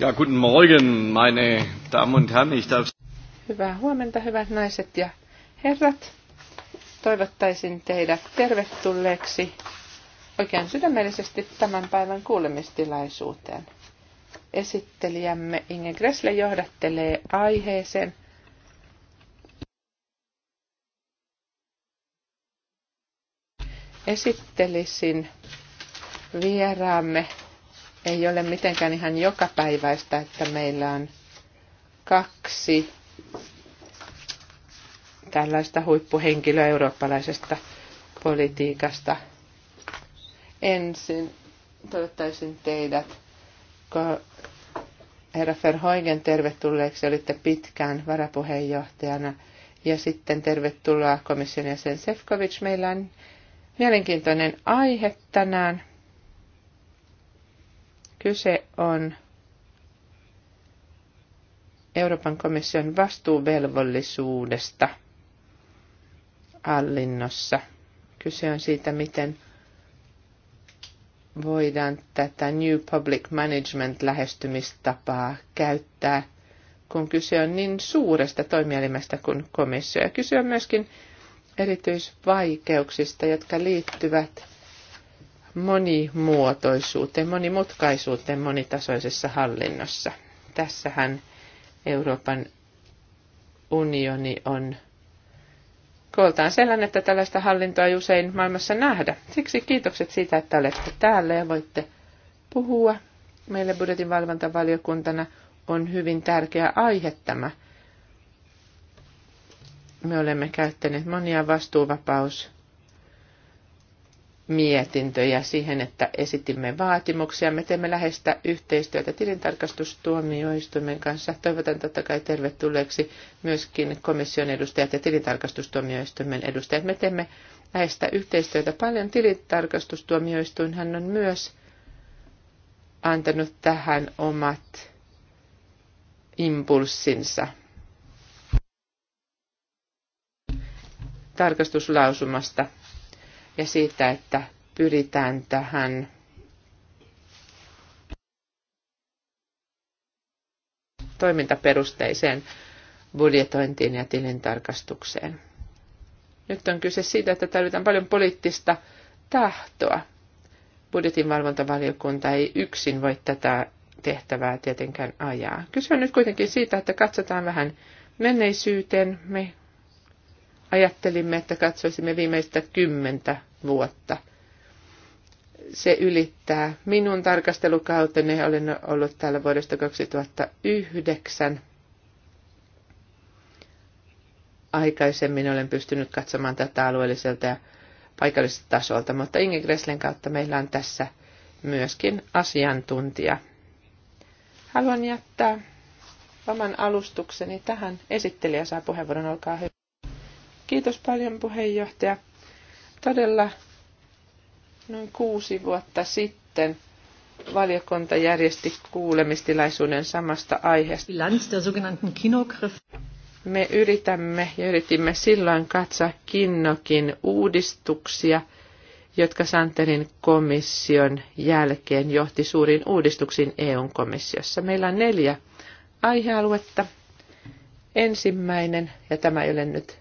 Ja, guten Morgen, meine Damen und Herren. Ich darf... Hyvää huomenta, hyvät naiset ja herrat. Toivottaisin teidät tervetulleeksi oikein sydämellisesti tämän päivän kuulemistilaisuuteen. Esittelijämme Inge Gressle johdattelee aiheeseen – esittelisin vieraamme ei ole mitenkään ihan jokapäiväistä, että meillä on kaksi tällaista huippuhenkilöä eurooppalaisesta politiikasta. Ensin toivottaisin teidät, kun herra Verhoigen tervetulleeksi olitte pitkään varapuheenjohtajana ja sitten tervetuloa komission jäsen Sefcovic. Meillä on mielenkiintoinen aihe tänään. Kyse on Euroopan komission vastuuvelvollisuudesta hallinnossa. Kyse on siitä, miten voidaan tätä New Public Management-lähestymistapaa käyttää, kun kyse on niin suuresta toimielimestä kuin komissio. Ja kyse on myöskin erityisvaikeuksista, jotka liittyvät monimuotoisuuteen, monimutkaisuuteen monitasoisessa hallinnossa. Tässähän Euroopan unioni on kooltaan sellainen, että tällaista hallintoa ei usein maailmassa nähdä. Siksi kiitokset siitä, että olette täällä ja voitte puhua. Meille budjetin valvontavaliokuntana on hyvin tärkeä aihe tämä. Me olemme käyttäneet monia vastuuvapaus mietintö ja siihen, että esitimme vaatimuksia. Me teemme lähestä yhteistyötä tilintarkastustuomioistuimen kanssa. Toivotan totta kai tervetulleeksi myöskin komission edustajat ja tilintarkastustuomioistuimen edustajat. Me teemme lähestä yhteistyötä paljon. Hän on myös antanut tähän omat impulssinsa. Tarkastuslausumasta ja siitä, että pyritään tähän toimintaperusteiseen budjetointiin ja tilintarkastukseen. Nyt on kyse siitä, että tarvitaan paljon poliittista tahtoa. Budjetinvalvontavaliokunta ei yksin voi tätä tehtävää tietenkään ajaa. Kyse on nyt kuitenkin siitä, että katsotaan vähän menneisyyteen. Me ajattelimme, että katsoisimme viimeistä kymmentä vuotta. Se ylittää minun tarkastelukauteni. Olen ollut täällä vuodesta 2009. Aikaisemmin olen pystynyt katsomaan tätä alueelliselta ja paikalliselta tasolta, mutta Inge Gresslen kautta meillä on tässä myöskin asiantuntija. Haluan jättää oman alustukseni tähän. Esittelijä saa puheenvuoron, olkaa hyvä. Kiitos paljon puheenjohtaja. Todella noin kuusi vuotta sitten valiokunta järjesti kuulemistilaisuuden samasta aiheesta. Me yritämme ja yritimme silloin katsoa Kinnokin uudistuksia, jotka Santerin komission jälkeen johti suuriin uudistuksiin EUn komissiossa. Meillä on neljä aihealuetta. Ensimmäinen, ja tämä ei ole nyt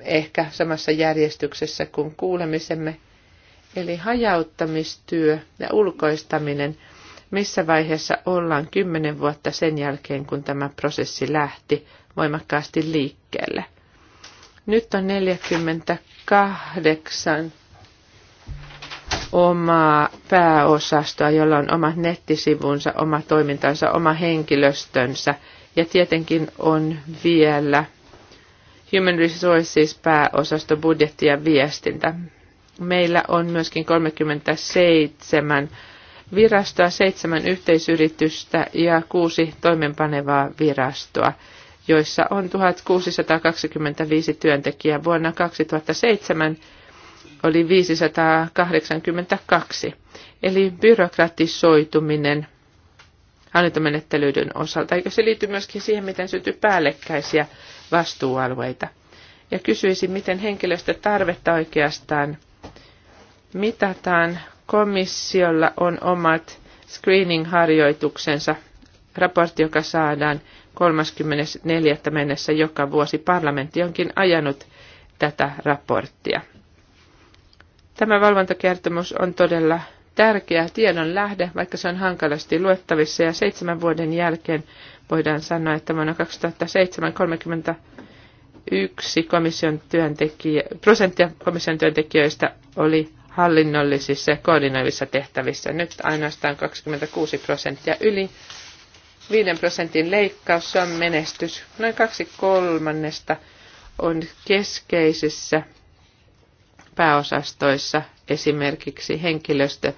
ehkä samassa järjestyksessä kuin kuulemisemme. Eli hajauttamistyö ja ulkoistaminen, missä vaiheessa ollaan kymmenen vuotta sen jälkeen, kun tämä prosessi lähti voimakkaasti liikkeelle. Nyt on 48 omaa pääosastoa, jolla on omat nettisivunsa, oma toimintansa, oma henkilöstönsä. Ja tietenkin on vielä Human Resources pääosasto budjetti ja viestintä. Meillä on myöskin 37 virastoa, seitsemän yhteisyritystä ja kuusi toimenpanevaa virastoa, joissa on 1625 työntekijää. Vuonna 2007 oli 582, eli byrokratisoituminen hallintomenettelyiden osalta. Eikö se liity myöskin siihen, miten syntyy päällekkäisiä vastuualueita. Ja kysyisin, miten tarvetta oikeastaan mitataan. Komissiolla on omat screening-harjoituksensa, raportti, joka saadaan 34. mennessä joka vuosi. Parlamentti onkin ajanut tätä raporttia. Tämä valvontakertomus on todella tärkeä tiedon lähde, vaikka se on hankalasti luettavissa ja seitsemän vuoden jälkeen voidaan sanoa, että vuonna 2007 31 komission työntekijä, prosenttia komission työntekijöistä oli hallinnollisissa ja koordinoivissa tehtävissä. Nyt ainoastaan 26 prosenttia yli 5 prosentin leikkaus, se on menestys. Noin kaksi kolmannesta on keskeisissä pääosastoissa, esimerkiksi henkilöstö-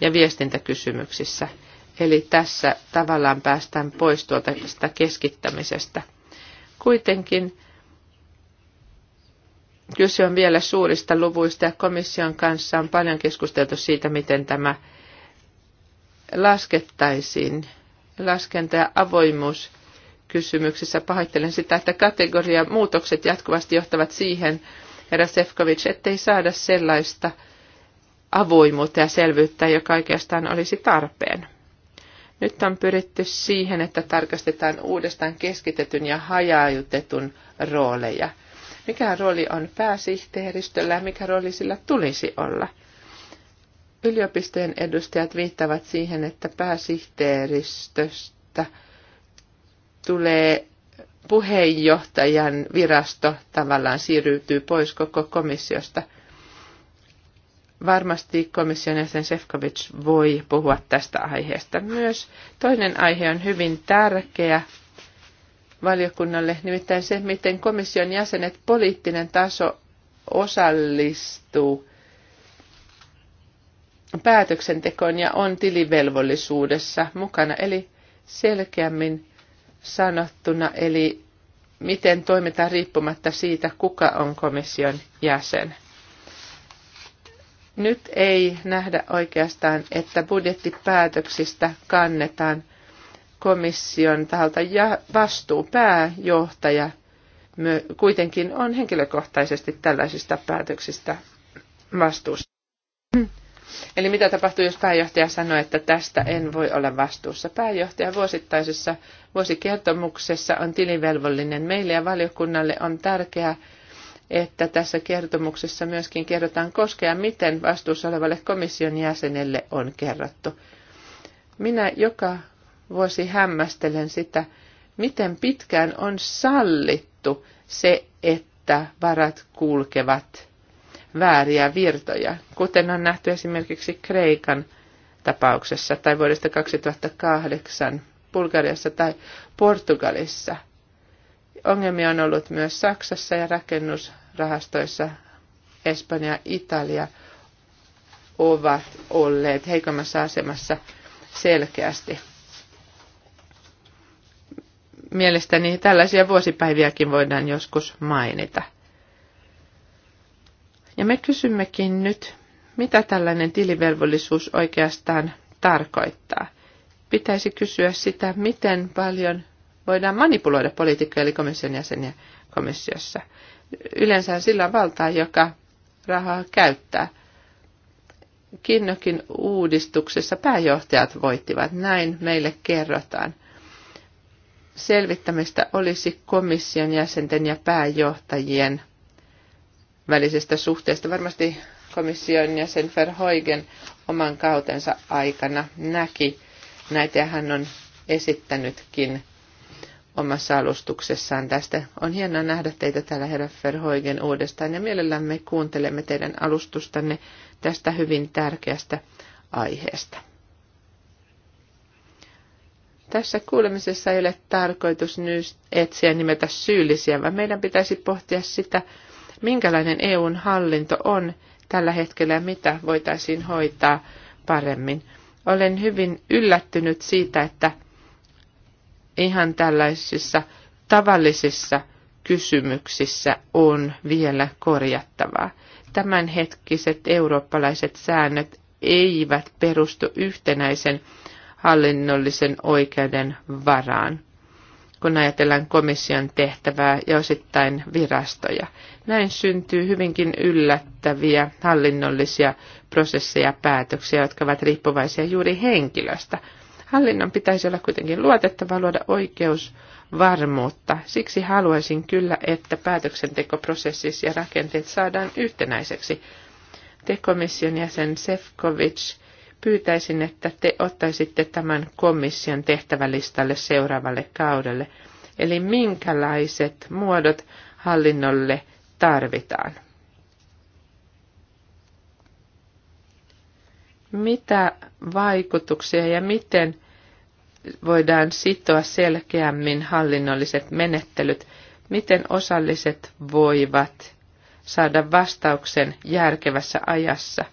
ja viestintäkysymyksissä – Eli tässä tavallaan päästään pois tuolta sitä keskittämisestä. Kuitenkin kyse on vielä suurista luvuista ja komission kanssa on paljon keskusteltu siitä, miten tämä laskettaisiin. Laskenta- ja avoimuus kysymyksissä pahoittelen sitä, että kategoria muutokset jatkuvasti johtavat siihen, herra Sefkovic, ettei saada sellaista avoimuutta ja selvyyttä, joka oikeastaan olisi tarpeen. Nyt on pyritty siihen, että tarkastetaan uudestaan keskitetyn ja hajautetun rooleja. Mikä rooli on pääsihteeristöllä ja mikä rooli sillä tulisi olla? Yliopistojen edustajat viittavat siihen, että pääsihteeristöstä tulee puheenjohtajan virasto tavallaan siirrytyy pois koko komissiosta – Varmasti komission jäsen Sefcovic voi puhua tästä aiheesta myös. Toinen aihe on hyvin tärkeä valiokunnalle, nimittäin se, miten komission jäsenet poliittinen taso osallistuu päätöksentekoon ja on tilivelvollisuudessa mukana, eli selkeämmin sanottuna, eli miten toimitaan riippumatta siitä, kuka on komission jäsen. Nyt ei nähdä oikeastaan, että budjettipäätöksistä kannetaan komission taholta ja vastuu pääjohtaja kuitenkin on henkilökohtaisesti tällaisista päätöksistä vastuussa. Eli mitä tapahtuu, jos pääjohtaja sanoo, että tästä en voi olla vastuussa? Pääjohtaja vuosittaisessa vuosikertomuksessa on tilivelvollinen meille ja valiokunnalle on tärkeää, että tässä kertomuksessa myöskin kerrotaan koskea, miten vastuussa olevalle komission jäsenelle on kerrottu. Minä joka vuosi hämmästelen sitä, miten pitkään on sallittu se, että varat kulkevat vääriä virtoja, kuten on nähty esimerkiksi Kreikan tapauksessa tai vuodesta 2008 Bulgariassa tai Portugalissa – Ongelmia on ollut myös Saksassa ja rakennusrahastoissa Espanja ja Italia ovat olleet heikommassa asemassa selkeästi. Mielestäni tällaisia vuosipäiviäkin voidaan joskus mainita. Ja me kysymmekin nyt, mitä tällainen tilivelvollisuus oikeastaan tarkoittaa. Pitäisi kysyä sitä, miten paljon voidaan manipuloida poliitikkoja eli komission jäseniä komissiossa. Yleensä sillä on valtaa, joka rahaa käyttää. Kinnokin uudistuksessa pääjohtajat voittivat, näin meille kerrotaan. Selvittämistä olisi komission jäsenten ja pääjohtajien välisestä suhteesta. Varmasti komission jäsen Verhoigen oman kautensa aikana näki näitä ja hän on esittänytkin omassa alustuksessaan tästä. On hienoa nähdä teitä täällä herra Verhoigen uudestaan ja mielellämme kuuntelemme teidän alustustanne tästä hyvin tärkeästä aiheesta. Tässä kuulemisessa ei ole tarkoitus nyt etsiä nimetä syyllisiä, vaan meidän pitäisi pohtia sitä, minkälainen EUn hallinto on tällä hetkellä ja mitä voitaisiin hoitaa paremmin. Olen hyvin yllättynyt siitä, että ihan tällaisissa tavallisissa kysymyksissä on vielä korjattavaa. Tämänhetkiset eurooppalaiset säännöt eivät perustu yhtenäisen hallinnollisen oikeuden varaan, kun ajatellaan komission tehtävää ja osittain virastoja. Näin syntyy hyvinkin yllättäviä hallinnollisia prosesseja ja päätöksiä, jotka ovat riippuvaisia juuri henkilöstä – Hallinnon pitäisi olla kuitenkin luotettava luoda oikeus varmuutta. Siksi haluaisin kyllä, että päätöksentekoprosessit ja rakenteet saadaan yhtenäiseksi. Te komission jäsen Sefkovic, pyytäisin, että te ottaisitte tämän komission tehtävälistalle seuraavalle kaudelle. Eli minkälaiset muodot hallinnolle tarvitaan? Mitä vaikutuksia ja miten voidaan sitoa selkeämmin hallinnolliset menettelyt? Miten osalliset voivat saada vastauksen järkevässä ajassa?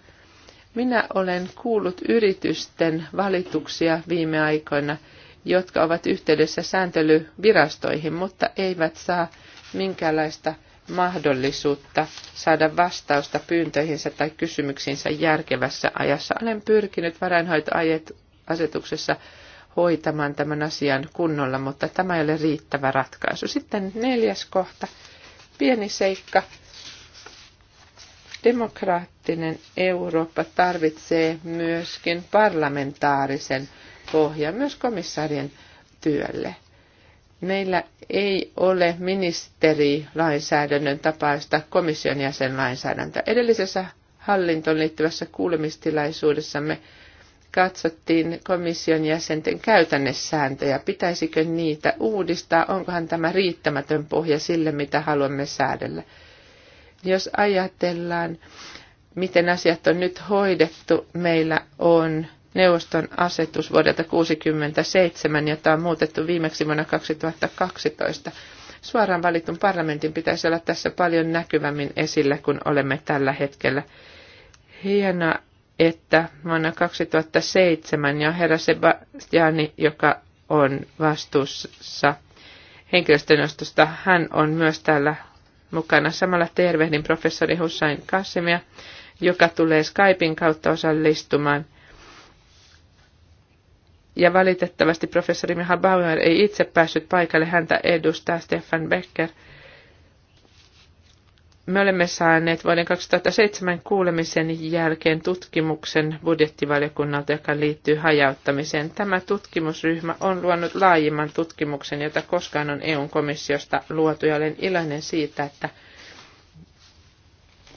Minä olen kuullut yritysten valituksia viime aikoina, jotka ovat yhteydessä sääntelyvirastoihin, mutta eivät saa minkäänlaista – mahdollisuutta saada vastausta pyyntöihinsä tai kysymyksiinsä järkevässä ajassa. Olen pyrkinyt varainhoitoasetuksessa hoitamaan tämän asian kunnolla, mutta tämä ei ole riittävä ratkaisu. Sitten neljäs kohta, pieni seikka. Demokraattinen Eurooppa tarvitsee myöskin parlamentaarisen pohjan myös komissaarien työlle. Meillä ei ole ministerilainsäädännön tapaista komission jäsenlainsäädäntöä. Edellisessä hallintoon liittyvässä kuulemistilaisuudessamme katsottiin komission jäsenten käytännessääntöjä. Pitäisikö niitä uudistaa? Onkohan tämä riittämätön pohja sille, mitä haluamme säädellä? Jos ajatellaan, miten asiat on nyt hoidettu, meillä on neuvoston asetus vuodelta 1967, jota on muutettu viimeksi vuonna 2012. Suoraan valitun parlamentin pitäisi olla tässä paljon näkyvämmin esillä kuin olemme tällä hetkellä. Hienoa, että vuonna 2007 jo herra Sebastiani, joka on vastuussa henkilöstönostosta, hän on myös täällä mukana. Samalla tervehdin professori Hussain Kassimia, joka tulee Skypein kautta osallistumaan – ja valitettavasti professori Miha Bauer ei itse päässyt paikalle, häntä edustaa Stefan Becker. Me olemme saaneet vuoden 2007 kuulemisen jälkeen tutkimuksen budjettivaliokunnalta, joka liittyy hajauttamiseen. Tämä tutkimusryhmä on luonut laajimman tutkimuksen, jota koskaan on EU-komissiosta luotu, ja olen iloinen siitä, että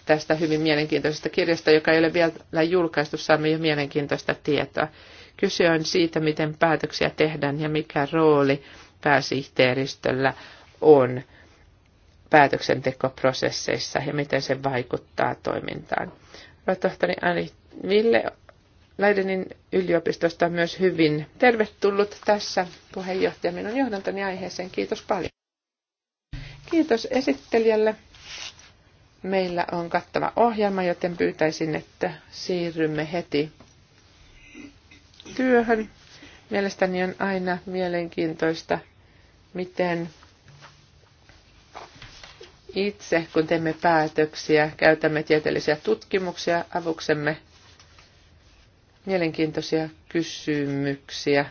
tästä hyvin mielenkiintoisesta kirjasta, joka ei ole vielä julkaistu, saamme jo mielenkiintoista tietoa. Kyse on siitä, miten päätöksiä tehdään ja mikä rooli pääsihteeristöllä on päätöksentekoprosesseissa ja miten se vaikuttaa toimintaan. Tohtori Ani Ville Leidenin yliopistosta on myös hyvin tervetullut tässä puheenjohtaja minun johdantani aiheeseen. Kiitos paljon. Kiitos esittelijälle. Meillä on kattava ohjelma, joten pyytäisin, että siirrymme heti työhön. Mielestäni on aina mielenkiintoista, miten itse, kun teemme päätöksiä, käytämme tieteellisiä tutkimuksia avuksemme mielenkiintoisia kysymyksiä.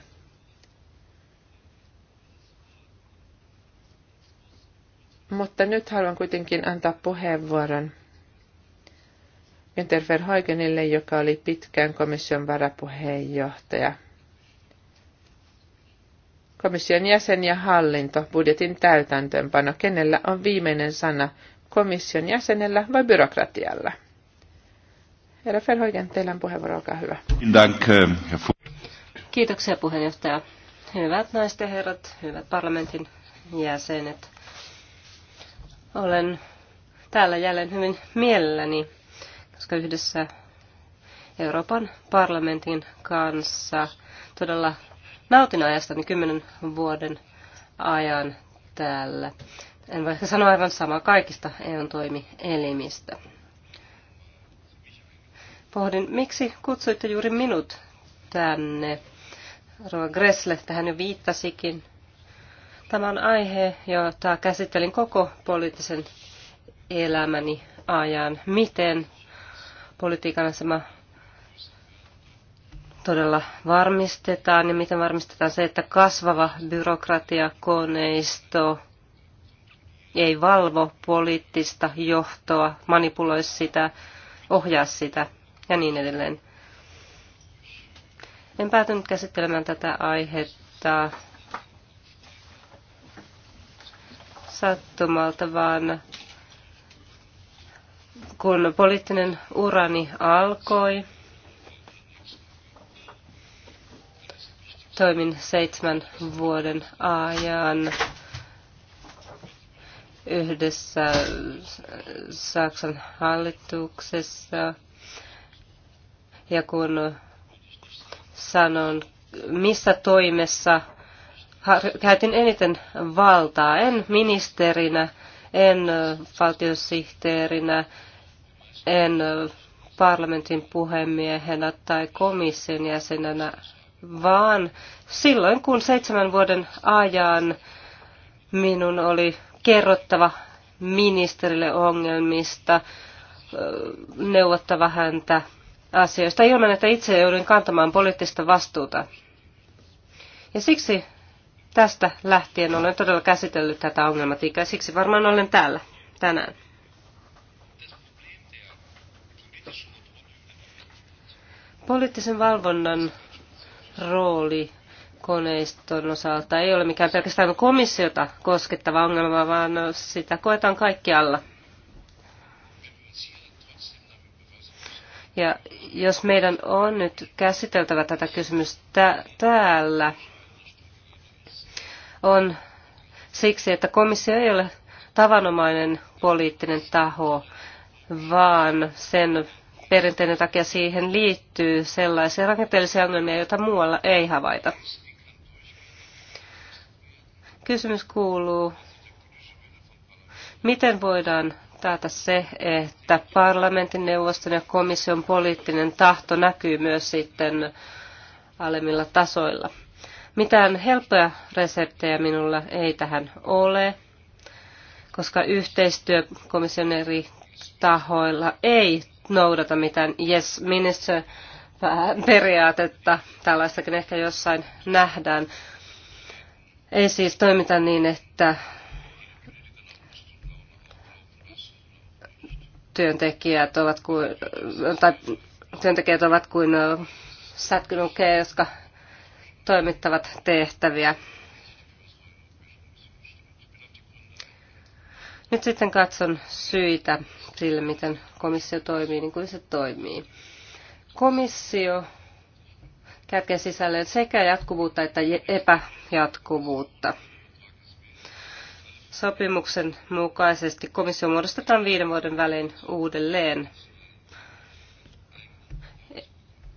Mutta nyt haluan kuitenkin antaa puheenvuoron Interverhoigenille, joka oli pitkään komission varapuheenjohtaja. Komission jäsen ja hallinto, budjetin täytäntöönpano, kenellä on viimeinen sana, komission jäsenellä vai byrokratialla? Herra Verhoigen, teillä on puheenvuoro, olkaa hyvä. Eh, Kiitoksia puheenjohtaja. Hyvät naisten herrat, hyvät parlamentin jäsenet. Olen täällä jälleen hyvin mielelläni koska yhdessä Euroopan parlamentin kanssa todella nautin ajastani niin kymmenen vuoden ajan täällä. En voi sanoa aivan samaa kaikista EUn toimielimistä. Pohdin, miksi kutsuitte juuri minut tänne. Rova Gressle tähän jo viittasikin. Tämä on aihe, jota käsittelin koko poliittisen elämäni ajan. Miten politiikan asema todella varmistetaan ja miten varmistetaan se, että kasvava byrokratiakoneisto ei valvo poliittista johtoa, manipuloi sitä, ohjaa sitä ja niin edelleen. En päätynyt käsittelemään tätä aihetta sattumalta, vaan kun poliittinen urani alkoi, toimin seitsemän vuoden ajan yhdessä Saksan hallituksessa. Ja kun sanon, missä toimessa käytin eniten valtaa, en ministerinä, en valtiosihteerinä, en parlamentin puhemiehenä tai komission jäsenenä, vaan silloin kun seitsemän vuoden ajan minun oli kerrottava ministerille ongelmista, neuvottava häntä asioista ilman, että itse joudun kantamaan poliittista vastuuta. Ja siksi tästä lähtien olen todella käsitellyt tätä ongelmatiikkaa ja siksi varmaan olen täällä tänään. Poliittisen valvonnan rooli koneiston osalta ei ole mikään pelkästään komissiota koskettava ongelma, vaan sitä koetaan kaikkialla. Ja jos meidän on nyt käsiteltävä tätä kysymystä täällä, on siksi, että komissio ei ole tavanomainen poliittinen taho, vaan sen perinteinen takia siihen liittyy sellaisia rakenteellisia ongelmia, joita muualla ei havaita. Kysymys kuuluu, miten voidaan taata se, että parlamentin, neuvoston ja komission poliittinen tahto näkyy myös sitten alemmilla tasoilla. Mitään helppoja reseptejä minulla ei tähän ole, koska yhteistyö komission eri tahoilla ei noudata mitään yes minister periaatetta. Tällaistakin ehkä jossain nähdään. Ei siis toimita niin, että työntekijät ovat kuin, tai työntekijät ovat kuin sätkynukkeja, jotka toimittavat tehtäviä. Nyt sitten katson syitä sille, miten komissio toimii niin kuin se toimii. Komissio kätkee sisälleen sekä jatkuvuutta että epäjatkuvuutta. Sopimuksen mukaisesti komissio muodostetaan viiden vuoden välein uudelleen,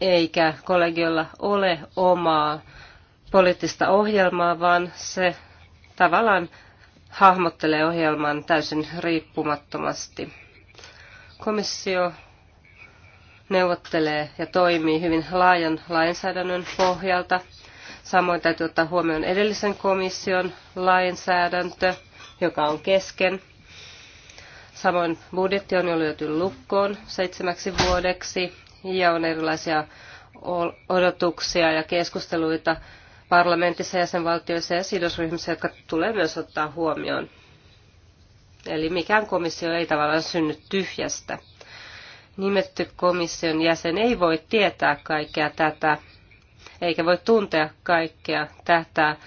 eikä kollegiolla ole omaa poliittista ohjelmaa, vaan se tavallaan hahmottelee ohjelman täysin riippumattomasti. Komissio neuvottelee ja toimii hyvin laajan lainsäädännön pohjalta. Samoin täytyy ottaa huomioon edellisen komission lainsäädäntö, joka on kesken. Samoin budjetti on jo löyty lukkoon seitsemäksi vuodeksi ja on erilaisia odotuksia ja keskusteluita parlamentissa, jäsenvaltioissa ja sidosryhmissä, jotka tulee myös ottaa huomioon. Eli mikään komissio ei tavallaan synny tyhjästä. Nimetty komission jäsen ei voi tietää kaikkea tätä, eikä voi tuntea kaikkea tätä,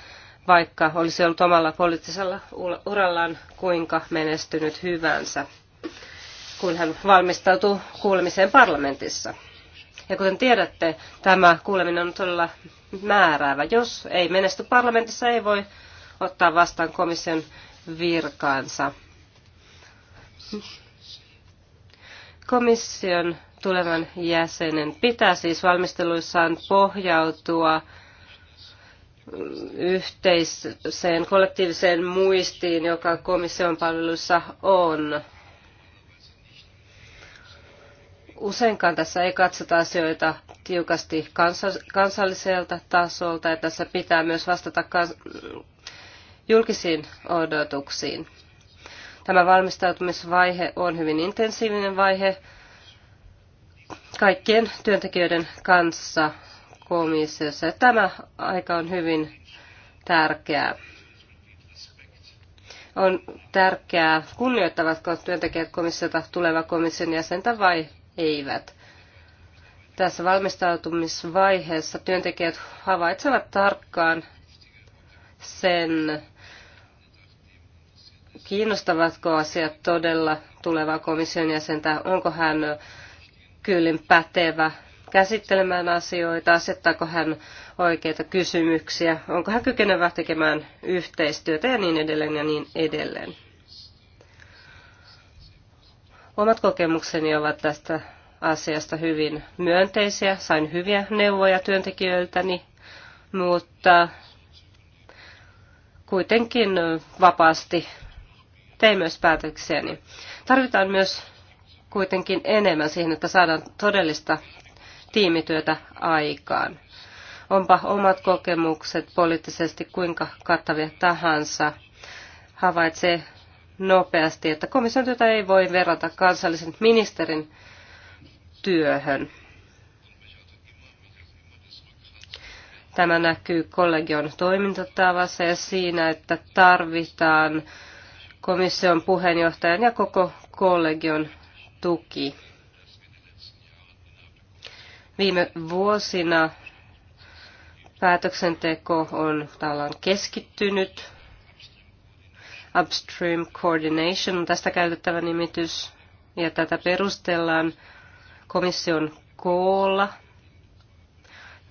vaikka olisi ollut omalla poliittisella urallaan kuinka menestynyt hyvänsä, kun hän valmistautuu kuulemiseen parlamentissa. Ja kuten tiedätte, tämä kuuleminen on todella määräävä. Jos ei menesty parlamentissa, ei voi ottaa vastaan komission virkaansa. Komission tulevan jäsenen pitää siis valmisteluissaan pohjautua yhteiseen kollektiiviseen muistiin, joka komission palveluissa on. Useinkaan tässä ei katsota asioita tiukasti kansalliselta tasolta ja tässä pitää myös vastata julkisiin odotuksiin. Tämä valmistautumisvaihe on hyvin intensiivinen vaihe kaikkien työntekijöiden kanssa komissiossa. Ja tämä aika on hyvin tärkeää. On tärkeää, kunnioittavatko työntekijät komissiota tuleva komission jäsentä vai eivät. Tässä valmistautumisvaiheessa työntekijät havaitsevat tarkkaan sen, kiinnostavatko asiat todella tulevaa komission jäsentä, onko hän kyllin pätevä käsittelemään asioita, asettaako hän oikeita kysymyksiä, onko hän kykenevä tekemään yhteistyötä ja niin edelleen ja niin edelleen. Omat kokemukseni ovat tästä asiasta hyvin myönteisiä. Sain hyviä neuvoja työntekijöiltäni, mutta kuitenkin vapaasti tein myös päätökseni. Tarvitaan myös kuitenkin enemmän siihen, että saadaan todellista tiimityötä aikaan. Onpa omat kokemukset poliittisesti kuinka kattavia tahansa, havaitsee nopeasti, että komission työtä ei voi verrata kansallisen ministerin työhön. Tämä näkyy kollegion toimintatavassa ja siinä, että tarvitaan komission puheenjohtajan ja koko kollegion tuki. Viime vuosina päätöksenteko on tavallaan keskittynyt. Upstream coordination on tästä käytettävä nimitys, ja tätä perustellaan komission koolla.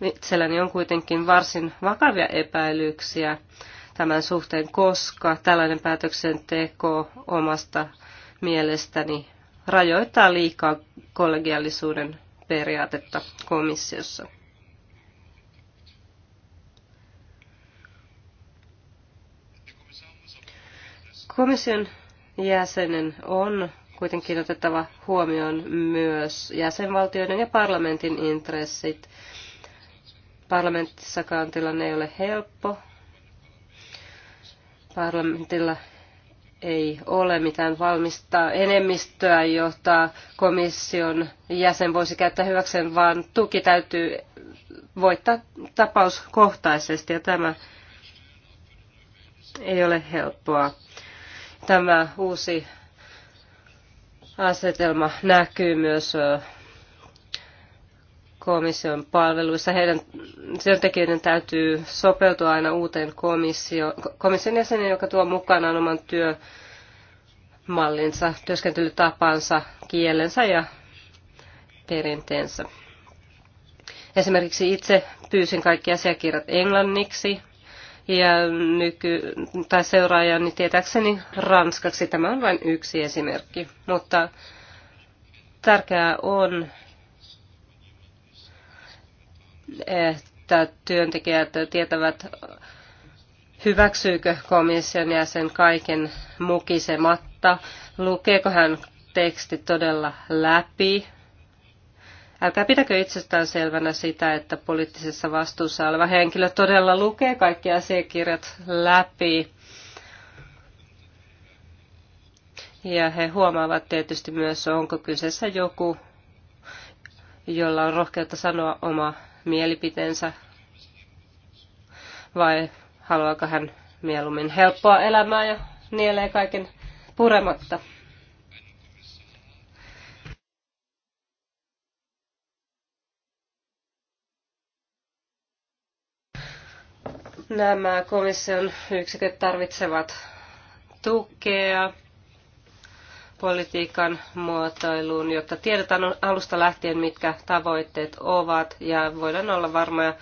Itselläni on kuitenkin varsin vakavia epäilyksiä tämän suhteen, koska tällainen päätöksenteko omasta mielestäni rajoittaa liikaa kollegiallisuuden periaatetta komissiossa. Komission jäsenen on kuitenkin otettava huomioon myös jäsenvaltioiden ja parlamentin intressit. Parlamentissakaan tilanne ei ole helppo, Parlamentilla ei ole mitään valmista enemmistöä, jota komission jäsen voisi käyttää hyväkseen, vaan tuki täytyy voittaa tapauskohtaisesti ja tämä ei ole helppoa. Tämä uusi asetelma näkyy myös komission palveluissa. Heidän työntekijöiden täytyy sopeutua aina uuteen komissio, komission jäsenen, joka tuo mukanaan oman työmallinsa, työskentelytapansa, kielensä ja perinteensä. Esimerkiksi itse pyysin kaikki asiakirjat englanniksi ja nyky- tai seuraajani tietääkseni ranskaksi. Tämä on vain yksi esimerkki, mutta tärkeää on, että työntekijät tietävät, hyväksyykö komission jäsen kaiken mukisematta, lukeeko hän teksti todella läpi. Älkää pitäkö itsestään selvänä sitä, että poliittisessa vastuussa oleva henkilö todella lukee kaikki asiakirjat läpi. Ja he huomaavat tietysti myös, onko kyseessä joku, jolla on rohkeutta sanoa oma mielipiteensä vai haluaako hän mieluummin helppoa elämää ja nielee kaiken purematta. Nämä komission yksiköt tarvitsevat tukea politiikan muotoiluun, jotta tiedetään alusta lähtien, mitkä tavoitteet ovat ja voidaan olla varmoja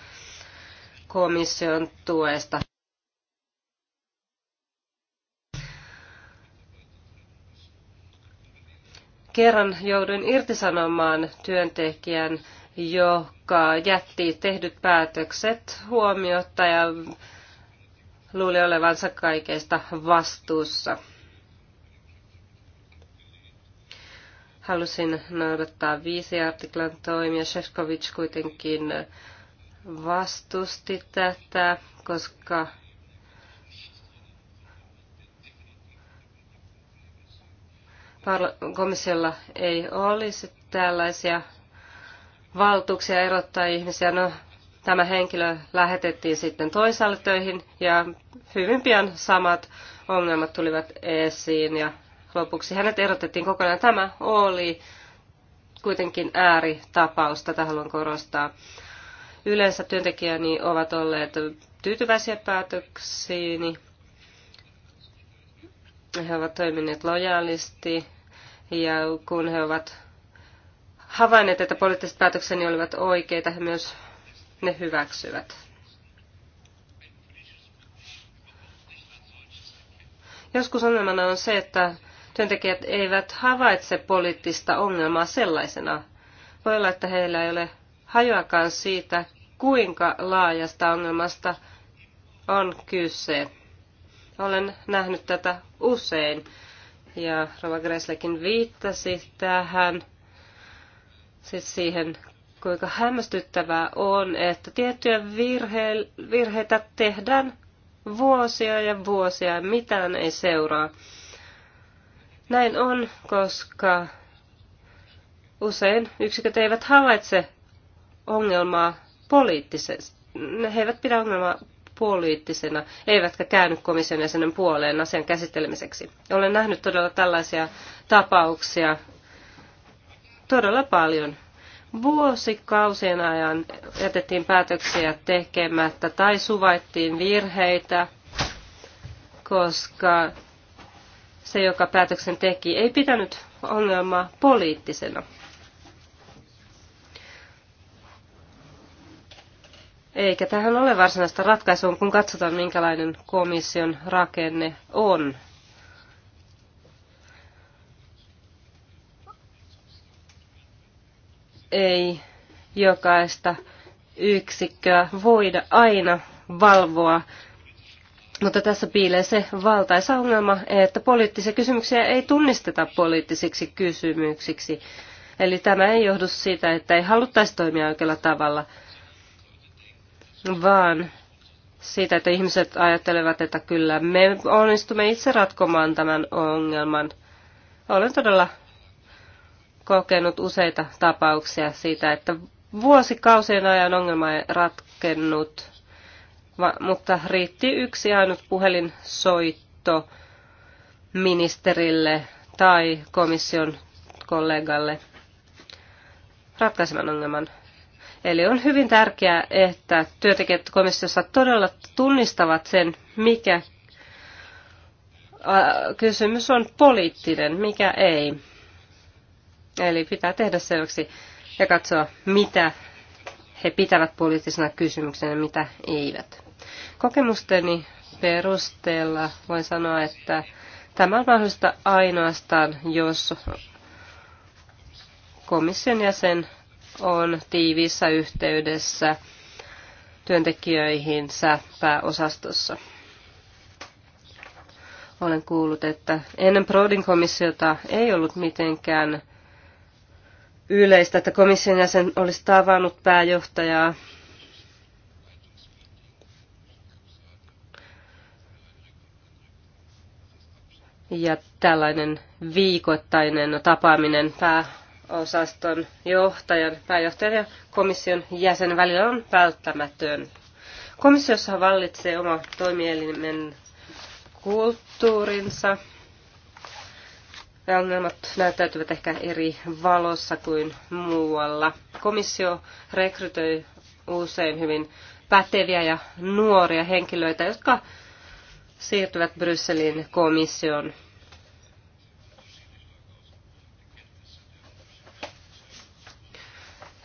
komission tuesta. Kerran jouduin irtisanomaan työntekijän, joka jätti tehdyt päätökset huomiotta ja luuli olevansa kaikesta vastuussa. halusin noudattaa viisi artiklan toimia. Shevkovic kuitenkin vastusti tätä, koska komissiolla ei olisi tällaisia valtuuksia erottaa ihmisiä. No, tämä henkilö lähetettiin sitten toisaalle töihin ja hyvin pian samat ongelmat tulivat esiin ja lopuksi. Hänet erotettiin kokonaan. Tämä oli kuitenkin ääritapaus, tätä haluan korostaa. Yleensä työntekijäni ovat olleet tyytyväisiä päätöksiini. He ovat toimineet lojaalisti ja kun he ovat havainneet, että poliittiset päätökseni olivat oikeita, he myös ne hyväksyvät. Joskus ongelmana on se, että työntekijät eivät havaitse poliittista ongelmaa sellaisena. Voi olla, että heillä ei ole hajoakaan siitä, kuinka laajasta ongelmasta on kyse. Olen nähnyt tätä usein ja Rova Greslekin viittasi tähän, siis siihen, kuinka hämmästyttävää on, että tiettyjä virhe, virheitä tehdään vuosia ja vuosia ja mitään ei seuraa. Näin on, koska usein yksiköt eivät havaitse ongelmaa poliittisesti. He eivät pidä ongelmaa poliittisena, eivätkä käänny komission jäsenen puoleen asian käsittelemiseksi. Olen nähnyt todella tällaisia tapauksia todella paljon. Vuosikausien ajan jätettiin päätöksiä tekemättä tai suvaittiin virheitä, koska se, joka päätöksen teki, ei pitänyt ongelmaa poliittisena. Eikä tähän ole varsinaista ratkaisua, kun katsotaan, minkälainen komission rakenne on. Ei jokaista yksikköä voida aina valvoa mutta tässä piilee se valtaisa ongelma, että poliittisia kysymyksiä ei tunnisteta poliittisiksi kysymyksiksi. Eli tämä ei johdu siitä, että ei haluttaisi toimia oikealla tavalla, vaan siitä, että ihmiset ajattelevat, että kyllä me onnistumme itse ratkomaan tämän ongelman. Olen todella kokenut useita tapauksia siitä, että vuosikausien ajan ongelma ei ratkennut va- mutta riitti yksi ainut puhelinsoitto ministerille tai komission kollegalle ratkaisemaan ongelman. Eli on hyvin tärkeää, että työntekijät komissiossa todella tunnistavat sen, mikä äh, kysymys on poliittinen, mikä ei. Eli pitää tehdä selväksi ja katsoa, mitä he pitävät poliittisena kysymyksenä ja mitä eivät. Kokemusteni perusteella voin sanoa, että tämä on mahdollista ainoastaan, jos komission jäsen on tiiviissä yhteydessä työntekijöihinsä pääosastossa. Olen kuullut, että ennen Prodin komissiota ei ollut mitenkään yleistä, että komission jäsen olisi tavannut pääjohtajaa Ja tällainen viikoittainen tapaaminen pääosaston johtajan, pääjohtajan ja komission jäsen välillä on välttämätön. Komissiossa vallitsee oma toimielimen kulttuurinsa. ongelmat näyttäytyvät ehkä eri valossa kuin muualla. Komissio rekrytoi usein hyvin päteviä ja nuoria henkilöitä, jotka siirtyvät Brysselin komission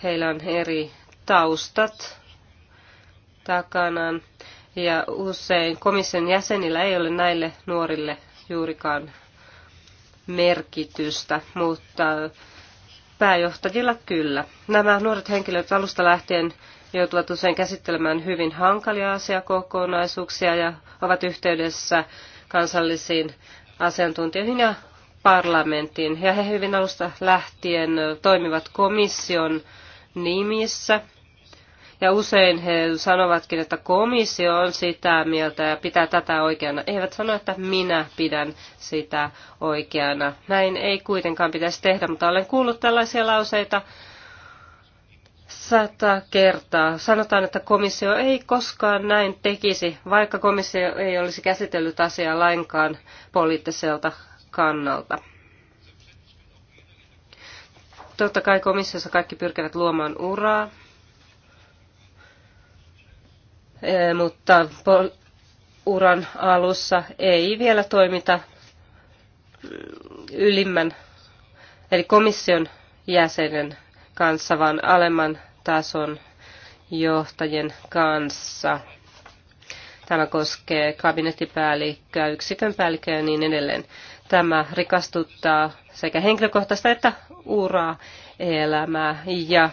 Heillä on eri taustat takanaan ja usein komission jäsenillä ei ole näille nuorille juurikaan merkitystä, mutta pääjohtajilla kyllä. Nämä nuoret henkilöt alusta lähtien joutuvat usein käsittelemään hyvin hankalia asiakokonaisuuksia ja ovat yhteydessä kansallisiin asiantuntijoihin ja parlamenttiin. Ja he hyvin alusta lähtien toimivat komission nimissä. Ja usein he sanovatkin, että komissio on sitä mieltä ja pitää tätä oikeana. Eivät sano, että minä pidän sitä oikeana. Näin ei kuitenkaan pitäisi tehdä, mutta olen kuullut tällaisia lauseita sata kertaa. Sanotaan, että komissio ei koskaan näin tekisi, vaikka komissio ei olisi käsitellyt asiaa lainkaan poliittiselta kannalta. Totta kai komissiossa kaikki pyrkivät luomaan uraa, e, mutta uran alussa ei vielä toimita ylimmän, eli komission jäsenen kanssa, vaan alemman tason johtajien kanssa. Tämä koskee kabinettipäällikköä, yksikön päällikköä ja niin edelleen. Tämä rikastuttaa sekä henkilökohtaista että uraa elämää ja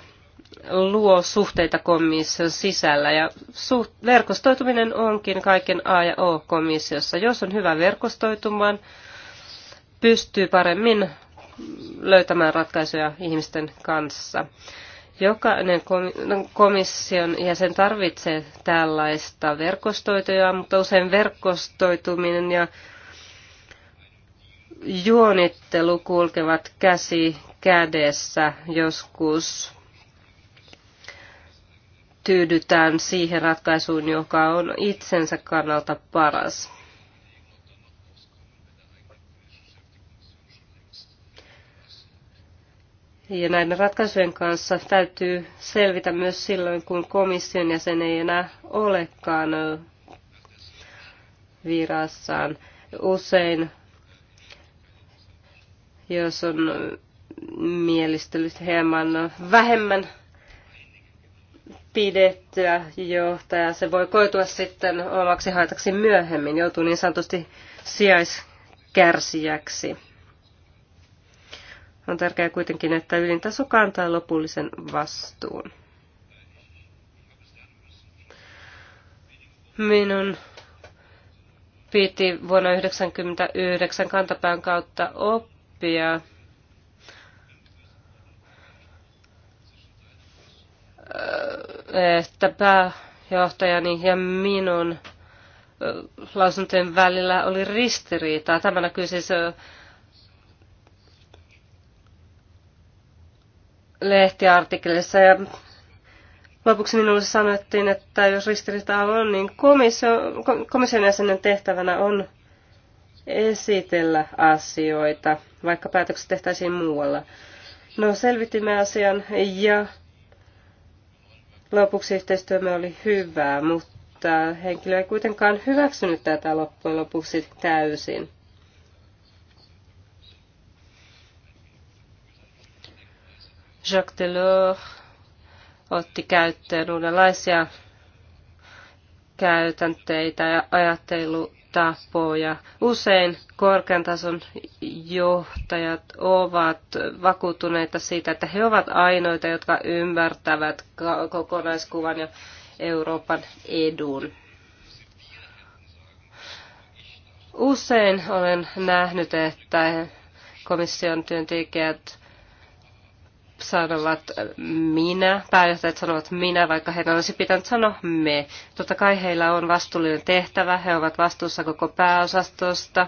luo suhteita komission sisällä. Ja suht- verkostoituminen onkin kaiken A ja O komissiossa. Jos on hyvä verkostoitumaan, pystyy paremmin löytämään ratkaisuja ihmisten kanssa. Jokainen no, komission jäsen tarvitsee tällaista verkostoitua, mutta usein verkostoituminen ja juonittelu kulkevat käsi kädessä joskus tyydytään siihen ratkaisuun, joka on itsensä kannalta paras. Ja näiden ratkaisujen kanssa täytyy selvitä myös silloin, kun komission jäsen ei enää olekaan virassaan. Usein, jos on mielistelyt hieman vähemmän pidettyä johtaja, se voi koitua sitten omaksi haitaksi myöhemmin, joutuu niin sanotusti sijaiskärsijäksi. On tärkeää kuitenkin, että ylintaso kantaa lopullisen vastuun. Minun piti vuonna 1999 kantapään kautta oppia että pääjohtajani ja minun lausuntojen välillä oli ristiriitaa. Tämä näkyy siis lehtiartikkelissa ja lopuksi minulle sanottiin, että jos ristiriita on, niin komissio, komission jäsenen tehtävänä on esitellä asioita, vaikka päätökset tehtäisiin muualla. No selvitimme asian ja lopuksi yhteistyömme oli hyvää, mutta henkilö ei kuitenkaan hyväksynyt tätä loppujen lopuksi täysin. Jacques Delors otti käyttöön uudenlaisia käytänteitä ja ajattelutapoja. Usein korkean tason johtajat ovat vakuuttuneita siitä, että he ovat ainoita, jotka ymmärtävät kokonaiskuvan ja Euroopan edun. Usein olen nähnyt, että komission työntekijät sanovat äh, minä, pääjohtajat sanovat minä, vaikka heidän olisi pitänyt sanoa me. Totta kai heillä on vastuullinen tehtävä, he ovat vastuussa koko pääosastosta,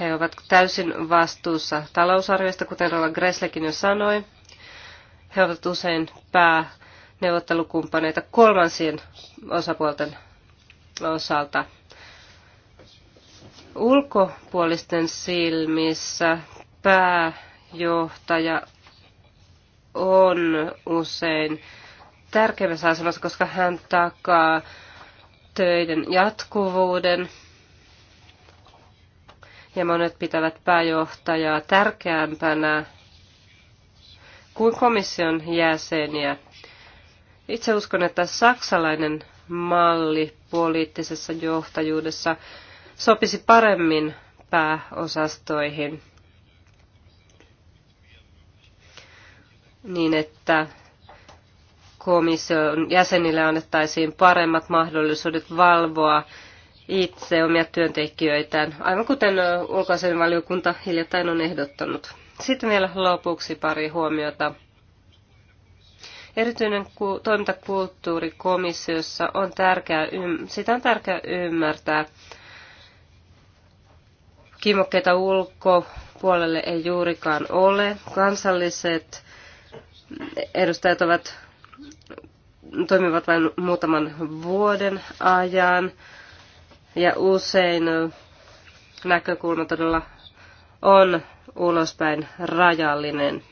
he ovat täysin vastuussa talousarviosta, kuten Rola Greslekin jo sanoi. He ovat usein pääneuvottelukumppaneita kolmansien osapuolten osalta. Ulkopuolisten silmissä pääjohtaja on usein tärkeimmässä asemassa, koska hän takaa töiden jatkuvuuden. Ja monet pitävät pääjohtajaa tärkeämpänä kuin komission jäseniä. Itse uskon, että saksalainen malli poliittisessa johtajuudessa sopisi paremmin pääosastoihin. niin, että komission jäsenille annettaisiin paremmat mahdollisuudet valvoa itse omia työntekijöitään, aivan kuten ulkoisen valiokunta hiljattain on ehdottanut. Sitten vielä lopuksi pari huomiota. Erityinen toimintakulttuuri komissiossa on tärkeää, sitä on tärkeää ymmärtää. Kimokkeita ulkopuolelle ei juurikaan ole. Kansalliset edustajat ovat, toimivat vain muutaman vuoden ajan ja usein näkökulma todella on ulospäin rajallinen.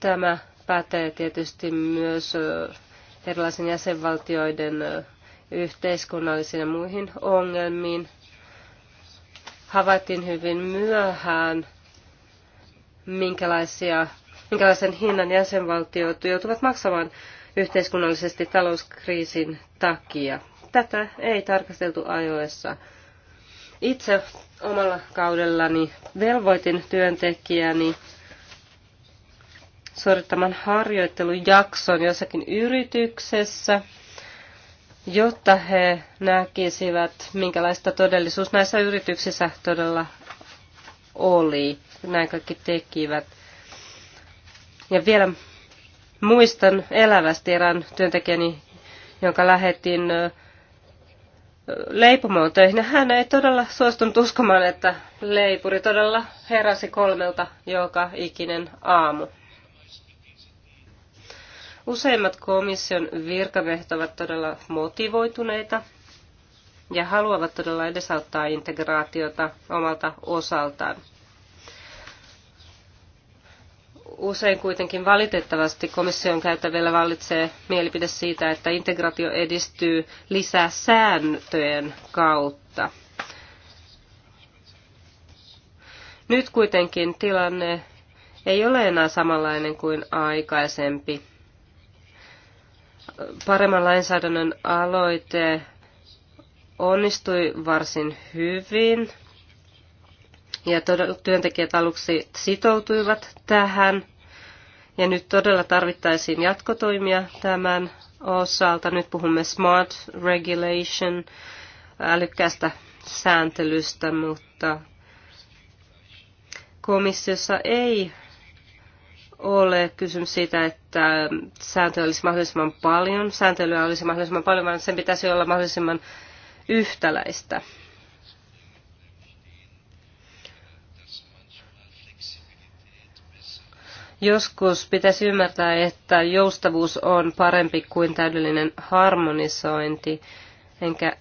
Tämä pätee tietysti myös erilaisen jäsenvaltioiden yhteiskunnallisiin ja muihin ongelmiin – havaittiin hyvin myöhään, minkälaisia, minkälaisen hinnan jäsenvaltiot joutuvat maksamaan yhteiskunnallisesti talouskriisin takia. Tätä ei tarkasteltu ajoissa. Itse omalla kaudellani velvoitin työntekijäni suorittamaan harjoittelujakson jossakin yrityksessä – jotta he näkisivät, minkälaista todellisuus näissä yrityksissä todella oli. Näin kaikki tekivät. Ja vielä muistan elävästi erään työntekijäni, jonka lähetin leipomoon töihin. Hän ei todella suostunut uskomaan, että leipuri todella heräsi kolmelta joka ikinen aamu. Useimmat komission virkamiehet ovat todella motivoituneita ja haluavat todella edesauttaa integraatiota omalta osaltaan. Usein kuitenkin valitettavasti komission käytävillä vallitsee mielipide siitä, että integraatio edistyy lisää sääntöjen kautta. Nyt kuitenkin tilanne ei ole enää samanlainen kuin aikaisempi paremman lainsäädännön aloite onnistui varsin hyvin. Ja työntekijät aluksi sitoutuivat tähän. Ja nyt todella tarvittaisiin jatkotoimia tämän osalta. Nyt puhumme smart regulation, älykkäästä sääntelystä, mutta komissiossa ei ole kysymys siitä, että sääntöä olisi mahdollisimman paljon, sääntelyä olisi mahdollisimman paljon, vaan sen pitäisi olla mahdollisimman yhtäläistä. Joskus pitäisi ymmärtää, että joustavuus on parempi kuin täydellinen harmonisointi, enkä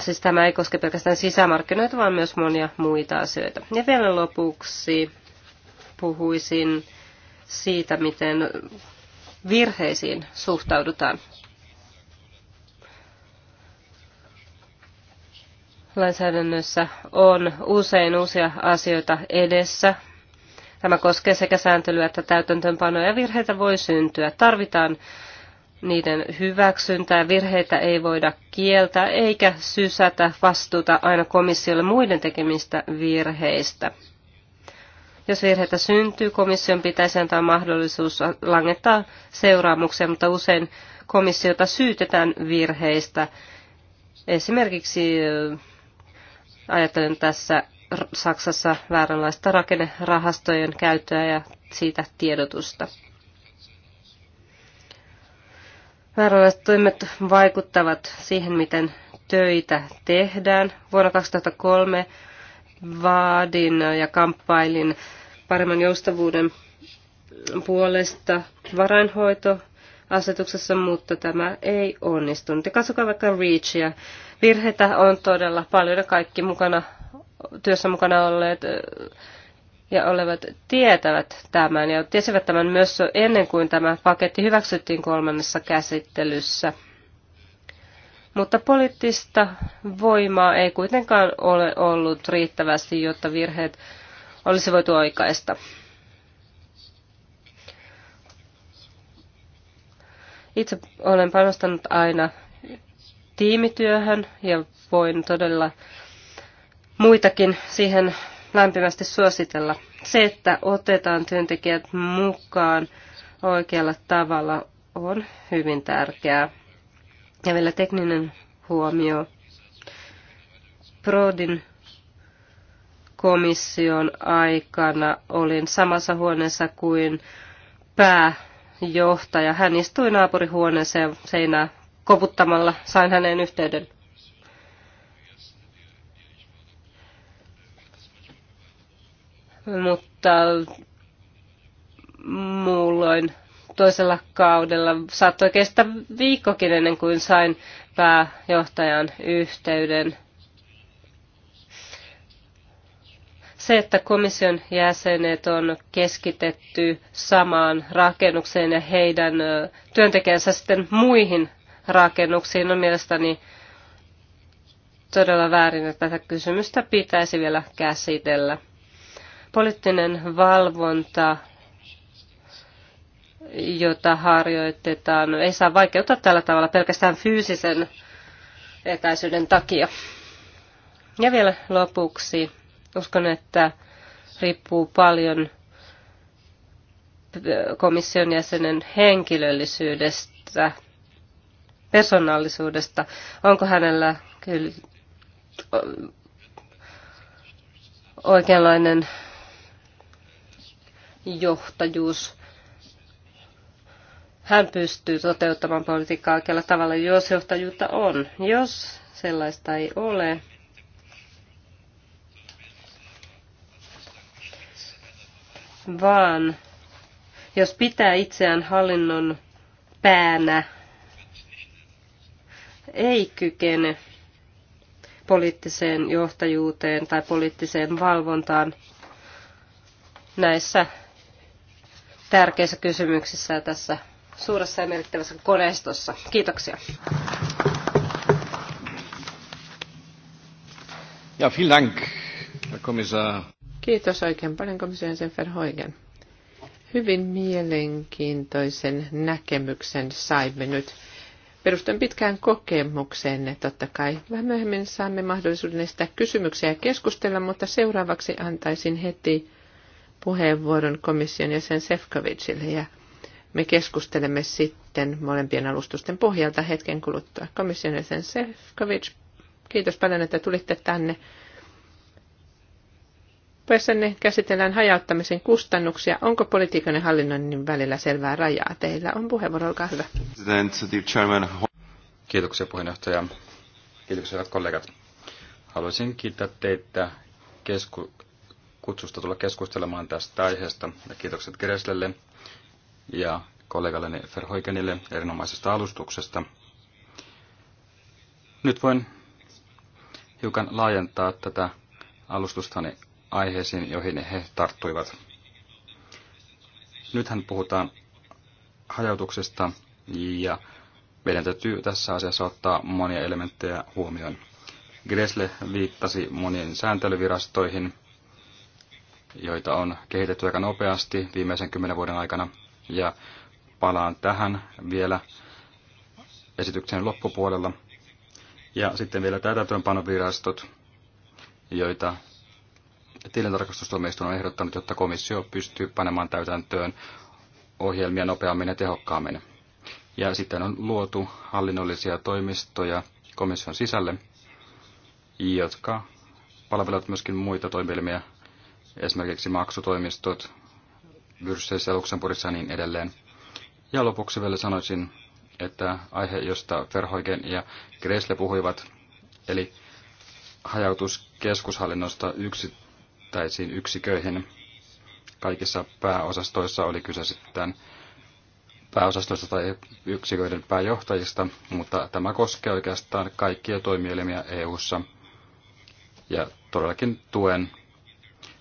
siis tämä ei koske pelkästään sisämarkkinoita, vaan myös monia muita asioita. Ja vielä lopuksi puhuisin siitä, miten virheisiin suhtaudutaan. Lainsäädännössä on usein uusia asioita edessä. Tämä koskee sekä sääntelyä että täytäntöönpanoja. Virheitä voi syntyä. Tarvitaan niiden hyväksyntää. Virheitä ei voida kieltää eikä sysätä vastuuta aina komissiolle muiden tekemistä virheistä. Jos virheitä syntyy, komission pitäisi antaa mahdollisuus langettaa seuraamuksia, mutta usein komissiota syytetään virheistä. Esimerkiksi ajattelen tässä Saksassa vääränlaista rakennerahastojen käyttöä ja siitä tiedotusta. Vääränlaiset toimet vaikuttavat siihen, miten töitä tehdään. Vuonna 2003 vaadin ja kamppailin paremman joustavuuden puolesta varainhoito asetuksessa, mutta tämä ei onnistunut. Ja katsokaa vaikka REACHia. Virheitä on todella paljon ja kaikki mukana, työssä mukana olleet ja olevat tietävät tämän ja tiesivät tämän myös ennen kuin tämä paketti hyväksyttiin kolmannessa käsittelyssä. Mutta poliittista voimaa ei kuitenkaan ole ollut riittävästi, jotta virheet olisi voitu oikaista. Itse olen panostanut aina tiimityöhön ja voin todella muitakin siihen lämpimästi suositella. Se, että otetaan työntekijät mukaan oikealla tavalla on hyvin tärkeää. Ja vielä tekninen huomio. Prodin komission aikana olin samassa huoneessa kuin pääjohtaja. Hän istui naapurihuoneeseen seinää koputtamalla sain hänen yhteyden. Mutta muulloin toisella kaudella saattoi kestää viikkokin ennen kuin sain pääjohtajan yhteyden. Se, että komission jäsenet on keskitetty samaan rakennukseen ja heidän työntekijänsä sitten muihin rakennuksiin, on mielestäni todella väärin, että tätä kysymystä pitäisi vielä käsitellä. Poliittinen valvonta jota harjoitetaan, ei saa vaikeuttaa tällä tavalla pelkästään fyysisen etäisyyden takia. Ja vielä lopuksi, uskon, että riippuu paljon komission jäsenen henkilöllisyydestä, persoonallisuudesta. Onko hänellä kyllä oikeanlainen johtajuus hän pystyy toteuttamaan politiikkaa oikealla tavalla, jos johtajuutta on. Jos sellaista ei ole, vaan jos pitää itseään hallinnon päänä, ei kykene poliittiseen johtajuuteen tai poliittiseen valvontaan näissä tärkeissä kysymyksissä tässä suuressa ja merkittävässä koneistossa. Kiitoksia. Ja, vielen Dank, Herr Kommissar. Kiitos oikein paljon sen Verhoigen. Hyvin mielenkiintoisen näkemyksen saimme nyt. Perustuen pitkään kokemukseen, totta kai vähän myöhemmin saamme mahdollisuuden estää kysymyksiä ja keskustella, mutta seuraavaksi antaisin heti puheenvuoron komission jäsen Sefkovicille ja me keskustelemme sitten molempien alustusten pohjalta hetken kuluttua. Komission jäsen Sefcovic, kiitos paljon, että tulitte tänne. Puheessanne käsitellään hajauttamisen kustannuksia. Onko politiikan ja hallinnoinnin välillä selvää rajaa? Teillä on puheenvuoro, olkaa hyvä. Kiitoksia puheenjohtaja. Kiitoksia hyvät kollegat. Haluaisin kiittää teitä kesku- kutsusta tulla keskustelemaan tästä aiheesta ja kiitokset Greslelle ja kollegalleni Ferhoikenille erinomaisesta alustuksesta. Nyt voin hiukan laajentaa tätä alustustani aiheisiin, joihin he tarttuivat. Nythän puhutaan hajautuksesta ja meidän täytyy tässä asiassa ottaa monia elementtejä huomioon. Gresle viittasi moniin sääntelyvirastoihin, joita on kehitetty aika nopeasti viimeisen kymmenen vuoden aikana – ja palaan tähän vielä esityksen loppupuolella. Ja sitten vielä täytäntöönpanovirastot, joita tilintarkastustuomioistuin on ehdottanut, jotta komissio pystyy panemaan täytäntöön ohjelmia nopeammin ja tehokkaammin. Ja sitten on luotu hallinnollisia toimistoja komission sisälle, jotka palvelevat myöskin muita toimielimiä, esimerkiksi maksutoimistot, Brysselissä, Luxemburgissa ja niin edelleen. Ja lopuksi vielä sanoisin, että aihe, josta Verhoigen ja Gressle puhuivat, eli hajautus keskushallinnosta yksittäisiin yksiköihin. Kaikissa pääosastoissa oli kyse sitten pääosastoista tai yksiköiden pääjohtajista, mutta tämä koskee oikeastaan kaikkia toimielimiä EU:ssa. Ja todellakin tuen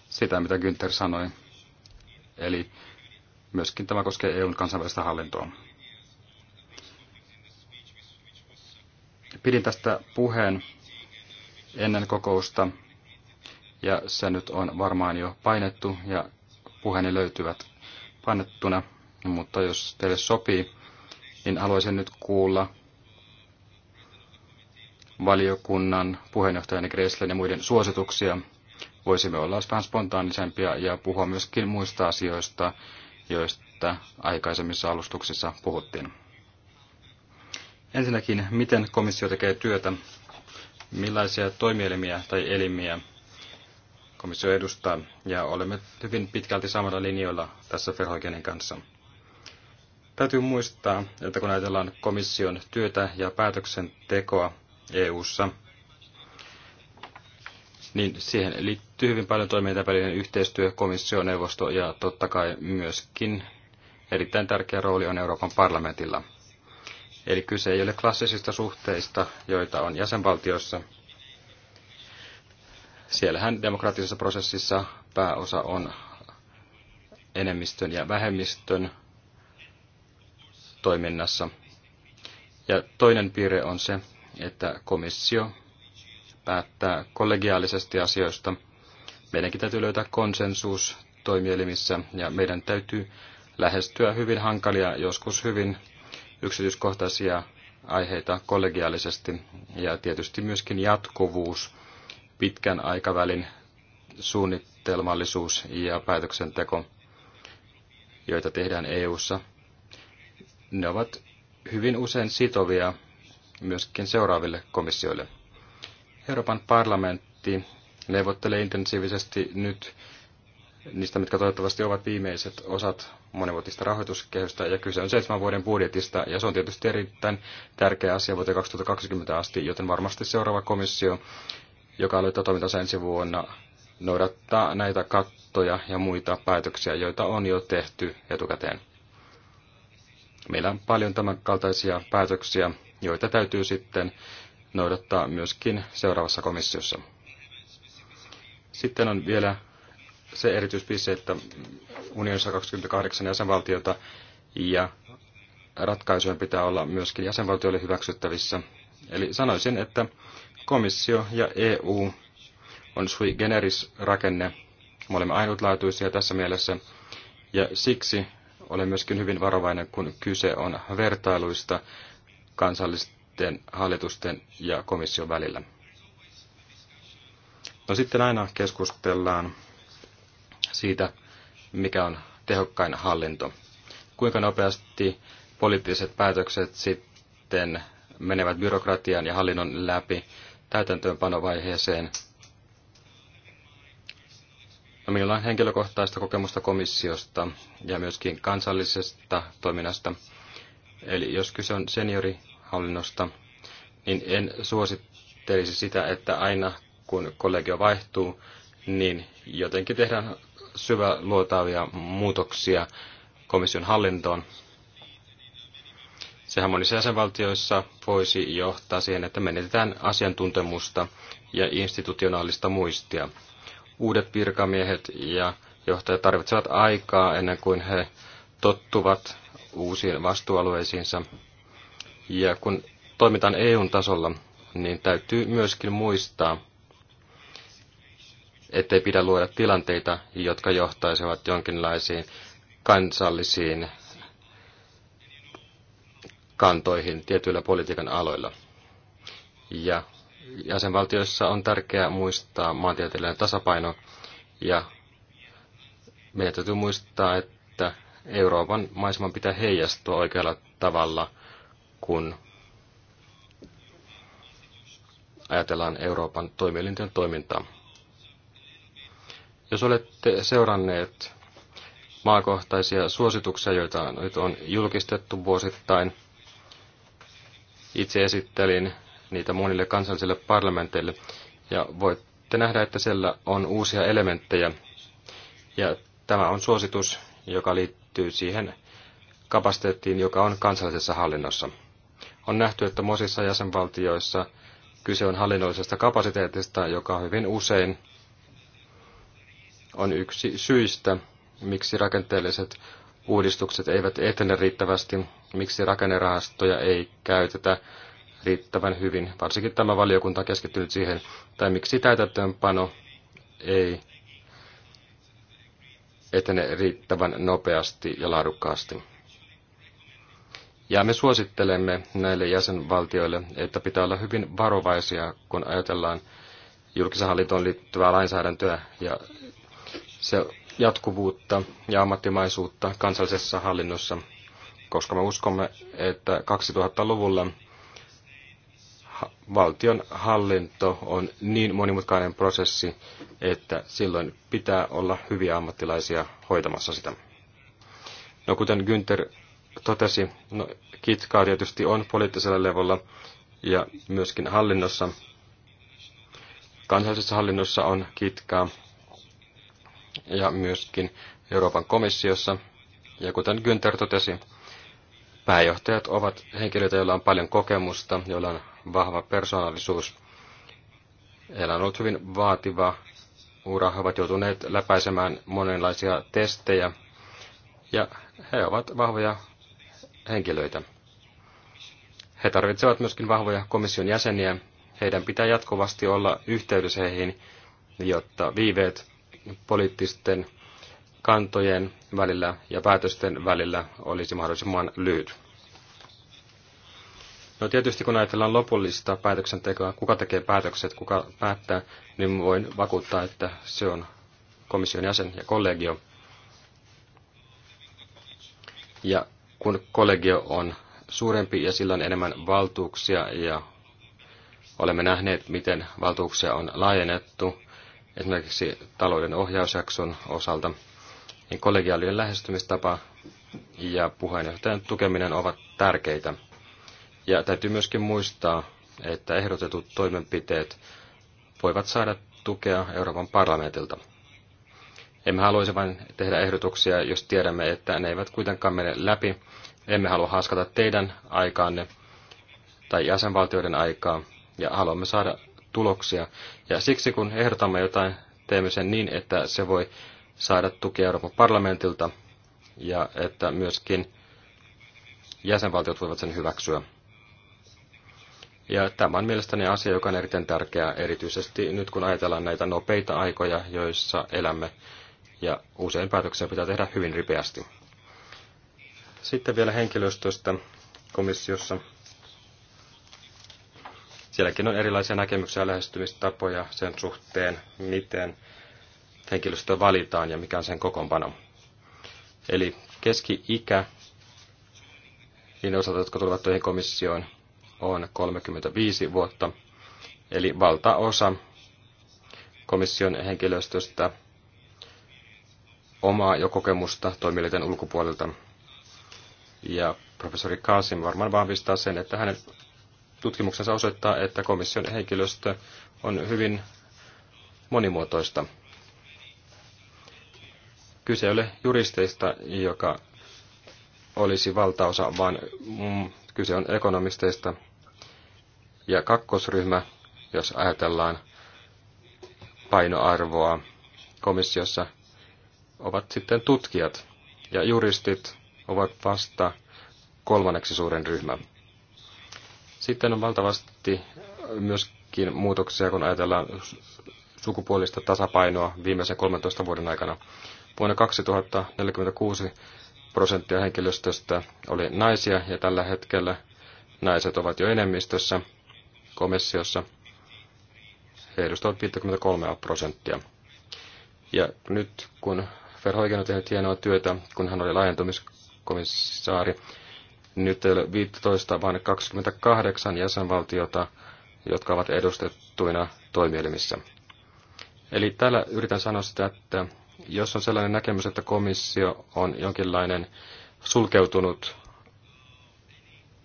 sitä, mitä Günther sanoi. Eli myöskin tämä koskee EUn kansainvälistä hallintoa. Pidin tästä puheen ennen kokousta ja se nyt on varmaan jo painettu ja puheeni löytyvät painettuna, mutta jos teille sopii, niin haluaisin nyt kuulla valiokunnan puheenjohtajan Greslen ja muiden suosituksia voisimme olla vähän spontaanisempia ja puhua myöskin muista asioista, joista aikaisemmissa alustuksissa puhuttiin. Ensinnäkin, miten komissio tekee työtä, millaisia toimielimiä tai elimiä komissio edustaa, ja olemme hyvin pitkälti samalla linjoilla tässä Ferhoikenin kanssa. Täytyy muistaa, että kun ajatellaan komission työtä ja päätöksentekoa EU:ssa, ssa niin siihen liittyy hyvin paljon toimintapelien yhteistyö, komissio, neuvosto ja totta kai myöskin erittäin tärkeä rooli on Euroopan parlamentilla. Eli kyse ei ole klassisista suhteista, joita on jäsenvaltioissa. Siellähän demokraattisessa prosessissa pääosa on enemmistön ja vähemmistön toiminnassa. Ja toinen piirre on se, että komissio päättää kollegiaalisesti asioista. Meidänkin täytyy löytää konsensus toimielimissä ja meidän täytyy lähestyä hyvin hankalia, joskus hyvin yksityiskohtaisia aiheita kollegiaalisesti ja tietysti myöskin jatkuvuus, pitkän aikavälin suunnittelmallisuus ja päätöksenteko, joita tehdään EU:ssa. Ne ovat hyvin usein sitovia myöskin seuraaville komissioille. Euroopan parlamentti neuvottelee intensiivisesti nyt niistä, mitkä toivottavasti ovat viimeiset osat monivuotista rahoituskehystä, ja kyse on seitsemän vuoden budjetista, ja se on tietysti erittäin tärkeä asia vuoteen 2020 asti, joten varmasti seuraava komissio, joka aloittaa toimintansa ensi vuonna, noudattaa näitä kattoja ja muita päätöksiä, joita on jo tehty etukäteen. Meillä on paljon tämänkaltaisia päätöksiä, joita täytyy sitten noudattaa myöskin seuraavassa komissiossa. Sitten on vielä se erityispiste, että unionissa 28 jäsenvaltiota ja ratkaisujen pitää olla myöskin jäsenvaltioille hyväksyttävissä. Eli sanoisin, että komissio ja EU on sui generis rakenne. Me olemme ainutlaatuisia tässä mielessä ja siksi olen myöskin hyvin varovainen, kun kyse on vertailuista kansallista sitten hallitusten ja komission välillä. No sitten aina keskustellaan siitä, mikä on tehokkain hallinto. Kuinka nopeasti poliittiset päätökset sitten menevät byrokratian ja hallinnon läpi täytäntöönpanovaiheeseen. No, minulla on henkilökohtaista kokemusta komissiosta ja myöskin kansallisesta toiminnasta. Eli jos kyse on seniori hallinnosta, niin en suosittelisi sitä, että aina kun kollegio vaihtuu, niin jotenkin tehdään syvä luotaavia muutoksia komission hallintoon. Sehän monissa jäsenvaltioissa voisi johtaa siihen, että menetetään asiantuntemusta ja institutionaalista muistia. Uudet virkamiehet ja johtajat tarvitsevat aikaa ennen kuin he tottuvat uusiin vastuualueisiinsa ja kun toimitaan EUn tasolla, niin täytyy myöskin muistaa, ettei pidä luoda tilanteita, jotka johtaisivat jonkinlaisiin kansallisiin kantoihin tietyillä politiikan aloilla. Ja jäsenvaltioissa on tärkeää muistaa maantieteellinen tasapaino ja meidän täytyy muistaa, että Euroopan maiseman pitää heijastua oikealla tavalla – kun ajatellaan Euroopan toimielinten toimintaa. Jos olette seuranneet maakohtaisia suosituksia, joita nyt on julkistettu vuosittain, itse esittelin niitä monille kansallisille parlamenteille, ja voitte nähdä, että siellä on uusia elementtejä. Ja tämä on suositus, joka liittyy siihen kapasiteettiin, joka on kansallisessa hallinnossa. On nähty, että mosissa jäsenvaltioissa kyse on hallinnollisesta kapasiteetista, joka hyvin usein on yksi syistä, miksi rakenteelliset uudistukset eivät etene riittävästi, miksi rakennerahastoja ei käytetä riittävän hyvin, varsinkin tämä valiokunta on keskittynyt siihen, tai miksi täytäntöönpano ei etene riittävän nopeasti ja laadukkaasti. Ja me suosittelemme näille jäsenvaltioille, että pitää olla hyvin varovaisia, kun ajatellaan julkisen hallintoon liittyvää lainsäädäntöä ja se jatkuvuutta ja ammattimaisuutta kansallisessa hallinnossa, koska me uskomme, että 2000-luvulla valtion hallinto on niin monimutkainen prosessi, että silloin pitää olla hyviä ammattilaisia hoitamassa sitä. No kuten Günther totesi, no, kitkaa tietysti on poliittisella levolla ja myöskin hallinnossa. Kansallisessa hallinnossa on kitkaa ja myöskin Euroopan komissiossa. Ja kuten Günther totesi, pääjohtajat ovat henkilöitä, joilla on paljon kokemusta, joilla on vahva persoonallisuus. Heillä on ollut hyvin vaativa ura. He ovat joutuneet läpäisemään monenlaisia testejä ja he ovat vahvoja henkilöitä. He tarvitsevat myöskin vahvoja komission jäseniä. Heidän pitää jatkuvasti olla yhteydessä heihin, jotta viiveet poliittisten kantojen välillä ja päätösten välillä olisi mahdollisimman lyhyt. No tietysti kun ajatellaan lopullista päätöksentekoa, kuka tekee päätökset, kuka päättää, niin voin vakuuttaa, että se on komission jäsen ja kollegio. Ja kun kollegio on suurempi ja sillä on enemmän valtuuksia ja olemme nähneet, miten valtuuksia on laajennettu esimerkiksi talouden ohjausjakson osalta, niin kollegiaalinen lähestymistapa ja puheenjohtajan tukeminen ovat tärkeitä. Ja täytyy myöskin muistaa, että ehdotetut toimenpiteet voivat saada tukea Euroopan parlamentilta. Emme haluaisi vain tehdä ehdotuksia, jos tiedämme, että ne eivät kuitenkaan mene läpi. Emme halua haskata teidän aikaanne tai jäsenvaltioiden aikaa, ja haluamme saada tuloksia. Ja siksi kun ehdotamme jotain, teemme sen niin, että se voi saada tukea Euroopan parlamentilta, ja että myöskin jäsenvaltiot voivat sen hyväksyä. Ja tämä on mielestäni asia, joka on erittäin tärkeää, erityisesti nyt kun ajatellaan näitä nopeita aikoja, joissa elämme, ja usein päätöksiä pitää tehdä hyvin ripeästi. Sitten vielä henkilöstöstä komissiossa. Sielläkin on erilaisia näkemyksiä ja lähestymistapoja sen suhteen, miten henkilöstö valitaan ja mikä on sen kokoonpano. Eli keski-ikä niiden osalta, jotka tulevat töihin komissioon, on 35 vuotta. Eli valtaosa komission henkilöstöstä omaa jo kokemusta toimielinten ulkopuolelta. Ja professori Kaasim varmaan vahvistaa sen, että hänen tutkimuksensa osoittaa, että komission henkilöstö on hyvin monimuotoista. Kyse ei ole juristeista, joka olisi valtaosa, vaan mm, kyse on ekonomisteista. Ja kakkosryhmä, jos ajatellaan painoarvoa komissiossa, ovat sitten tutkijat ja juristit ovat vasta kolmanneksi suurin ryhmä. Sitten on valtavasti myöskin muutoksia, kun ajatellaan sukupuolista tasapainoa viimeisen 13 vuoden aikana. Vuonna 2046 prosenttia henkilöstöstä oli naisia ja tällä hetkellä naiset ovat jo enemmistössä komissiossa. He edustavat 53 prosenttia. Ja nyt kun Verhoigen on tehnyt hienoa työtä, kun hän oli laajentumiskomissaari. Nyt ei ole 15, vaan 28 jäsenvaltiota, jotka ovat edustettuina toimielimissä. Eli täällä yritän sanoa sitä, että jos on sellainen näkemys, että komissio on jonkinlainen sulkeutunut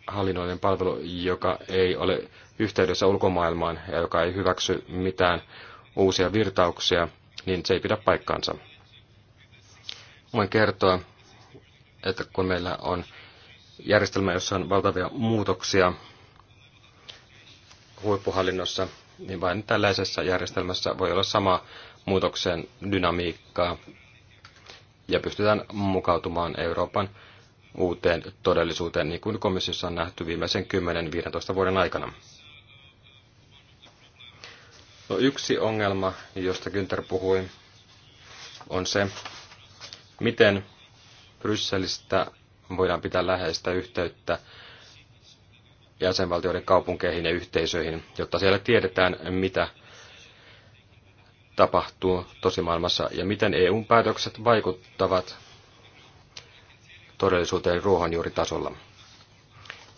hallinnollinen palvelu, joka ei ole yhteydessä ulkomaailmaan ja joka ei hyväksy mitään uusia virtauksia, niin se ei pidä paikkaansa. Voin kertoa, että kun meillä on järjestelmä, jossa on valtavia muutoksia huippuhallinnossa, niin vain tällaisessa järjestelmässä voi olla sama muutoksen dynamiikkaa ja pystytään mukautumaan Euroopan uuteen todellisuuteen, niin kuin komissiossa on nähty viimeisen 10-15 vuoden aikana. No, yksi ongelma, josta Günther puhui, on se, Miten Brysselistä voidaan pitää läheistä yhteyttä jäsenvaltioiden kaupunkeihin ja yhteisöihin, jotta siellä tiedetään, mitä tapahtuu tosimaailmassa ja miten EUn päätökset vaikuttavat todellisuuteen ruohonjuuritasolla.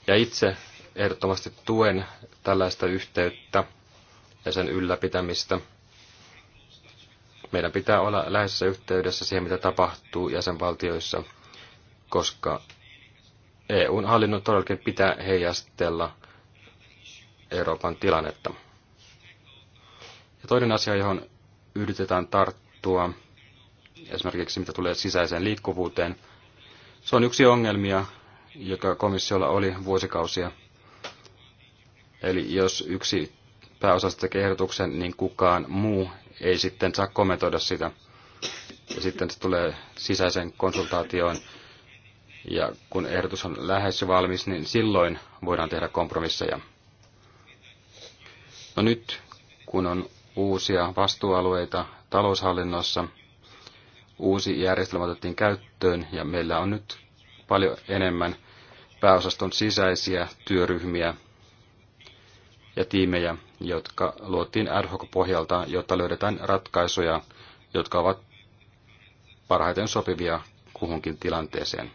Ja itse ehdottomasti tuen tällaista yhteyttä ja sen ylläpitämistä. Meidän pitää olla läheisessä yhteydessä siihen, mitä tapahtuu jäsenvaltioissa, koska EUn hallinnon todellakin pitää heijastella Euroopan tilannetta. Ja toinen asia, johon yritetään tarttua, esimerkiksi mitä tulee sisäiseen liikkuvuuteen, se on yksi ongelmia, joka komissiolla oli vuosikausia. Eli jos yksi pääosasta tekee ehdotuksen, niin kukaan muu ei sitten saa kommentoida sitä. Ja sitten se tulee sisäisen konsultaatioon. Ja kun ehdotus on lähes valmis, niin silloin voidaan tehdä kompromisseja. No nyt, kun on uusia vastuualueita taloushallinnossa, uusi järjestelmä otettiin käyttöön ja meillä on nyt paljon enemmän pääosaston sisäisiä työryhmiä, ja tiimejä, jotka luotiin ad hoc pohjalta, jotta löydetään ratkaisuja, jotka ovat parhaiten sopivia kuhunkin tilanteeseen.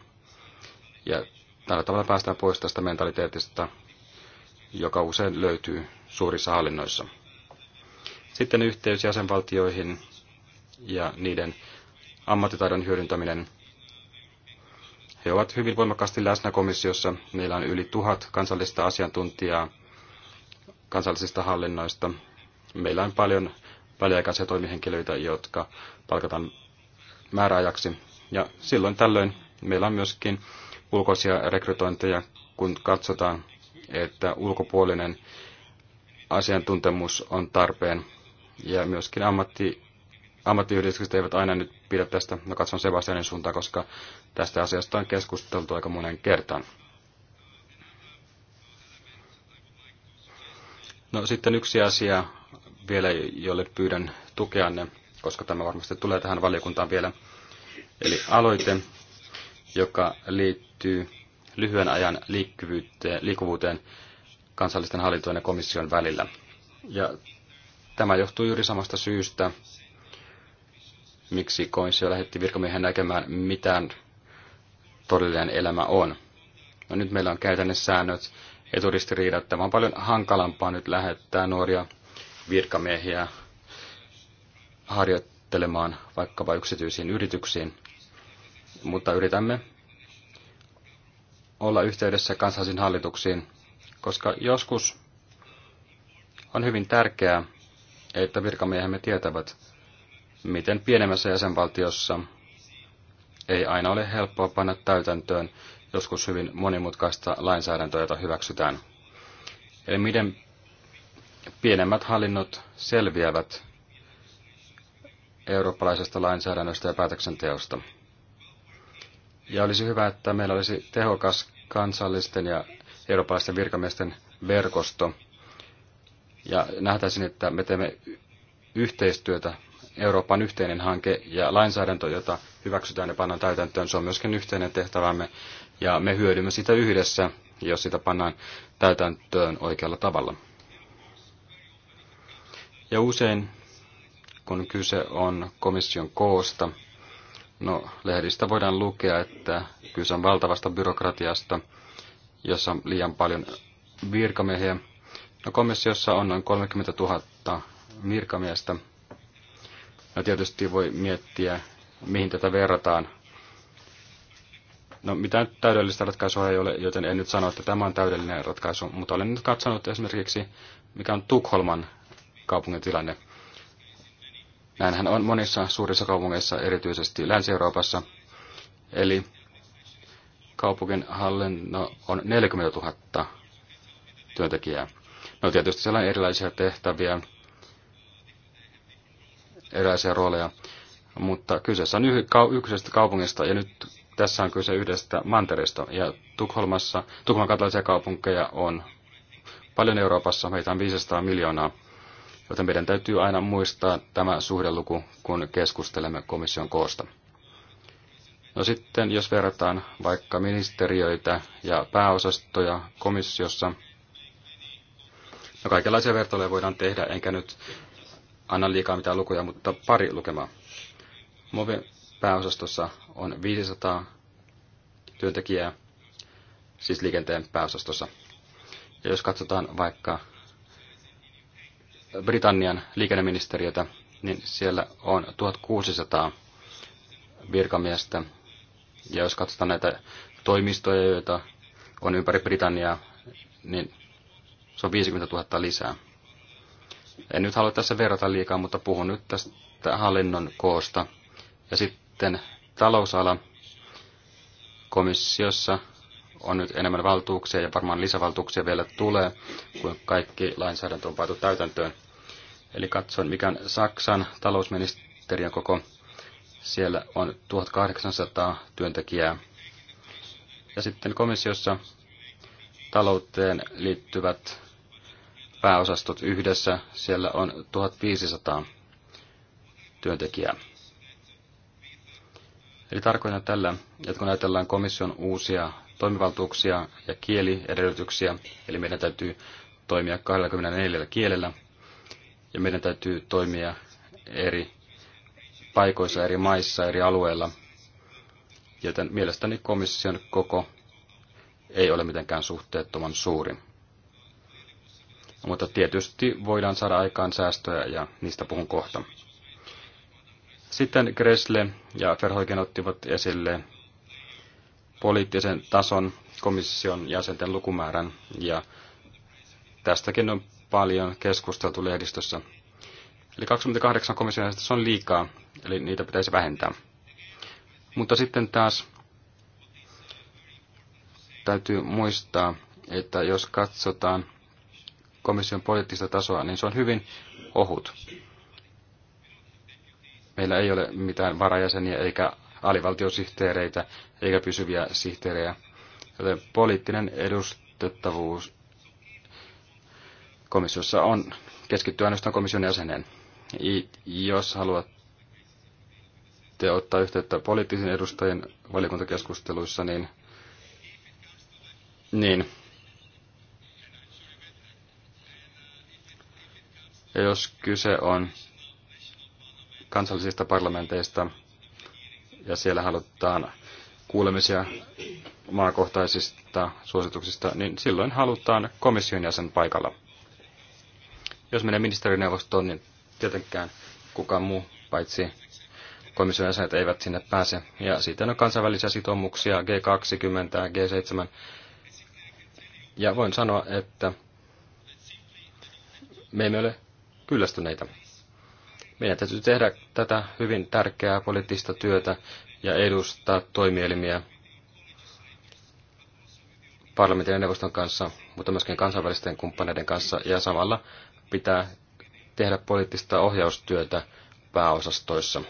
Ja tällä tavalla päästään pois tästä mentaliteetista, joka usein löytyy suurissa hallinnoissa. Sitten yhteys jäsenvaltioihin ja niiden ammattitaidon hyödyntäminen. He ovat hyvin voimakkaasti läsnä komissiossa. Meillä on yli tuhat kansallista asiantuntijaa kansallisista hallinnoista. Meillä on paljon väliaikaisia toimihenkilöitä, jotka palkataan määräajaksi. Ja silloin tällöin meillä on myöskin ulkoisia rekrytointeja, kun katsotaan, että ulkopuolinen asiantuntemus on tarpeen. Ja myöskin ammatti, ammattiyhdistykset eivät aina nyt pidä tästä, no katson Sebastianin suuntaan, koska tästä asiasta on keskusteltu aika monen kertaan. No sitten yksi asia vielä, jolle pyydän tukeanne, koska tämä varmasti tulee tähän valiokuntaan vielä. Eli aloite, joka liittyy lyhyen ajan liikkuvuuteen kansallisten hallintojen ja komission välillä. Ja tämä johtuu juuri samasta syystä, miksi komissio lähetti virkamiehen näkemään, mitään todellinen elämä on. No nyt meillä on käytännössä säännöt, eturistiriidat. Tämä on paljon hankalampaa nyt lähettää nuoria virkamiehiä harjoittelemaan vaikkapa yksityisiin yrityksiin, mutta yritämme olla yhteydessä kansallisiin hallituksiin, koska joskus on hyvin tärkeää, että virkamiehemme tietävät, miten pienemmässä jäsenvaltiossa ei aina ole helppoa panna täytäntöön joskus hyvin monimutkaista lainsäädäntöä, jota hyväksytään. Eli miten pienemmät hallinnot selviävät eurooppalaisesta lainsäädännöstä ja päätöksenteosta. Ja olisi hyvä, että meillä olisi tehokas kansallisten ja eurooppalaisten virkamiesten verkosto. Ja nähtäisin, että me teemme yhteistyötä. Euroopan yhteinen hanke ja lainsäädäntö, jota hyväksytään ja pannaan täytäntöön, se on myöskin yhteinen tehtävämme ja me hyödymme sitä yhdessä, jos sitä pannaan täytäntöön oikealla tavalla. Ja usein, kun kyse on komission koosta, no lehdistä voidaan lukea, että kyse on valtavasta byrokratiasta, jossa on liian paljon virkamiehiä. No komissiossa on noin 30 000 virkamiestä. No tietysti voi miettiä, mihin tätä verrataan No mitään täydellistä ratkaisua ei ole, joten en nyt sano, että tämä on täydellinen ratkaisu, mutta olen nyt katsonut esimerkiksi, mikä on Tukholman kaupungin tilanne. Näinhän on monissa suurissa kaupungeissa, erityisesti Länsi-Euroopassa. Eli kaupungin hallinno on 40 000 työntekijää. No tietysti siellä on erilaisia tehtäviä, erilaisia rooleja, mutta kyseessä on yhdestä kaupungista ja nyt tässä on kyse yhdestä mantereesta ja Tukholmassa, Tukholman katalaisia kaupunkeja on paljon Euroopassa, meitä on 500 miljoonaa, joten meidän täytyy aina muistaa tämä suhdeluku, kun keskustelemme komission koosta. No sitten, jos verrataan vaikka ministeriöitä ja pääosastoja komissiossa, no kaikenlaisia vertailuja voidaan tehdä, enkä nyt anna liikaa mitään lukuja, mutta pari lukemaa pääosastossa on 500 työntekijää, siis liikenteen pääosastossa. Ja jos katsotaan vaikka Britannian liikenneministeriötä, niin siellä on 1600 virkamiestä. Ja jos katsotaan näitä toimistoja, joita on ympäri Britanniaa, niin se on 50 000 lisää. En nyt halua tässä verrata liikaa, mutta puhun nyt tästä hallinnon koosta. Ja sitten sitten talousala komissiossa on nyt enemmän valtuuksia ja varmaan lisävaltuuksia vielä tulee, kun kaikki lainsäädäntö on paitu täytäntöön. Eli katson, mikä on Saksan talousministeriön koko. Siellä on 1800 työntekijää. Ja sitten komissiossa talouteen liittyvät pääosastot yhdessä, siellä on 1500 työntekijää. Eli tarkoitan tällä, että kun ajatellaan komission uusia toimivaltuuksia ja kieliedellytyksiä, eli meidän täytyy toimia 24 kielellä, ja meidän täytyy toimia eri paikoissa, eri maissa, eri alueilla, joten mielestäni komission koko ei ole mitenkään suhteettoman suuri. Mutta tietysti voidaan saada aikaan säästöjä ja niistä puhun kohta. Sitten Gressle ja Verhoeken ottivat esille poliittisen tason komission jäsenten lukumäärän ja tästäkin on paljon keskusteltu lehdistössä. Eli 28 komission jäsentä on liikaa, eli niitä pitäisi vähentää. Mutta sitten taas täytyy muistaa, että jos katsotaan komission poliittista tasoa, niin se on hyvin ohut. Meillä ei ole mitään varajäseniä eikä alivaltiosihteereitä eikä pysyviä sihteerejä. Joten poliittinen edustettavuus komissiossa on keskittyy ainoastaan komission jäseneen. I, jos haluatte ottaa yhteyttä poliittisiin edustajien valiokuntakeskusteluissa, niin, niin ja jos kyse on kansallisista parlamenteista, ja siellä halutaan kuulemisia maakohtaisista suosituksista, niin silloin halutaan komission jäsen paikalla. Jos menee ministerineuvostoon, niin tietenkään kukaan muu paitsi komission jäsenet eivät sinne pääse. Ja sitten on kansainvälisiä sitoumuksia G20 ja G7. Ja voin sanoa, että me emme ole kyllästyneitä. Meidän täytyy tehdä tätä hyvin tärkeää poliittista työtä ja edustaa toimielimiä parlamentin ja neuvoston kanssa, mutta myöskin kansainvälisten kumppaneiden kanssa ja samalla pitää tehdä poliittista ohjaustyötä pääosastoissa.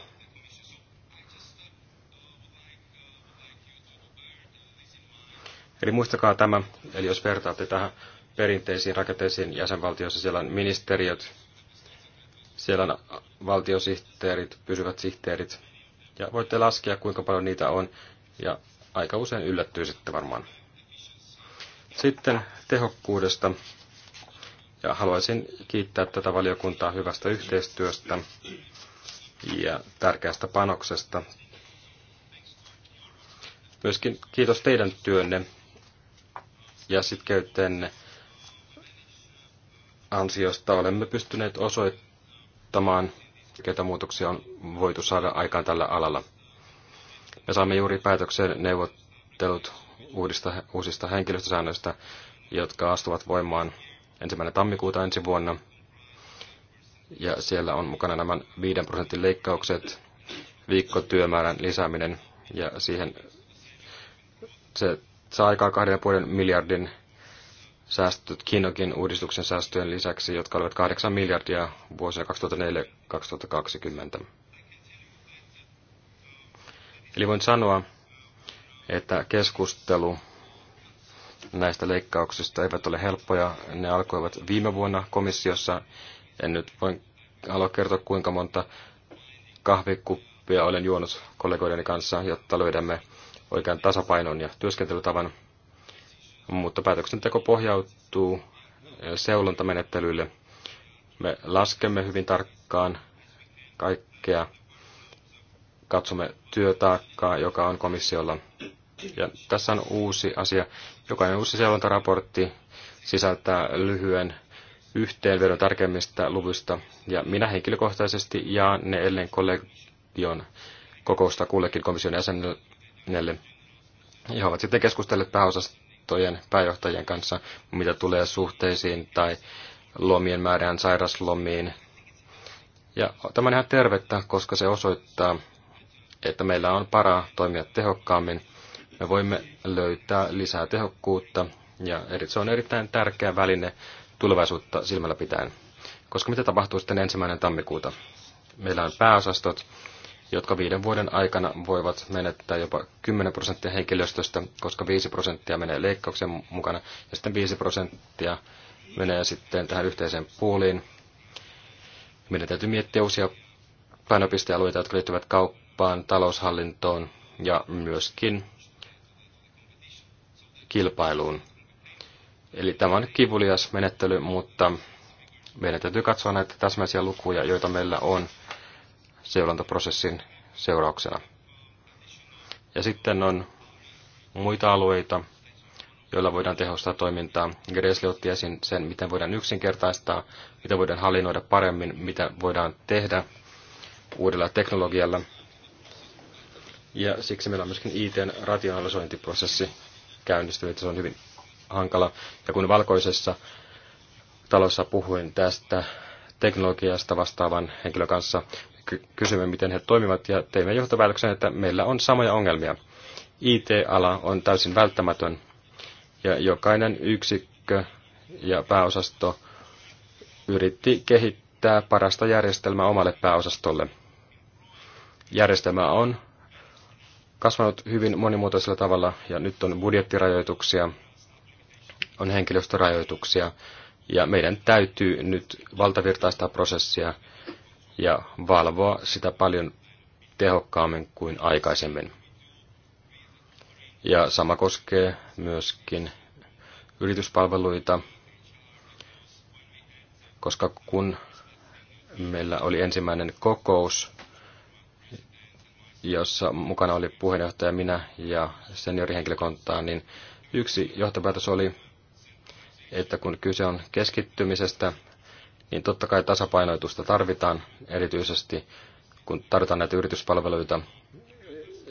Eli muistakaa tämä, eli jos vertaatte tähän perinteisiin rakenteisiin jäsenvaltioissa, siellä on ministeriöt, siellä on valtiosihteerit, pysyvät sihteerit. Ja voitte laskea, kuinka paljon niitä on. Ja aika usein yllättyy sitten varmaan. Sitten tehokkuudesta. Ja haluaisin kiittää tätä valiokuntaa hyvästä yhteistyöstä ja tärkeästä panoksesta. Myöskin kiitos teidän työnne ja sitkeytenne ansiosta olemme pystyneet osoittamaan, osoittamaan, ketä muutoksia on voitu saada aikaan tällä alalla. Me saamme juuri päätökseen neuvottelut uudista, uusista henkilöstösäännöistä, jotka astuvat voimaan ensimmäinen tammikuuta ensi vuonna. Ja siellä on mukana nämä 5 prosentin leikkaukset, viikkotyömäärän lisääminen ja siihen se saa aikaan 2,5 miljardin säästöt, Kinokin uudistuksen säästöjen lisäksi, jotka olivat 8 miljardia vuosina 2004-2020. Eli voin sanoa, että keskustelu näistä leikkauksista eivät ole helppoja. Ne alkoivat viime vuonna komissiossa. En nyt voi, halua kertoa, kuinka monta kahvikuppia olen juonut kollegoideni kanssa, jotta löydämme oikean tasapainon ja työskentelytavan mutta päätöksenteko pohjautuu seulontamenettelyille. Me laskemme hyvin tarkkaan kaikkea, katsomme työtaakkaa, joka on komissiolla. Ja tässä on uusi asia. Jokainen uusi seulontaraportti sisältää lyhyen yhteenvedon tarkemmista luvuista, ja minä henkilökohtaisesti jaan ne ellen kollegion kokousta kullekin komission jäsenelle, ja ovat sitten keskustelleet pääosasta virastojen pääjohtajien kanssa, mitä tulee suhteisiin tai lomien määrään sairaslomiin. Ja tämä on ihan tervettä, koska se osoittaa, että meillä on paraa toimia tehokkaammin. Me voimme löytää lisää tehokkuutta ja se on erittäin tärkeä väline tulevaisuutta silmällä pitäen. Koska mitä tapahtuu sitten ensimmäinen tammikuuta? Meillä on pääosastot, jotka viiden vuoden aikana voivat menettää jopa 10 prosenttia henkilöstöstä, koska 5 prosenttia menee leikkauksen mukana ja sitten 5 prosenttia menee sitten tähän yhteiseen puoliin. Meidän täytyy miettiä uusia painopistealueita, jotka liittyvät kauppaan, taloushallintoon ja myöskin kilpailuun. Eli tämä on kivulias menettely, mutta meidän täytyy katsoa näitä täsmäisiä lukuja, joita meillä on – seurantaprosessin seurauksena. Ja sitten on muita alueita, joilla voidaan tehostaa toimintaa. Gresli otti esiin sen, miten voidaan yksinkertaistaa, miten voidaan hallinnoida paremmin, mitä voidaan tehdä uudella teknologialla. Ja siksi meillä on myöskin it rationalisointiprosessi käynnistynyt, se on hyvin hankala. Ja kun valkoisessa talossa puhuin tästä teknologiasta vastaavan henkilön kanssa, kysymme, miten he toimivat, ja teimme johtopäätöksen, että meillä on samoja ongelmia. IT-ala on täysin välttämätön, ja jokainen yksikkö ja pääosasto yritti kehittää parasta järjestelmää omalle pääosastolle. Järjestelmä on kasvanut hyvin monimuotoisella tavalla, ja nyt on budjettirajoituksia, on henkilöstörajoituksia, ja meidän täytyy nyt valtavirtaistaa prosessia ja valvoa sitä paljon tehokkaammin kuin aikaisemmin. Ja sama koskee myöskin yrityspalveluita, koska kun meillä oli ensimmäinen kokous, jossa mukana oli puheenjohtaja minä ja seniorihenkilökuntaa, niin yksi johtopäätös oli, että kun kyse on keskittymisestä, niin totta kai tasapainoitusta tarvitaan, erityisesti kun tarvitaan näitä yrityspalveluita,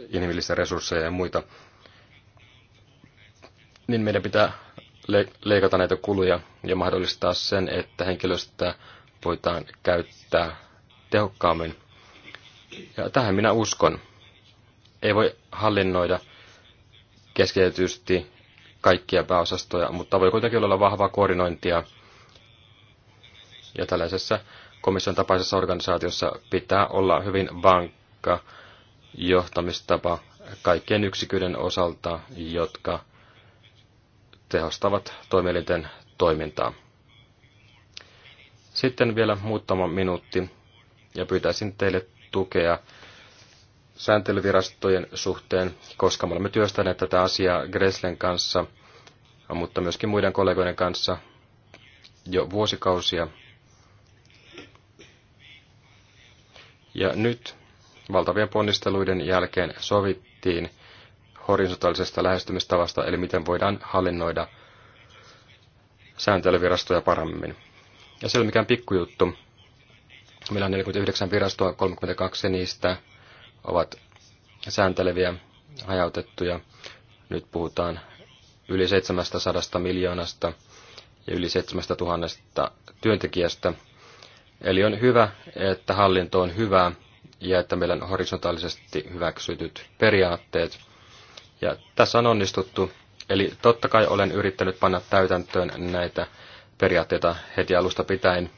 inhimillisiä resursseja ja muita, niin meidän pitää leikata näitä kuluja ja mahdollistaa sen, että henkilöstöä voidaan käyttää tehokkaammin. Ja tähän minä uskon. Ei voi hallinnoida keskeytysti kaikkia pääosastoja, mutta voi kuitenkin olla vahvaa koordinointia ja tällaisessa komission tapaisessa organisaatiossa pitää olla hyvin vankka johtamistapa kaikkien yksiköiden osalta, jotka tehostavat toimielinten toimintaa. Sitten vielä muutama minuutti ja pyytäisin teille tukea sääntelyvirastojen suhteen, koska me olemme työstäneet tätä asiaa Greslen kanssa, mutta myöskin muiden kollegoiden kanssa jo vuosikausia. Ja nyt valtavien ponnisteluiden jälkeen sovittiin horisontaalisesta lähestymistavasta, eli miten voidaan hallinnoida sääntelyvirastoja paremmin. Ja se ei ole mikään pikkujuttu. Meillä on 49 virastoa, 32 niistä ovat sääntelyviä, hajautettuja. Nyt puhutaan yli 700 miljoonasta ja yli 7000 työntekijästä, Eli on hyvä, että hallinto on hyvää ja että meillä on horisontaalisesti hyväksytyt periaatteet. Ja tässä on onnistuttu. Eli totta kai olen yrittänyt panna täytäntöön näitä periaatteita heti alusta pitäen,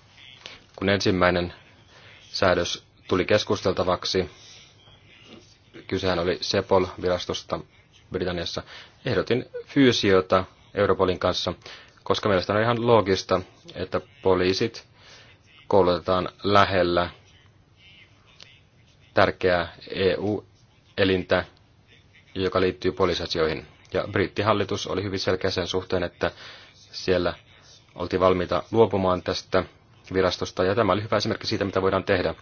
kun ensimmäinen säädös tuli keskusteltavaksi. Kysehän oli Sepol-virastosta Britanniassa. Ehdotin fyysiota Europolin kanssa, koska mielestäni on ihan loogista, että poliisit koulutetaan lähellä tärkeää EU-elintä, joka liittyy poliisasioihin. Ja brittihallitus oli hyvin selkeä sen suhteen, että siellä oltiin valmiita luopumaan tästä virastosta. Ja tämä oli hyvä esimerkki siitä, mitä voidaan tehdä.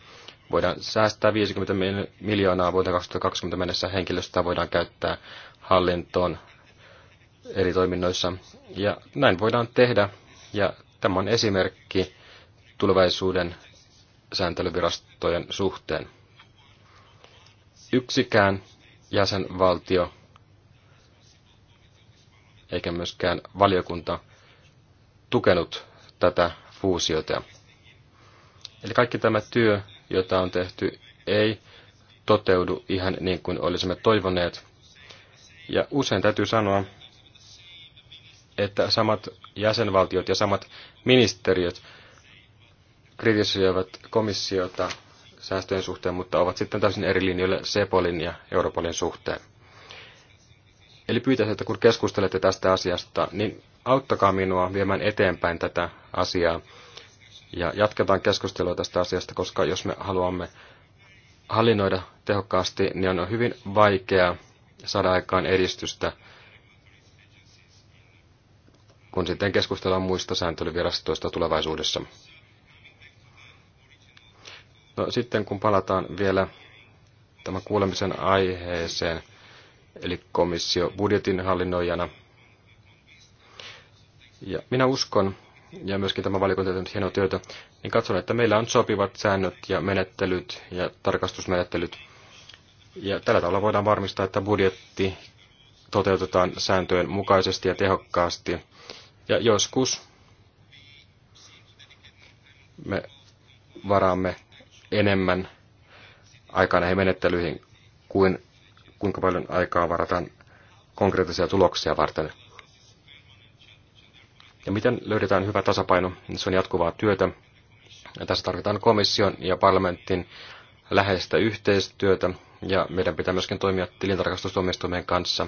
Voidaan säästää 50 miljoonaa vuoteen 2020 mennessä henkilöstöä voidaan käyttää hallintoon eri toiminnoissa. Ja näin voidaan tehdä. Ja tämä on esimerkki tulevaisuuden sääntelyvirastojen suhteen. Yksikään jäsenvaltio eikä myöskään valiokunta tukenut tätä fuusiota. Eli kaikki tämä työ, jota on tehty, ei toteudu ihan niin kuin olisimme toivoneet. Ja usein täytyy sanoa, että samat jäsenvaltiot ja samat ministeriöt kritisoivat komissiota säästöjen suhteen, mutta ovat sitten täysin eri linjoilla Sepolin ja Europolin suhteen. Eli pyytäisin, että kun keskustelette tästä asiasta, niin auttakaa minua viemään eteenpäin tätä asiaa ja jatketaan keskustelua tästä asiasta, koska jos me haluamme hallinnoida tehokkaasti, niin on hyvin vaikea saada aikaan edistystä, kun sitten keskustellaan muista sääntelyvirastoista tulevaisuudessa. No sitten kun palataan vielä tämän kuulemisen aiheeseen, eli komissio budjetin hallinnoijana. Ja minä uskon, ja myöskin tämä valiokunta on hienoa työtä, niin katson, että meillä on sopivat säännöt ja menettelyt ja tarkastusmenettelyt. Ja tällä tavalla voidaan varmistaa, että budjetti toteutetaan sääntöjen mukaisesti ja tehokkaasti. Ja joskus me varaamme enemmän aikaa näihin menettelyihin kuin kuinka paljon aikaa varataan konkreettisia tuloksia varten. Ja miten löydetään hyvä tasapaino, niin se on jatkuvaa työtä. Ja tässä tarvitaan komission ja parlamentin läheistä yhteistyötä, ja meidän pitää myöskin toimia tilintarkastustuomioistuimen kanssa,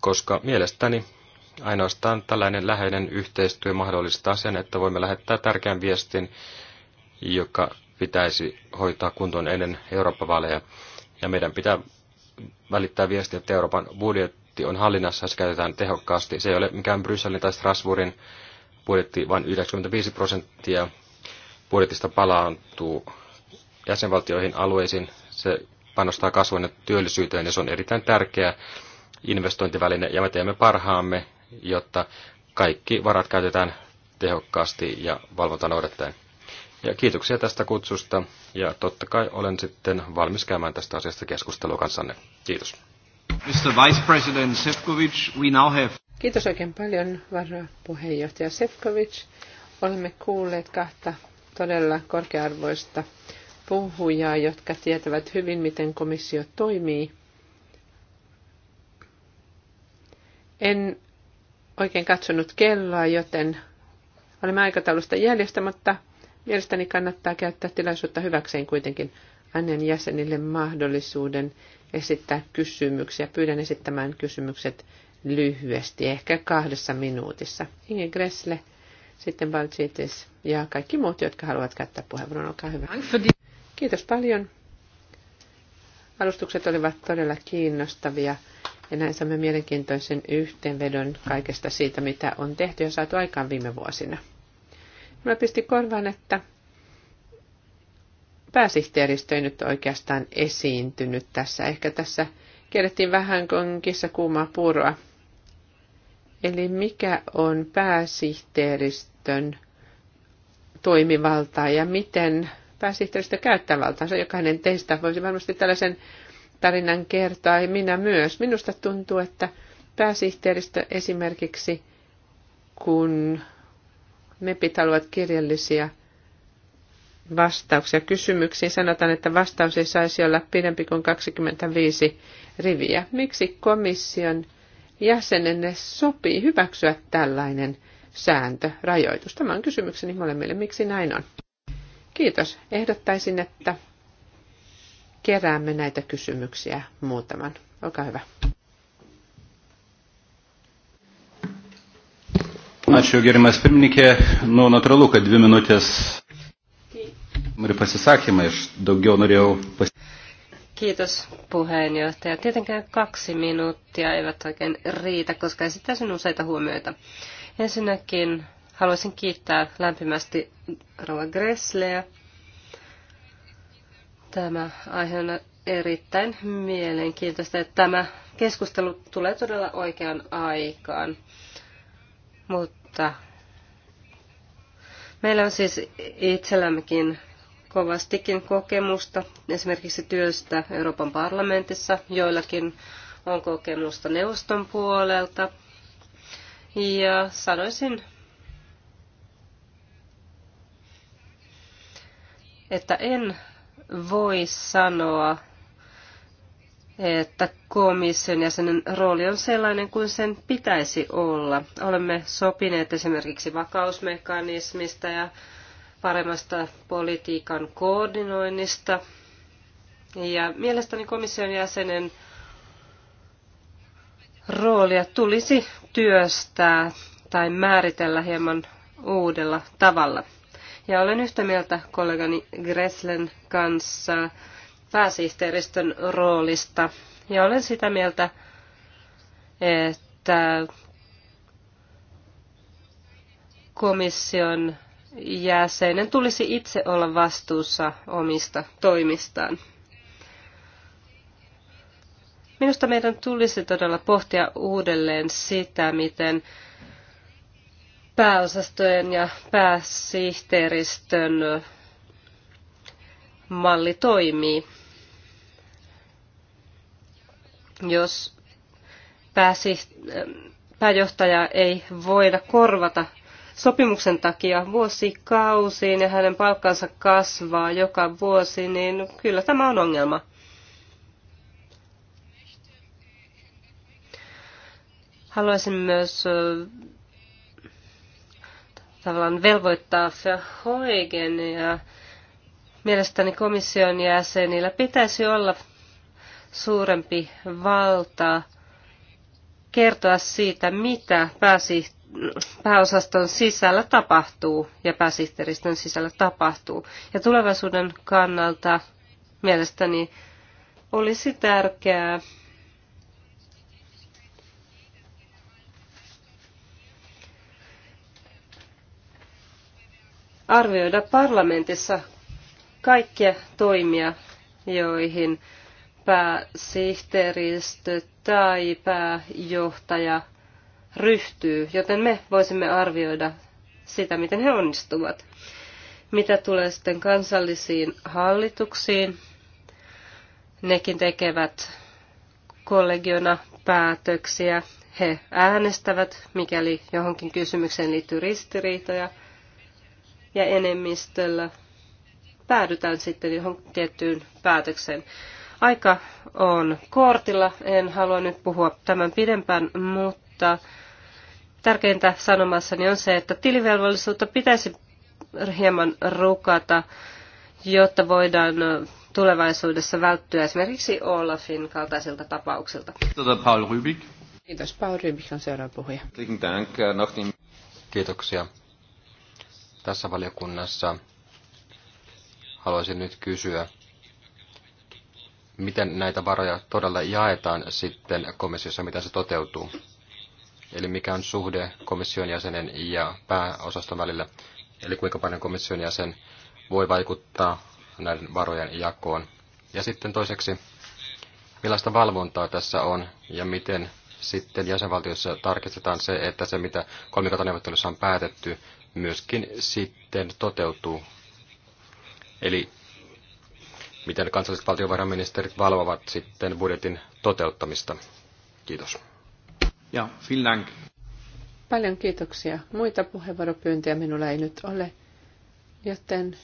koska mielestäni ainoastaan tällainen läheinen yhteistyö mahdollistaa sen, että voimme lähettää tärkeän viestin, joka pitäisi hoitaa kuntoon ennen Eurooppa-vaaleja. Ja meidän pitää välittää viestiä, että Euroopan budjetti on hallinnassa ja se käytetään tehokkaasti. Se ei ole mikään Brysselin tai Strasbourgin budjetti, vaan 95 prosenttia budjetista palaantuu jäsenvaltioihin, alueisiin. Se panostaa kasvun ja työllisyyteen ja se on erittäin tärkeä investointiväline ja me teemme parhaamme, jotta kaikki varat käytetään tehokkaasti ja valvonta noudattaen. Ja kiitoksia tästä kutsusta ja totta kai olen sitten valmis käymään tästä asiasta keskustelua kanssanne. Kiitos. Mr. Vice President Sefcovic, we now have... Kiitos oikein paljon varapuheenjohtaja Sefcovic. Olemme kuulleet kahta todella korkearvoista puhujaa, jotka tietävät hyvin, miten komissio toimii. En oikein katsonut kelloa, joten olemme aikataulusta jäljestä, mutta Mielestäni kannattaa käyttää tilaisuutta hyväkseen kuitenkin hänen jäsenille mahdollisuuden esittää kysymyksiä. Pyydän esittämään kysymykset lyhyesti, ehkä kahdessa minuutissa. Inge Gressle, sitten Balchitis ja kaikki muut, jotka haluavat käyttää puheenvuoron, olkaa hyvä. Kiitos paljon. Alustukset olivat todella kiinnostavia ja näin saamme mielenkiintoisen yhteenvedon kaikesta siitä, mitä on tehty ja saatu aikaan viime vuosina. Mä pistin korvan, että pääsihteeristö ei nyt oikeastaan esiintynyt tässä. Ehkä tässä kierrettiin vähän kuin kissa kuumaa puuroa. Eli mikä on pääsihteeristön toimivaltaa ja miten pääsihteeristö käyttää valtaansa. Jokainen teistä voisi varmasti tällaisen tarinan kertoa ja minä myös. Minusta tuntuu, että pääsihteeristö esimerkiksi, kun MEPit haluavat kirjallisia vastauksia kysymyksiin. Sanotaan, että vastaus ei saisi olla pidempi kuin 25 riviä. Miksi komission jäsenenne sopii hyväksyä tällainen sääntö, rajoitus? Tämä on kysymykseni molemmille. Miksi näin on? Kiitos. Ehdottaisin, että keräämme näitä kysymyksiä muutaman. Olkaa hyvä. Ačiū, gerimas pirmininkė. Nu, natūralu, kad dvi minutės ir pasisakymai. Aš daugiau norėjau pasisakyti. Kiitos puheenjohtaja. Tietenkään kaksi minuuttia eivät oikein riitä, koska esittäisin useita huomioita. Ensinnäkin haluaisin kiittää lämpimästi Rova Gressleä. Tämä aihe on erittäin mielenkiintoista, että tämä keskustelu tulee todella oikeaan aikaan. Mutta mutta meillä on siis itsellämmekin kovastikin kokemusta esimerkiksi työstä Euroopan parlamentissa, joillakin on kokemusta neuvoston puolelta. Ja sanoisin, että en voi sanoa, että komission jäsenen rooli on sellainen kuin sen pitäisi olla. Olemme sopineet esimerkiksi vakausmekanismista ja paremmasta politiikan koordinoinnista. Ja mielestäni komission jäsenen roolia tulisi työstää tai määritellä hieman uudella tavalla. Ja olen yhtä mieltä kollegani Greslen kanssa pääsihteeristön roolista. Ja olen sitä mieltä, että komission jäsenen tulisi itse olla vastuussa omista toimistaan. Minusta meidän tulisi todella pohtia uudelleen sitä, miten pääosastojen ja pääsihteeristön malli toimii jos pääsi, pääjohtaja ei voida korvata sopimuksen takia vuosikausiin ja hänen palkkansa kasvaa joka vuosi, niin kyllä tämä on ongelma. Haluaisin myös tavallaan velvoittaa Verhoegenia. Mielestäni komission jäsenillä pitäisi olla suurempi valta kertoa siitä, mitä pääsi, pääosaston sisällä tapahtuu ja pääsihteeristön sisällä tapahtuu. Ja tulevaisuuden kannalta mielestäni olisi tärkeää, arvioida parlamentissa kaikkia toimia, joihin pääsihteeristö tai pääjohtaja ryhtyy, joten me voisimme arvioida sitä, miten he onnistuvat. Mitä tulee sitten kansallisiin hallituksiin, nekin tekevät kollegiona päätöksiä. He äänestävät, mikäli johonkin kysymykseen liittyy ristiriitoja, ja enemmistöllä päädytään sitten johon tiettyyn päätökseen. Aika on kortilla, en halua nyt puhua tämän pidempään, mutta tärkeintä sanomassani on se, että tilivelvollisuutta pitäisi hieman rukata, jotta voidaan tulevaisuudessa välttyä esimerkiksi Olafin kaltaisilta tapauksilta. Tuota, Paul Rübig. Kiitos. Paul Rybik on seuraava puhuja. Äh, Kiitoksia. Tässä valiokunnassa haluaisin nyt kysyä, miten näitä varoja todella jaetaan sitten komissiossa, miten se toteutuu. Eli mikä on suhde komission jäsenen ja pääosaston välillä, eli kuinka paljon komission jäsen voi vaikuttaa näiden varojen jakoon. Ja sitten toiseksi, millaista valvontaa tässä on ja miten sitten jäsenvaltioissa tarkistetaan se, että se mitä kolmikantaneuvottelussa on päätetty, myöskin sitten toteutuu. Eli miten kansalliset valtiovarainministerit valvovat sitten budjetin toteuttamista. Kiitos. Ja, vielen Dank. Paljon kiitoksia. Muita puheenvuoropyyntöjä minulla ei nyt ole, joten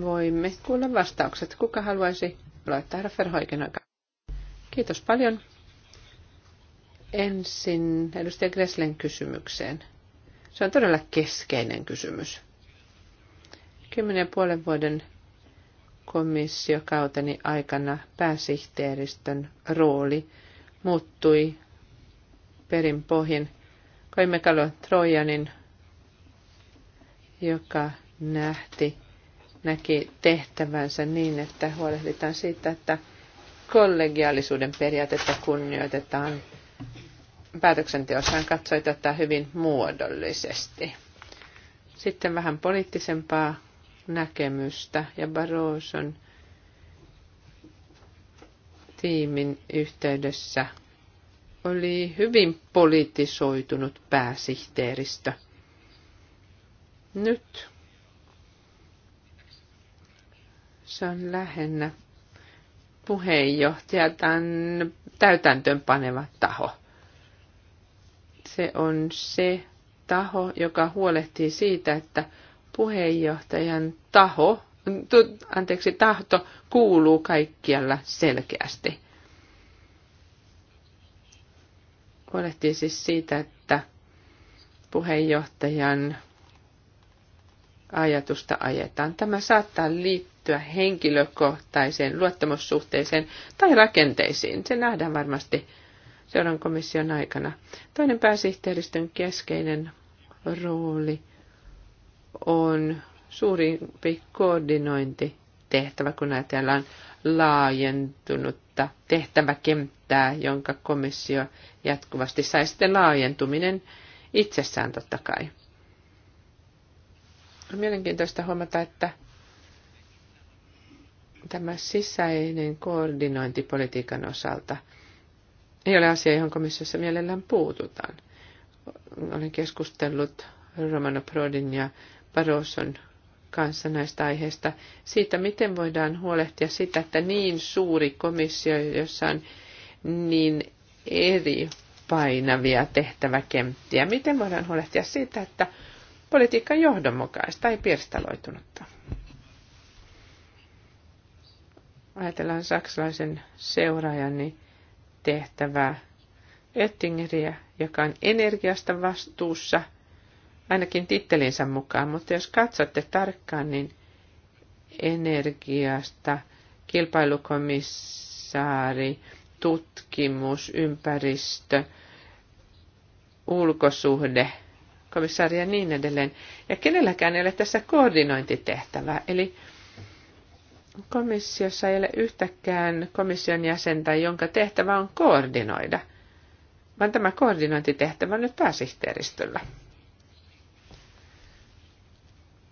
voimme kuulla vastaukset. Kuka haluaisi aloittaa herra aikaa? Kiitos paljon. Ensin edustaja Greslen kysymykseen. Se on todella keskeinen kysymys. Kymmenen puolen vuoden komissiokauteni aikana pääsihteeristön rooli muuttui perin pohin. Koimme Trojanin, joka nähti, näki tehtävänsä niin, että huolehditaan siitä, että kollegiaalisuuden periaatetta kunnioitetaan hän katsoi tätä hyvin muodollisesti. Sitten vähän poliittisempaa näkemystä ja Barroson tiimin yhteydessä oli hyvin politisoitunut pääsihteeristö. Nyt se on lähennä puheenjohtaja tämän täytäntöönpaneva taho. Se on se taho, joka huolehtii siitä, että puheenjohtajan taho, anteeksi, tahto kuuluu kaikkialla selkeästi. Huolehtii siis siitä, että puheenjohtajan ajatusta ajetaan. Tämä saattaa liittyä henkilökohtaiseen luottamussuhteeseen tai rakenteisiin. Se nähdään varmasti seuraavan komission aikana. Toinen pääsihteeristön keskeinen rooli on suurimpi koordinointitehtävä, kun ajatellaan laajentunutta tehtäväkenttää, jonka komissio jatkuvasti sai sitten laajentuminen itsessään totta kai. On mielenkiintoista huomata, että tämä sisäinen koordinointipolitiikan osalta – ei ole asia, johon komissiossa mielellään puututaan. Olen keskustellut Romano Prodin ja Barroson kanssa näistä aiheista, siitä miten voidaan huolehtia sitä, että niin suuri komissio, jossa on niin eri painavia tehtäväkenttiä, miten voidaan huolehtia siitä, että politiikka on johdonmukaista, ei pirstaloitunutta. Ajatellaan saksalaisen seuraajani niin tehtävää Öttingeriä, joka on energiasta vastuussa, ainakin tittelinsä mukaan, mutta jos katsotte tarkkaan, niin energiasta kilpailukomissaari, tutkimus, ympäristö, ulkosuhde, komissaari ja niin edelleen. Ja kenelläkään ei ole tässä koordinointitehtävää. Eli Komissiossa ei ole yhtäkään komission jäsentä, jonka tehtävä on koordinoida, vaan tämä koordinointitehtävä on nyt pääsihteeristöllä.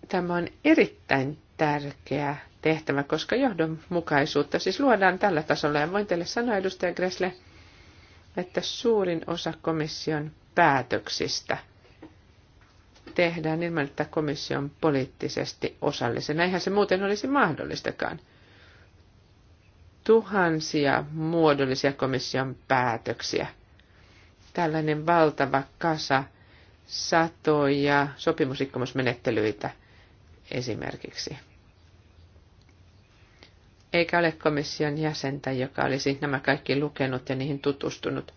Tämä on erittäin tärkeä tehtävä, koska johdonmukaisuutta siis luodaan tällä tasolla. Ja voin teille sanoa, edustaja Gressle, että suurin osa komission päätöksistä – tehdään ilman, että komissio on poliittisesti osallisena. Eihän se muuten olisi mahdollistakaan. Tuhansia muodollisia komission päätöksiä. Tällainen valtava kasa satoja sopimusrikkomusmenettelyitä esimerkiksi. Eikä ole komission jäsentä, joka olisi nämä kaikki lukenut ja niihin tutustunut.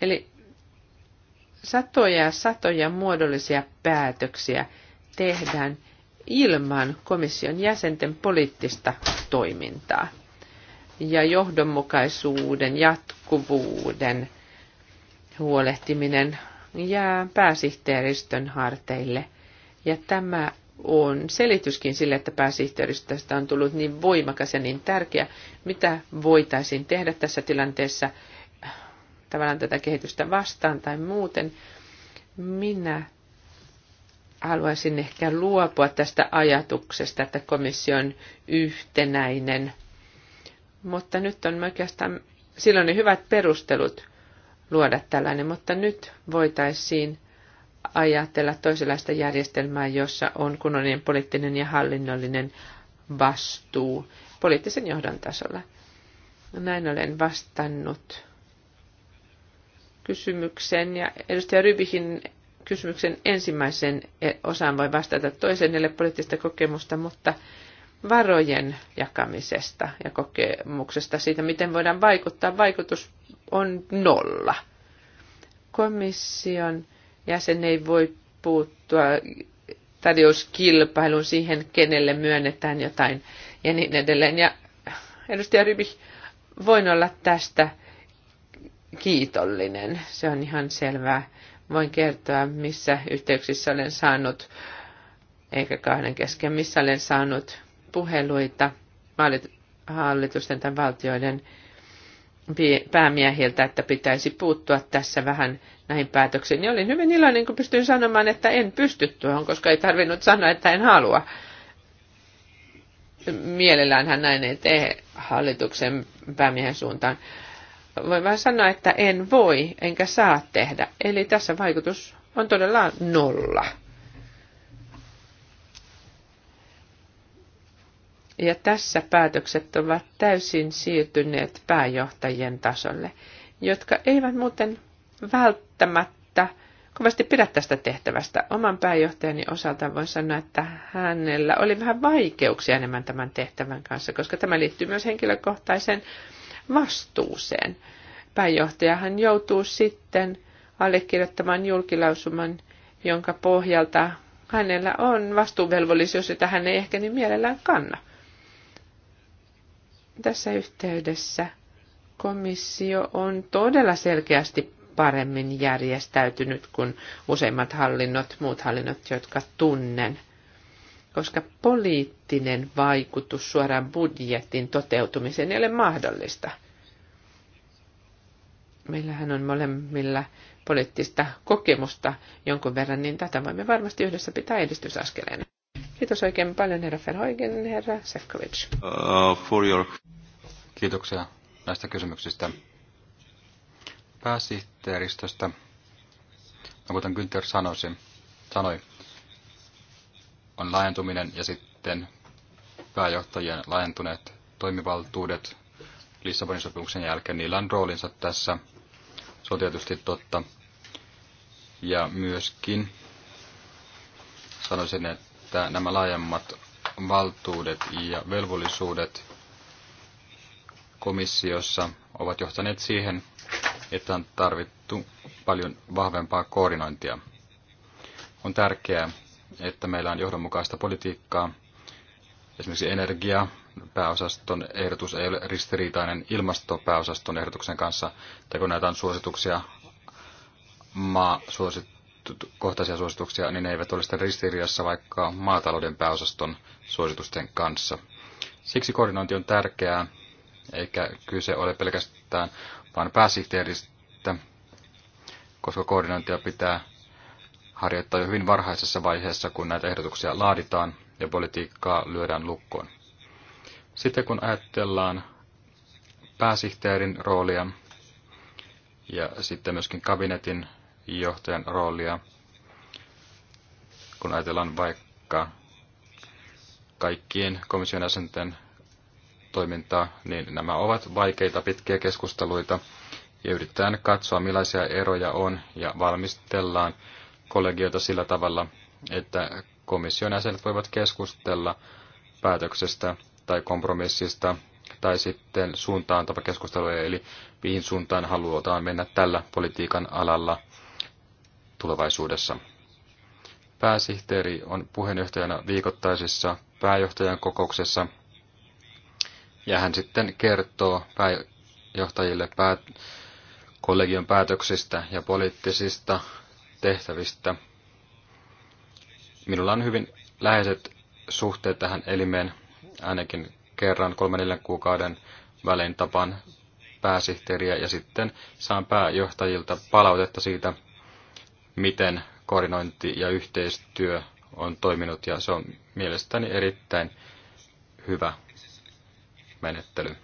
Eli satoja ja satoja muodollisia päätöksiä tehdään ilman komission jäsenten poliittista toimintaa ja johdonmukaisuuden, jatkuvuuden huolehtiminen jää pääsihteeristön harteille. Ja tämä on selityskin sille, että pääsihteeristöstä on tullut niin voimakas ja niin tärkeä, mitä voitaisiin tehdä tässä tilanteessa, tavallaan tätä kehitystä vastaan tai muuten. Minä haluaisin ehkä luopua tästä ajatuksesta, että komissio on yhtenäinen. Mutta nyt on oikeastaan, silloin ne hyvät perustelut luoda tällainen, mutta nyt voitaisiin ajatella toisenlaista järjestelmää, jossa on kunnollinen poliittinen ja hallinnollinen vastuu poliittisen johdon tasolla. Näin olen vastannut kysymyksen ja edustaja Rybihin kysymyksen ensimmäisen osaan voi vastata toisennelle poliittista kokemusta, mutta varojen jakamisesta ja kokemuksesta, siitä miten voidaan vaikuttaa, vaikutus on nolla. Komission jäsen ei voi puuttua tarjouskilpailuun siihen, kenelle myönnetään jotain ja niin edelleen. Ja edustaja Rybi, voin olla tästä kiitollinen. Se on ihan selvää. Voin kertoa, missä yhteyksissä olen saanut, eikä kahden kesken, missä olen saanut puheluita hallitusten tai valtioiden päämiehiltä, että pitäisi puuttua tässä vähän näihin päätöksiin. Niin olin hyvin iloinen, kun pystyin sanomaan, että en pysty tuohon, koska ei tarvinnut sanoa, että en halua. Mielellään hän näin ei tee hallituksen päämiehen suuntaan voin vain sanoa, että en voi enkä saa tehdä. Eli tässä vaikutus on todella nolla. Ja tässä päätökset ovat täysin siirtyneet pääjohtajien tasolle, jotka eivät muuten välttämättä kovasti pidä tästä tehtävästä. Oman pääjohtajani osalta voin sanoa, että hänellä oli vähän vaikeuksia enemmän tämän tehtävän kanssa, koska tämä liittyy myös henkilökohtaiseen vastuuseen. Pääjohtajahan joutuu sitten allekirjoittamaan julkilausuman, jonka pohjalta hänellä on vastuuvelvollisuus, jota hän ei ehkä niin mielellään kanna. Tässä yhteydessä komissio on todella selkeästi paremmin järjestäytynyt kuin useimmat hallinnot, muut hallinnot, jotka tunnen – koska poliittinen vaikutus suoraan budjetin toteutumiseen ei ole mahdollista. Meillähän on molemmilla poliittista kokemusta jonkun verran, niin tätä voimme varmasti yhdessä pitää edistysaskeleena. Kiitos oikein paljon herra Verhoigen, herra Sefkovic. Uh, for your... Kiitoksia näistä kysymyksistä pääsihteeristöstä. No, kuten Günther sanoisi, sanoi, on laajentuminen ja sitten pääjohtajien laajentuneet toimivaltuudet Lissabonin sopimuksen jälkeen, niillä on roolinsa tässä. Se on tietysti totta. Ja myöskin sanoisin, että nämä laajemmat valtuudet ja velvollisuudet komissiossa ovat johtaneet siihen, että on tarvittu paljon vahvempaa koordinointia. On tärkeää, että meillä on johdonmukaista politiikkaa. Esimerkiksi energia pääosaston ehdotus ei ole ristiriitainen ilmastopääosaston ehdotuksen kanssa. Ja kun näitä on suosituksia, maa kohtaisia suosituksia, niin ne eivät ole sitten ristiriidassa vaikka maatalouden pääosaston suositusten kanssa. Siksi koordinointi on tärkeää, eikä kyse ole pelkästään vain pääsihteeristä, koska koordinointia pitää harjoittaa jo hyvin varhaisessa vaiheessa, kun näitä ehdotuksia laaditaan ja politiikkaa lyödään lukkoon. Sitten kun ajatellaan pääsihteerin roolia ja sitten myöskin kabinetin johtajan roolia, kun ajatellaan vaikka kaikkien komission jäsenten toimintaa, niin nämä ovat vaikeita pitkiä keskusteluita ja yritetään katsoa, millaisia eroja on ja valmistellaan Kollegioita sillä tavalla, että komission jäsenet voivat keskustella päätöksestä tai kompromissista tai sitten suuntaan tapa keskustelua, eli mihin suuntaan halutaan mennä tällä politiikan alalla tulevaisuudessa. Pääsihteeri on puheenjohtajana viikoittaisessa pääjohtajan kokouksessa, ja hän sitten kertoo pääjohtajille pää- kollegion päätöksistä ja poliittisista tehtävistä. Minulla on hyvin läheiset suhteet tähän elimeen, ainakin kerran kolmen neljän kuukauden välein tapaan pääsihteeriä ja sitten saan pääjohtajilta palautetta siitä, miten koordinointi ja yhteistyö on toiminut ja se on mielestäni erittäin hyvä menettely.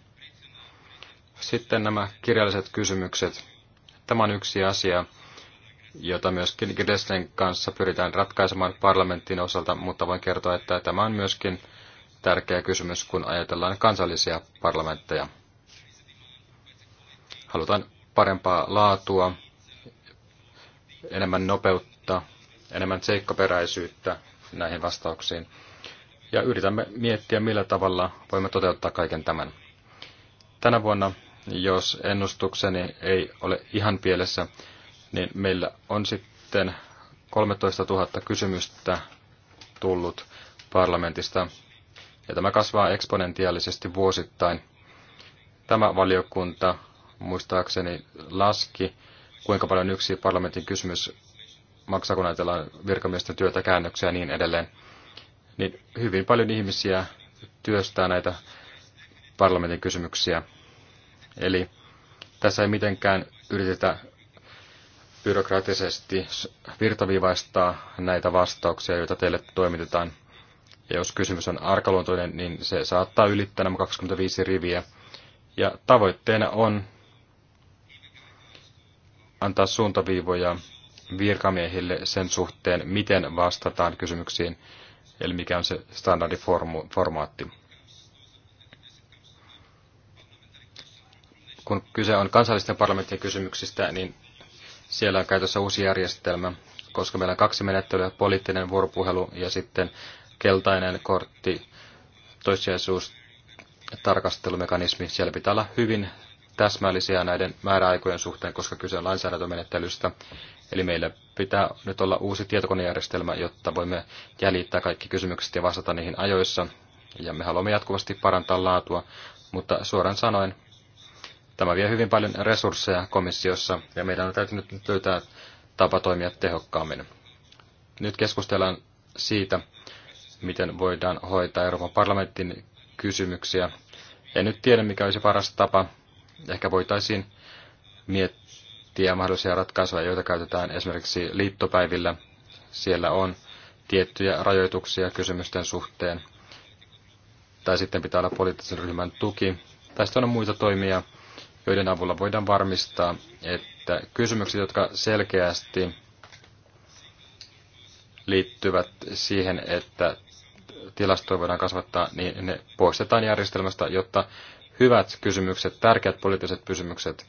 Sitten nämä kirjalliset kysymykset. Tämä on yksi asia, jota myöskin Greslen kanssa pyritään ratkaisemaan parlamentin osalta, mutta voin kertoa, että tämä on myöskin tärkeä kysymys, kun ajatellaan kansallisia parlamentteja. Halutaan parempaa laatua, enemmän nopeutta, enemmän seikkaperäisyyttä näihin vastauksiin. Ja yritämme miettiä, millä tavalla voimme toteuttaa kaiken tämän. Tänä vuonna, jos ennustukseni ei ole ihan pielessä, niin meillä on sitten 13 000 kysymystä tullut parlamentista, ja tämä kasvaa eksponentiaalisesti vuosittain. Tämä valiokunta muistaakseni laski, kuinka paljon yksi parlamentin kysymys maksaa, kun ajatellaan virkamiesten työtä, käännöksiä ja niin edelleen. Niin hyvin paljon ihmisiä työstää näitä parlamentin kysymyksiä. Eli tässä ei mitenkään yritetä byrokraattisesti virtaviivaistaa näitä vastauksia, joita teille toimitetaan. Ja jos kysymys on arkaluontoinen, niin se saattaa ylittää nämä 25 riviä. Ja tavoitteena on antaa suuntaviivoja virkamiehille sen suhteen, miten vastataan kysymyksiin, eli mikä on se standardiformaatti. Kun kyse on kansallisten parlamenttien kysymyksistä, niin siellä on käytössä uusi järjestelmä, koska meillä on kaksi menettelyä, poliittinen vuoropuhelu ja sitten keltainen kortti, toissijaisuustarkastelumekanismi. Siellä pitää olla hyvin täsmällisiä näiden määräaikojen suhteen, koska kyse on lainsäädäntömenettelystä. Eli meillä pitää nyt olla uusi tietokonejärjestelmä, jotta voimme jäljittää kaikki kysymykset ja vastata niihin ajoissa. Ja me haluamme jatkuvasti parantaa laatua, mutta suoraan sanoen Tämä vie hyvin paljon resursseja komissiossa ja meidän on täytynyt nyt löytää tapa toimia tehokkaammin. Nyt keskustellaan siitä, miten voidaan hoitaa Euroopan parlamentin kysymyksiä. En nyt tiedä, mikä olisi paras tapa. Ehkä voitaisiin miettiä mahdollisia ratkaisuja, joita käytetään esimerkiksi liittopäivillä. Siellä on tiettyjä rajoituksia kysymysten suhteen. Tai sitten pitää olla poliittisen ryhmän tuki. Tai sitten on muita toimia, joiden avulla voidaan varmistaa, että kysymykset, jotka selkeästi liittyvät siihen, että tilastoja voidaan kasvattaa, niin ne poistetaan järjestelmästä, jotta hyvät kysymykset, tärkeät poliittiset kysymykset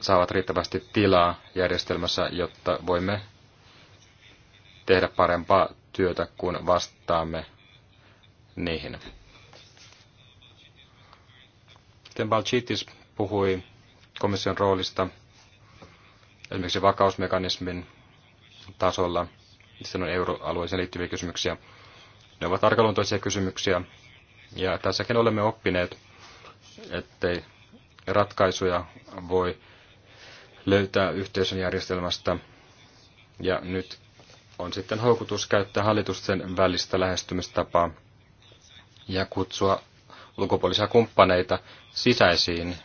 saavat riittävästi tilaa järjestelmässä, jotta voimme tehdä parempaa työtä, kun vastaamme niihin. Sitten Balchitis puhui komission roolista esimerkiksi vakausmekanismin tasolla. Sitten on euroalueeseen liittyviä kysymyksiä. Ne ovat arkaluontoisia kysymyksiä. Ja tässäkin olemme oppineet, ettei ratkaisuja voi löytää yhteisön järjestelmästä. Ja nyt on sitten houkutus käyttää hallitusten välistä lähestymistapaa ja kutsua ulkopuolisia kumppaneita sisäisiin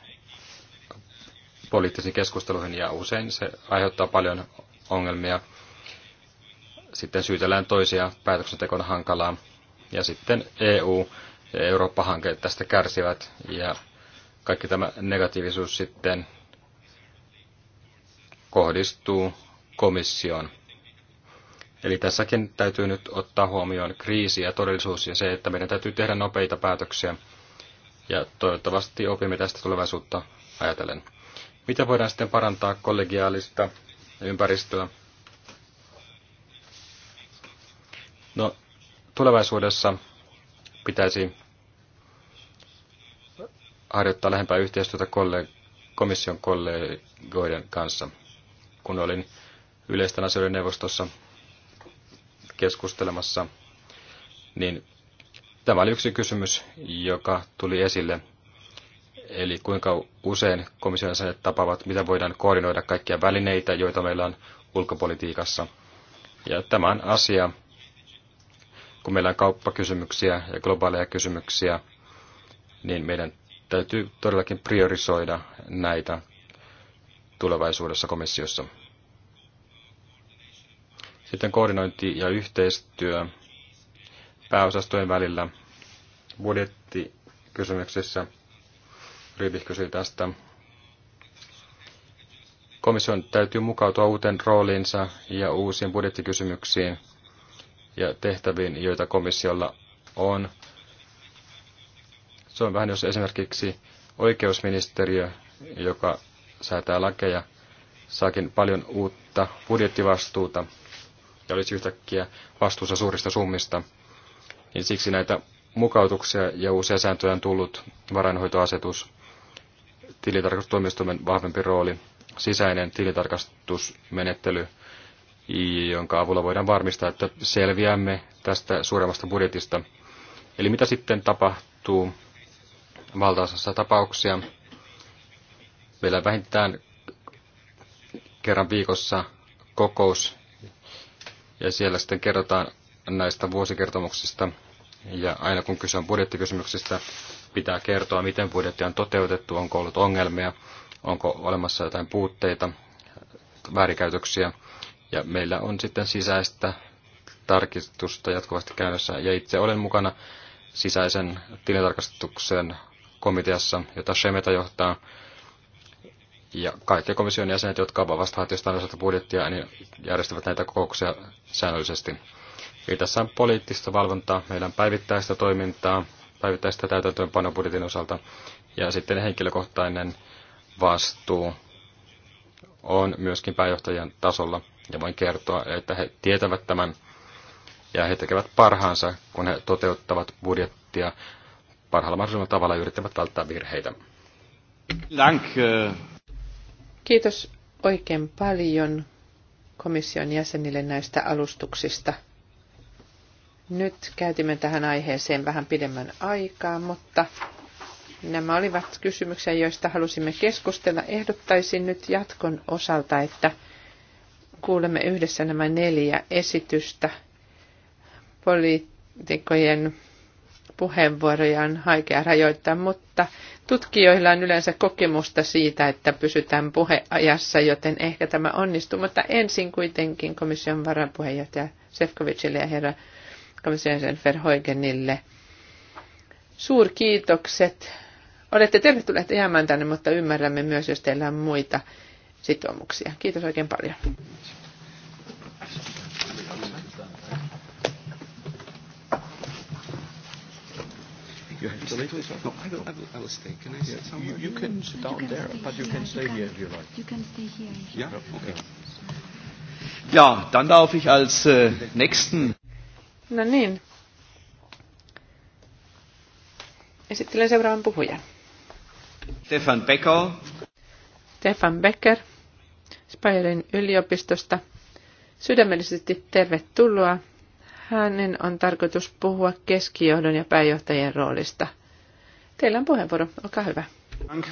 poliittisiin keskusteluihin ja usein se aiheuttaa paljon ongelmia. Sitten syytellään toisia, päätöksenteko on hankalaa ja sitten EU ja Eurooppa-hankkeet tästä kärsivät ja kaikki tämä negatiivisuus sitten kohdistuu komissioon. Eli tässäkin täytyy nyt ottaa huomioon kriisi ja todellisuus ja se, että meidän täytyy tehdä nopeita päätöksiä. Ja toivottavasti opimme tästä tulevaisuutta ajatellen. Mitä voidaan sitten parantaa kollegiaalista ympäristöä? No, tulevaisuudessa pitäisi harjoittaa lähempää yhteistyötä komission kollegoiden kanssa. Kun olin yleisten asioiden neuvostossa keskustelemassa, niin tämä oli yksi kysymys, joka tuli esille eli kuinka usein komission jäsenet tapaavat, miten voidaan koordinoida kaikkia välineitä, joita meillä on ulkopolitiikassa. Ja tämä on asia, kun meillä on kauppakysymyksiä ja globaaleja kysymyksiä, niin meidän täytyy todellakin priorisoida näitä tulevaisuudessa komissiossa. Sitten koordinointi ja yhteistyö pääosastojen välillä budjettikysymyksissä – Ryypih kysyi tästä. Komission täytyy mukautua uuteen rooliinsa ja uusiin budjettikysymyksiin ja tehtäviin, joita komissiolla on. Se on vähän, jos esimerkiksi oikeusministeriö, joka säätää lakeja, saakin paljon uutta budjettivastuuta ja olisi yhtäkkiä vastuussa suurista summista. Niin siksi näitä mukautuksia ja uusia sääntöjä on tullut varainhoitoasetus tilitarkastustoimistomen vahvempi rooli, sisäinen tilitarkastusmenettely, jonka avulla voidaan varmistaa, että selviämme tästä suuremmasta budjetista. Eli mitä sitten tapahtuu valtaosassa tapauksia? Meillä vähintään kerran viikossa kokous, ja siellä sitten kerrotaan näistä vuosikertomuksista, ja aina kun kyse on budjettikysymyksistä, pitää kertoa, miten budjetti on toteutettu, onko ollut ongelmia, onko olemassa jotain puutteita, väärikäytöksiä. Ja meillä on sitten sisäistä tarkistusta jatkuvasti käynnissä. Ja itse olen mukana sisäisen tilintarkastuksen komiteassa, jota Shemeta johtaa. Ja kaikki komission jäsenet, jotka vastaavat jostain osalta budjettia, niin järjestävät näitä kokouksia säännöllisesti. Eli tässä on poliittista valvontaa, meidän päivittäistä toimintaa päivittäistä täytäntöönpanobudjetin osalta. Ja sitten henkilökohtainen vastuu on myöskin pääjohtajan tasolla. Ja voin kertoa, että he tietävät tämän ja he tekevät parhaansa, kun he toteuttavat budjettia parhaalla mahdollisella tavalla ja yrittävät välttää virheitä. Dank. Äh. Kiitos oikein paljon komission jäsenille näistä alustuksista. Nyt käytimme tähän aiheeseen vähän pidemmän aikaa, mutta nämä olivat kysymyksiä, joista halusimme keskustella. Ehdottaisin nyt jatkon osalta, että kuulemme yhdessä nämä neljä esitystä. Poliitikkojen puheenvuoroja on haikea rajoittaa, mutta tutkijoilla on yleensä kokemusta siitä, että pysytään puheajassa, joten ehkä tämä onnistuu. Mutta ensin kuitenkin komission varapuheenjohtaja Sefkovicille ja herra komission Verhoigenille. Suurkiitokset. Olette tervetulleet jäämään tänne, mutta ymmärrämme myös, jos teillä on muita sitoumuksia. Kiitos oikein paljon. No, I will, I will, stay. You, can down there, but you can stay here if you like. You can stay here. Ja, dann darf ich als äh, nächsten No niin. Esittelen seuraavan puhujan. Stefan Becker. Stefan Becker, Speyerin yliopistosta. Sydämellisesti tervetuloa. Hänen on tarkoitus puhua keskijohdon ja pääjohtajien roolista. Teillä on puheenvuoro, olkaa hyvä.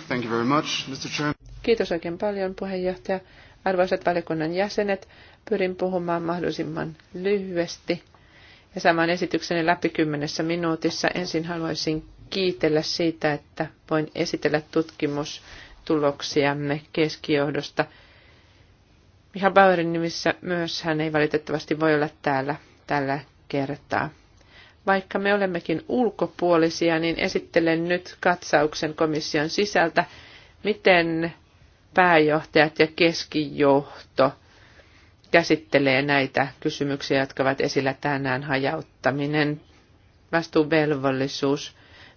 Thank you very much, Mr. Chairman. Kiitos oikein paljon puheenjohtaja. Arvoisat valiokunnan jäsenet, pyrin puhumaan mahdollisimman lyhyesti – ja saamaan esitykseni läpi kymmenessä minuutissa. Ensin haluaisin kiitellä siitä, että voin esitellä tutkimustuloksiamme keskijohdosta. Miha Bauerin nimissä myös hän ei valitettavasti voi olla täällä tällä kertaa. Vaikka me olemmekin ulkopuolisia, niin esittelen nyt katsauksen komission sisältä, miten pääjohtajat ja keskijohto – käsittelee näitä kysymyksiä, jotka ovat esillä tänään, hajauttaminen, vastuuvelvollisuus,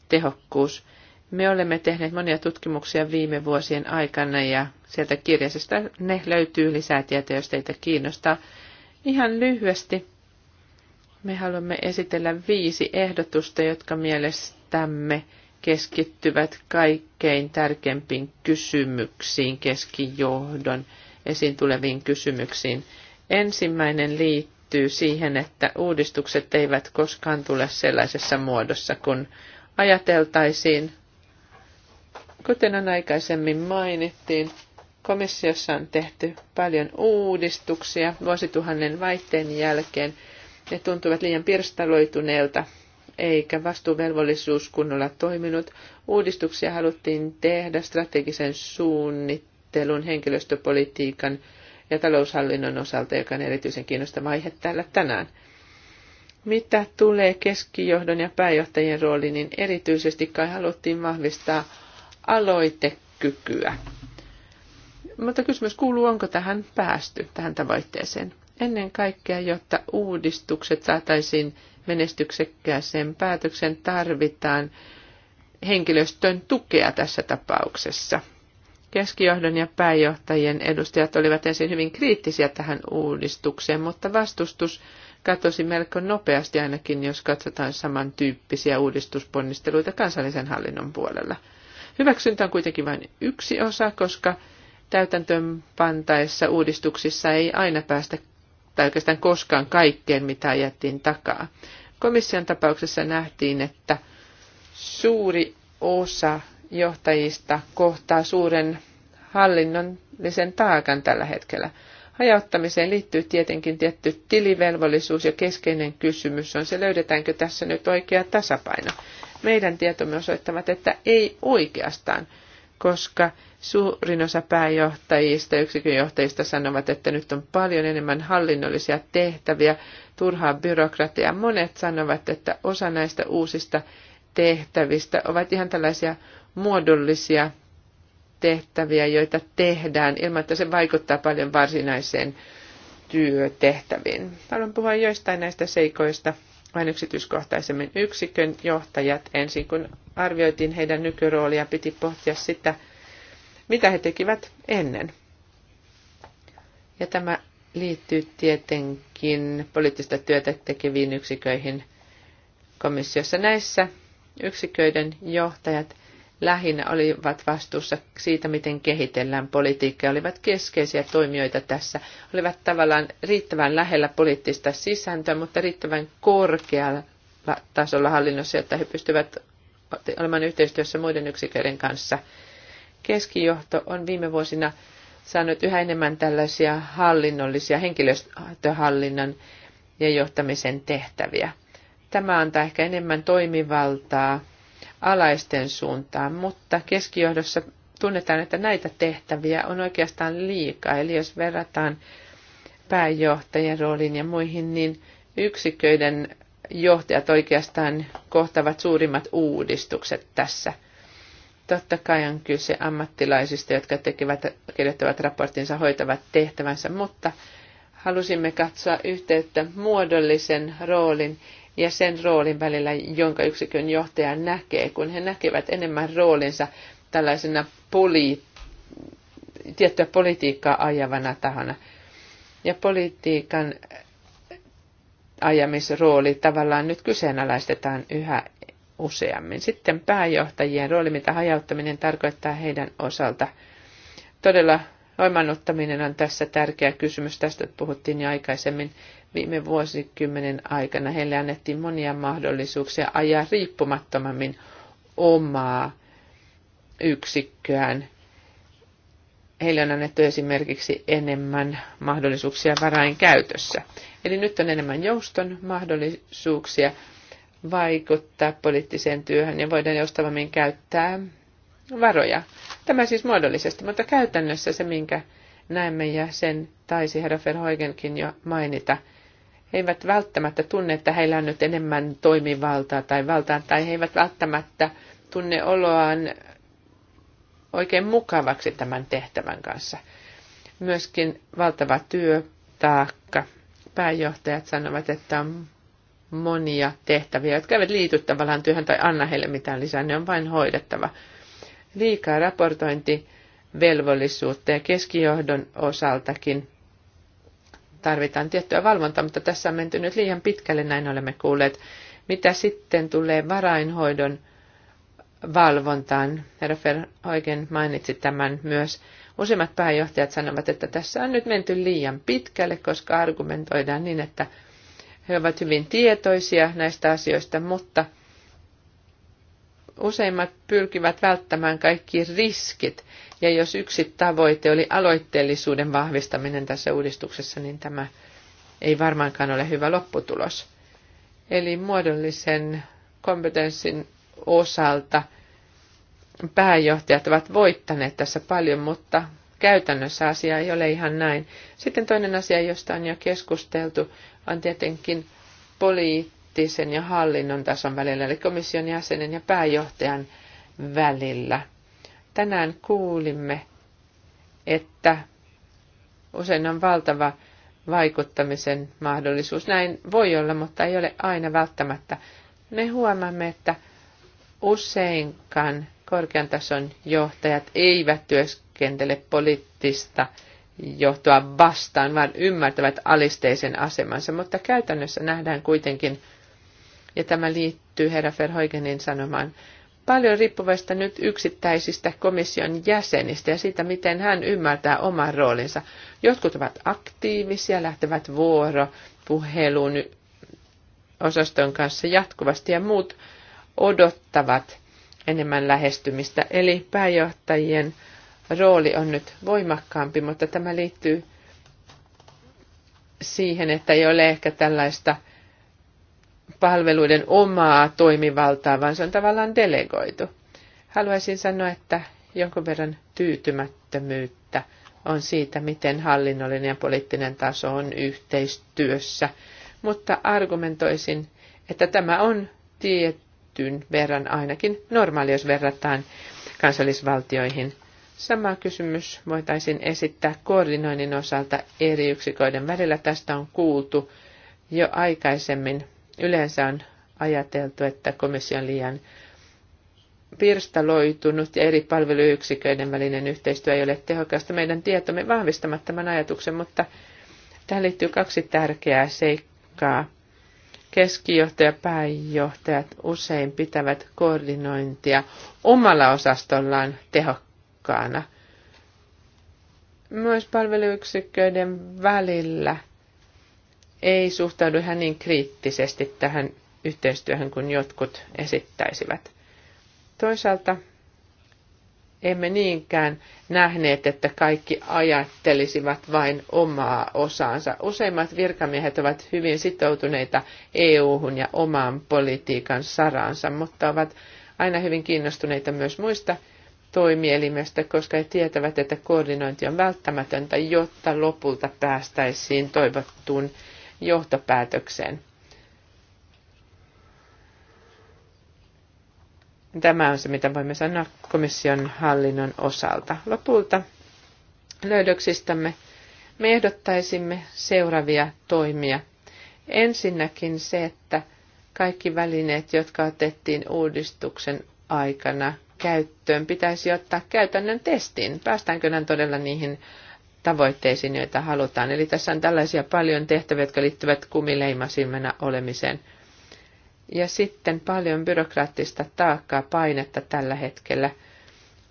tehokkuus. Me olemme tehneet monia tutkimuksia viime vuosien aikana ja sieltä kirjasesta ne löytyy lisää tietoa, jos teitä kiinnostaa. Ihan lyhyesti me haluamme esitellä viisi ehdotusta, jotka mielestämme keskittyvät kaikkein tärkeimpiin kysymyksiin, keskijohdon esiin tuleviin kysymyksiin Ensimmäinen liittyy siihen, että uudistukset eivät koskaan tule sellaisessa muodossa, kun ajateltaisiin, kuten on aikaisemmin mainittiin, komissiossa on tehty paljon uudistuksia vuosituhannen vaihteen jälkeen. Ne tuntuvat liian pirstaloituneelta, eikä vastuuvelvollisuus kunnolla toiminut. Uudistuksia haluttiin tehdä strategisen suunnittelun, henkilöstöpolitiikan, ja taloushallinnon osalta, joka on erityisen kiinnostava aihe täällä tänään. Mitä tulee keskijohdon ja pääjohtajien rooliin, niin erityisesti kai haluttiin vahvistaa aloitekykyä. Mutta kysymys kuuluu, onko tähän päästy, tähän tavoitteeseen? Ennen kaikkea, jotta uudistukset saataisiin menestyksekkääseen päätöksen, tarvitaan henkilöstön tukea tässä tapauksessa keskijohdon ja pääjohtajien edustajat olivat ensin hyvin kriittisiä tähän uudistukseen, mutta vastustus katosi melko nopeasti ainakin, jos katsotaan samantyyppisiä uudistusponnisteluita kansallisen hallinnon puolella. Hyväksyntä on kuitenkin vain yksi osa, koska täytäntöön pantaessa uudistuksissa ei aina päästä tai oikeastaan koskaan kaikkeen, mitä jättiin takaa. Komission tapauksessa nähtiin, että suuri osa johtajista kohtaa suuren hallinnollisen taakan tällä hetkellä. Hajauttamiseen liittyy tietenkin tietty tilivelvollisuus ja keskeinen kysymys on se, löydetäänkö tässä nyt oikea tasapaino. Meidän tietomme osoittavat, että ei oikeastaan, koska suurin osa pääjohtajista, yksikönjohtajista sanovat, että nyt on paljon enemmän hallinnollisia tehtäviä, turhaa byrokratiaa. Monet sanovat, että osa näistä uusista tehtävistä ovat ihan tällaisia muodollisia tehtäviä, joita tehdään, ilman että se vaikuttaa paljon varsinaiseen työtehtäviin. Haluan puhua joistain näistä seikoista vain yksityiskohtaisemmin. Yksikön johtajat ensin, kun arvioitiin heidän nykyroolia, piti pohtia sitä, mitä he tekivät ennen. Ja tämä liittyy tietenkin poliittista työtä tekeviin yksiköihin komissiossa. Näissä yksiköiden johtajat lähinnä olivat vastuussa siitä, miten kehitellään politiikkaa, olivat keskeisiä toimijoita tässä, olivat tavallaan riittävän lähellä poliittista sisäntöä, mutta riittävän korkealla tasolla hallinnossa, jotta he pystyvät olemaan yhteistyössä muiden yksiköiden kanssa. Keskijohto on viime vuosina saanut yhä enemmän tällaisia hallinnollisia henkilöstöhallinnon ja johtamisen tehtäviä. Tämä antaa ehkä enemmän toimivaltaa alaisten suuntaan, mutta keskijohdossa tunnetaan, että näitä tehtäviä on oikeastaan liikaa. Eli jos verrataan pääjohtajan rooliin ja muihin, niin yksiköiden johtajat oikeastaan kohtavat suurimmat uudistukset tässä. Totta kai on kyse ammattilaisista, jotka tekevät, kirjoittavat raporttinsa, hoitavat tehtävänsä, mutta halusimme katsoa yhteyttä muodollisen roolin ja sen roolin välillä, jonka yksikön johtaja näkee, kun he näkevät enemmän roolinsa tällaisena poli- tiettyä politiikkaa ajavana tahona. Ja politiikan ajamisrooli tavallaan nyt kyseenalaistetaan yhä useammin. Sitten pääjohtajien rooli, mitä hajauttaminen tarkoittaa heidän osalta. Todella oimannuttaminen on tässä tärkeä kysymys, tästä puhuttiin jo aikaisemmin viime vuosikymmenen aikana heille annettiin monia mahdollisuuksia ajaa riippumattomammin omaa yksikköään. Heille on annettu esimerkiksi enemmän mahdollisuuksia varain käytössä. Eli nyt on enemmän jouston mahdollisuuksia vaikuttaa poliittiseen työhön ja voidaan joustavammin käyttää varoja. Tämä siis muodollisesti, mutta käytännössä se, minkä näemme ja sen taisi herra Verhoigenkin jo mainita – eivät välttämättä tunne, että heillä on nyt enemmän toimivaltaa tai valtaa, tai he eivät välttämättä tunne oloaan oikein mukavaksi tämän tehtävän kanssa. Myöskin valtava työtaakka. Pääjohtajat sanovat, että on monia tehtäviä, jotka eivät liity tavallaan työhön tai anna heille mitään lisää, ne on vain hoidettava. Liikaa raportointivelvollisuutta ja keskijohdon osaltakin tarvitaan tiettyä valvontaa, mutta tässä on menty nyt liian pitkälle, näin olemme kuulleet. Mitä sitten tulee varainhoidon valvontaan? Herra Verhoigen mainitsi tämän myös. Useimmat pääjohtajat sanovat, että tässä on nyt menty liian pitkälle, koska argumentoidaan niin, että he ovat hyvin tietoisia näistä asioista, mutta – Useimmat pyrkivät välttämään kaikki riskit, ja jos yksi tavoite oli aloitteellisuuden vahvistaminen tässä uudistuksessa, niin tämä ei varmaankaan ole hyvä lopputulos. Eli muodollisen kompetenssin osalta pääjohtajat ovat voittaneet tässä paljon, mutta käytännössä asia ei ole ihan näin. Sitten toinen asia, josta on jo keskusteltu, on tietenkin poliittinen poliittisen ja hallinnon tason välillä, eli komission jäsenen ja pääjohtajan välillä. Tänään kuulimme, että usein on valtava vaikuttamisen mahdollisuus. Näin voi olla, mutta ei ole aina välttämättä. Me huomaamme, että useinkaan korkean tason johtajat eivät työskentele poliittista johtoa vastaan, vaan ymmärtävät alisteisen asemansa, mutta käytännössä nähdään kuitenkin ja tämä liittyy herra Verhoigenin sanomaan, paljon riippuvaista nyt yksittäisistä komission jäsenistä ja siitä, miten hän ymmärtää oman roolinsa. Jotkut ovat aktiivisia, lähtevät vuoropuheluun osaston kanssa jatkuvasti ja muut odottavat enemmän lähestymistä. Eli pääjohtajien rooli on nyt voimakkaampi, mutta tämä liittyy siihen, että ei ole ehkä tällaista – palveluiden omaa toimivaltaa, vaan se on tavallaan delegoitu. Haluaisin sanoa, että jonkun verran tyytymättömyyttä on siitä, miten hallinnollinen ja poliittinen taso on yhteistyössä, mutta argumentoisin, että tämä on tietyn verran ainakin normaali, jos verrataan kansallisvaltioihin. Sama kysymys voitaisiin esittää koordinoinnin osalta eri yksiköiden välillä. Tästä on kuultu jo aikaisemmin Yleensä on ajateltu, että komissio on liian pirstaloitunut ja eri palveluyksiköiden välinen yhteistyö ei ole tehokasta. Meidän tietomme vahvistamat tämän ajatuksen, mutta tähän liittyy kaksi tärkeää seikkaa. Keskijohtaja ja pääjohtajat usein pitävät koordinointia omalla osastollaan tehokkaana. Myös palveluyksiköiden välillä – ei suhtaudu ihan niin kriittisesti tähän yhteistyöhön kuin jotkut esittäisivät. Toisaalta emme niinkään nähneet, että kaikki ajattelisivat vain omaa osaansa. Useimmat virkamiehet ovat hyvin sitoutuneita EU-hun ja omaan politiikan saraansa, mutta ovat aina hyvin kiinnostuneita myös muista toimielimestä, koska he tietävät, että koordinointi on välttämätöntä, jotta lopulta päästäisiin toivottuun johtopäätökseen. Tämä on se, mitä voimme sanoa komission hallinnon osalta. Lopulta löydöksistämme me ehdottaisimme seuraavia toimia. Ensinnäkin se, että kaikki välineet, jotka otettiin uudistuksen aikana käyttöön, pitäisi ottaa käytännön testiin. Päästäänkö nämä todella niihin tavoitteisiin, joita halutaan. Eli tässä on tällaisia paljon tehtäviä, jotka liittyvät kumileimasimena olemiseen. Ja sitten paljon byrokraattista taakkaa, painetta tällä hetkellä.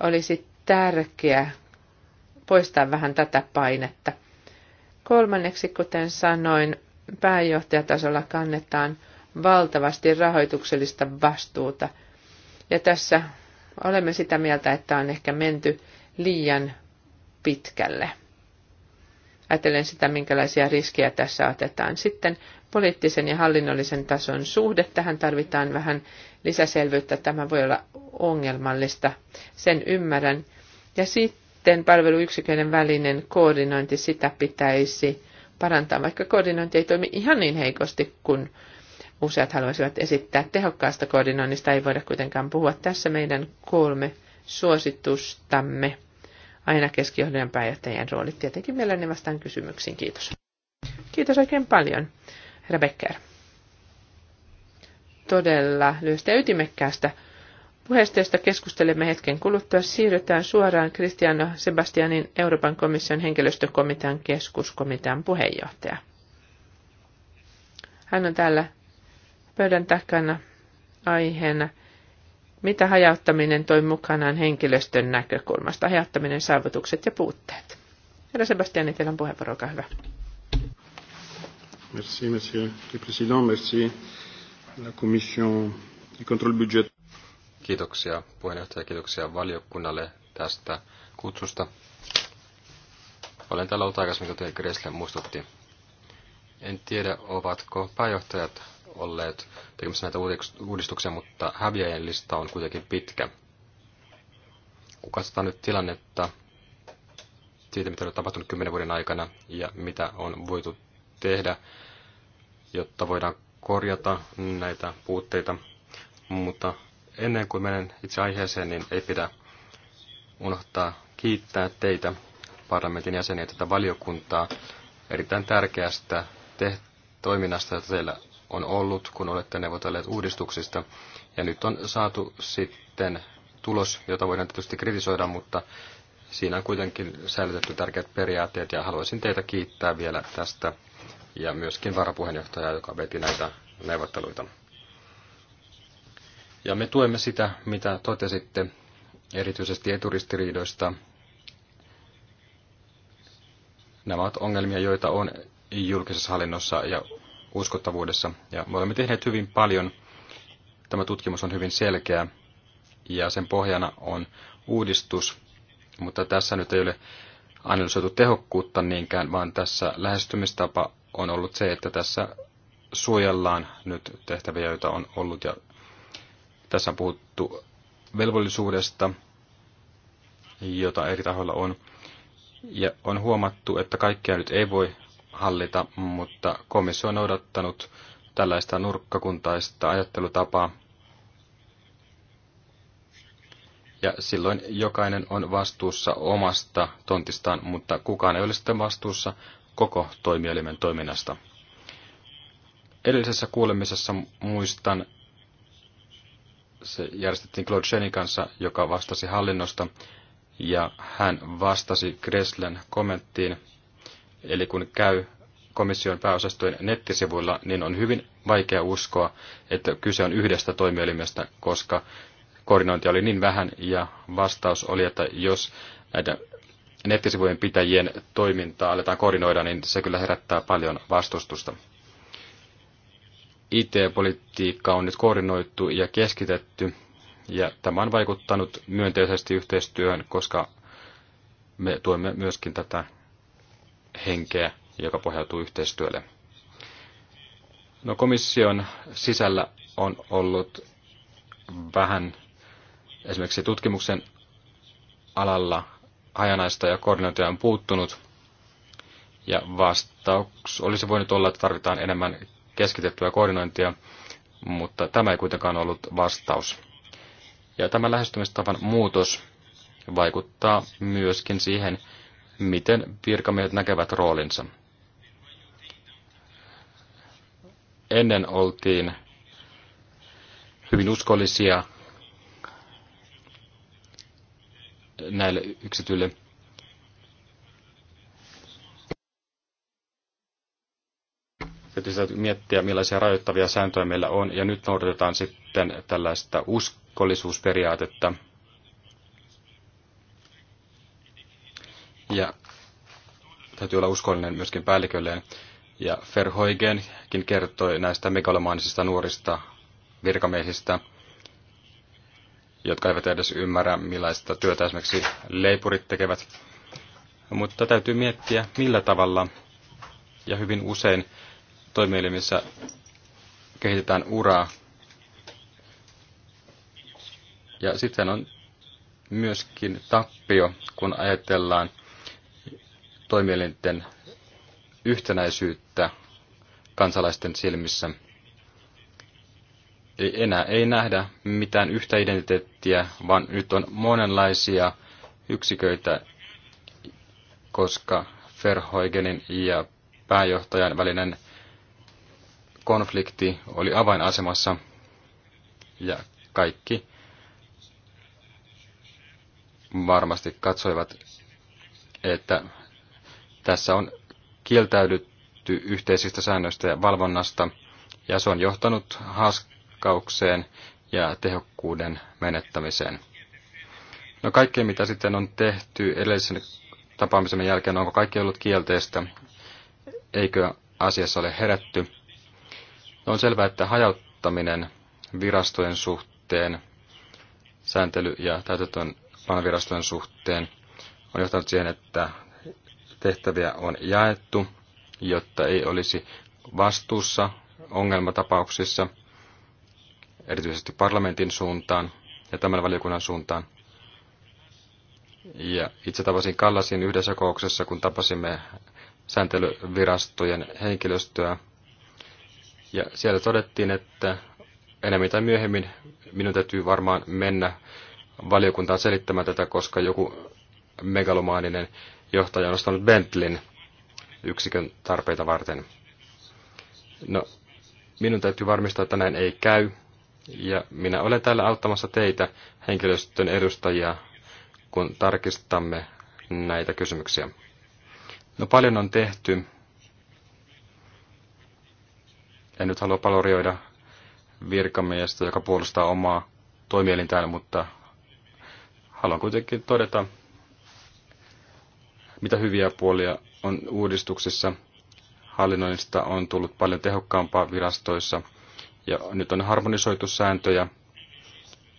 Olisi tärkeää poistaa vähän tätä painetta. Kolmanneksi, kuten sanoin, pääjohtajatasolla kannetaan valtavasti rahoituksellista vastuuta. Ja tässä olemme sitä mieltä, että on ehkä menty liian pitkälle ajatellen sitä, minkälaisia riskejä tässä otetaan. Sitten poliittisen ja hallinnollisen tason suhde. Tähän tarvitaan vähän lisäselvyyttä. Tämä voi olla ongelmallista, sen ymmärrän. Ja sitten palveluyksiköiden välinen koordinointi, sitä pitäisi parantaa, vaikka koordinointi ei toimi ihan niin heikosti kuin useat haluaisivat esittää. Tehokkaasta koordinoinnista ei voida kuitenkaan puhua. Tässä meidän kolme suositustamme aina keskijohdon pääjohtajien roolit. Tietenkin mielelläni vastaan kysymyksiin. Kiitos. Kiitos oikein paljon, herra Becker. Todella lyhyestä ja ytimekkäästä puheesta, josta keskustelemme hetken kuluttua, siirrytään suoraan Kristiano Sebastianin Euroopan komission henkilöstökomitean keskuskomitean puheenjohtaja. Hän on täällä pöydän takana aiheena – mitä hajauttaminen toi mukanaan henkilöstön näkökulmasta? Hajauttaminen, saavutukset ja puutteet. Herra Sebastian, niin teillä on puheenvuoro, olkaa hyvä. Merci, monsieur le président. Merci la commission du contrôle budget. Kiitoksia puheenjohtaja, kiitoksia valiokunnalle tästä kutsusta. Olen täällä ollut aikaisemmin, kuten Gressle muistutti. En tiedä, ovatko pääjohtajat olleet tekemässä näitä uudistuksia, mutta häviäjien lista on kuitenkin pitkä. Kun katsotaan nyt tilannetta siitä, mitä on tapahtunut kymmenen vuoden aikana ja mitä on voitu tehdä, jotta voidaan korjata näitä puutteita, mutta ennen kuin menen itse aiheeseen, niin ei pidä unohtaa kiittää teitä, parlamentin jäseniä, tätä valiokuntaa, erittäin tärkeästä te- toiminnasta, jota teillä on ollut, kun olette neuvotelleet uudistuksista. Ja nyt on saatu sitten tulos, jota voidaan tietysti kritisoida, mutta siinä on kuitenkin säilytetty tärkeät periaatteet ja haluaisin teitä kiittää vielä tästä ja myöskin varapuheenjohtajaa, joka veti näitä neuvotteluita. Ja me tuemme sitä, mitä totesitte, erityisesti eturistiriidoista. Nämä ovat ongelmia, joita on julkisessa hallinnossa ja uskottavuudessa. Ja me olemme tehneet hyvin paljon. Tämä tutkimus on hyvin selkeä ja sen pohjana on uudistus, mutta tässä nyt ei ole analysoitu tehokkuutta niinkään, vaan tässä lähestymistapa on ollut se, että tässä suojellaan nyt tehtäviä, joita on ollut. Ja tässä on puhuttu velvollisuudesta, jota eri tahoilla on. Ja on huomattu, että kaikkea nyt ei voi hallita, mutta komissio on odottanut tällaista nurkkakuntaista ajattelutapaa. Ja silloin jokainen on vastuussa omasta tontistaan, mutta kukaan ei ole sitten vastuussa koko toimielimen toiminnasta. Edellisessä kuulemisessa muistan, se järjestettiin Claude Shenin kanssa, joka vastasi hallinnosta, ja hän vastasi Greslen kommenttiin, Eli kun käy komission pääosastojen nettisivuilla, niin on hyvin vaikea uskoa, että kyse on yhdestä toimielimestä, koska koordinointia oli niin vähän ja vastaus oli, että jos näitä nettisivujen pitäjien toimintaa aletaan koordinoida, niin se kyllä herättää paljon vastustusta. IT-politiikka on nyt koordinoitu ja keskitetty, ja tämä on vaikuttanut myönteisesti yhteistyöhön, koska me tuemme myöskin tätä henkeä, joka pohjautuu yhteistyölle. No, komission sisällä on ollut vähän esimerkiksi tutkimuksen alalla hajanaista ja koordinointia on puuttunut. Ja vastaus olisi voinut olla, että tarvitaan enemmän keskitettyä koordinointia, mutta tämä ei kuitenkaan ollut vastaus. Ja tämä lähestymistavan muutos vaikuttaa myöskin siihen, miten virkamiehet näkevät roolinsa. Ennen oltiin hyvin uskollisia näille yksityille täytyy miettiä, millaisia rajoittavia sääntöjä meillä on, ja nyt noudatetaan sitten tällaista uskollisuusperiaatetta – ja täytyy olla uskollinen myöskin päällikölleen. Ja Verhoigenkin kertoi näistä megalomaanisista nuorista virkamiehistä, jotka eivät edes ymmärrä, millaista työtä esimerkiksi leipurit tekevät. Mutta täytyy miettiä, millä tavalla ja hyvin usein toimielimissä kehitetään uraa. Ja sitten on myöskin tappio, kun ajatellaan toimielinten yhtenäisyyttä kansalaisten silmissä. ei enää ei nähdä mitään yhtä identiteettiä, vaan nyt on monenlaisia yksiköitä, koska Verhoigenin ja pääjohtajan välinen konflikti oli avainasemassa ja kaikki varmasti katsoivat, että tässä on kieltäydytty yhteisistä säännöistä ja valvonnasta, ja se on johtanut haskaukseen ja tehokkuuden menettämiseen. No kaikki, mitä sitten on tehty edellisen tapaamisen jälkeen, onko kaikki ollut kielteistä? Eikö asiassa ole herätty? No on selvää, että hajauttaminen virastojen suhteen, sääntely- ja täytetön virastojen suhteen on johtanut siihen, että tehtäviä on jaettu, jotta ei olisi vastuussa ongelmatapauksissa, erityisesti parlamentin suuntaan ja tämän valiokunnan suuntaan. Ja itse tapasin Kallasin yhdessä kouksessa, kun tapasimme sääntelyvirastojen henkilöstöä. Ja siellä todettiin, että enemmän tai myöhemmin minun täytyy varmaan mennä valiokuntaan selittämään tätä, koska joku megalomaaninen johtaja on ostanut Bentleyn yksikön tarpeita varten. No, minun täytyy varmistaa, että näin ei käy, ja minä olen täällä auttamassa teitä henkilöstön edustajia, kun tarkistamme näitä kysymyksiä. No paljon on tehty. En nyt halua palorioida virkamiestä, joka puolustaa omaa toimielintään, mutta haluan kuitenkin todeta, mitä hyviä puolia on uudistuksessa? Hallinnoinnista on tullut paljon tehokkaampaa virastoissa ja nyt on harmonisoitu sääntöjä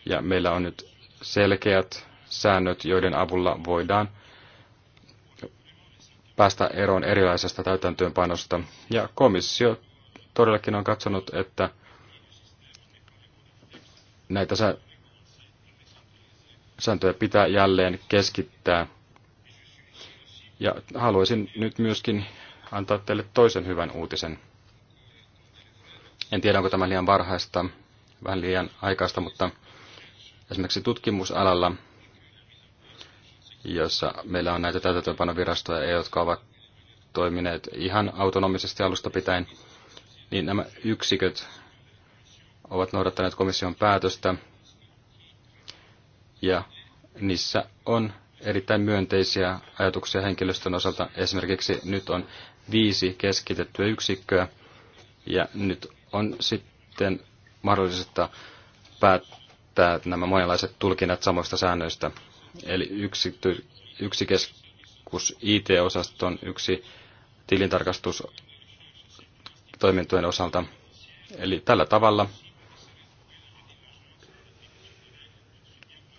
ja meillä on nyt selkeät säännöt, joiden avulla voidaan päästä eroon erilaisesta täytäntöönpanosta. Ja komissio todellakin on katsonut, että näitä sääntöjä pitää jälleen keskittää ja haluaisin nyt myöskin antaa teille toisen hyvän uutisen. En tiedä, onko tämä liian varhaista, vähän liian aikaista, mutta esimerkiksi tutkimusalalla, jossa meillä on näitä täytäntöönpanovirastoja, jotka ovat toimineet ihan autonomisesti alusta pitäen, niin nämä yksiköt ovat noudattaneet komission päätöstä ja niissä on erittäin myönteisiä ajatuksia henkilöstön osalta. Esimerkiksi nyt on viisi keskitettyä yksikköä ja nyt on sitten mahdollista päättää nämä monenlaiset tulkinnat samoista säännöistä. Eli yksi, yksi keskus IT-osaston, yksi tilintarkastus toimintojen osalta. Eli tällä tavalla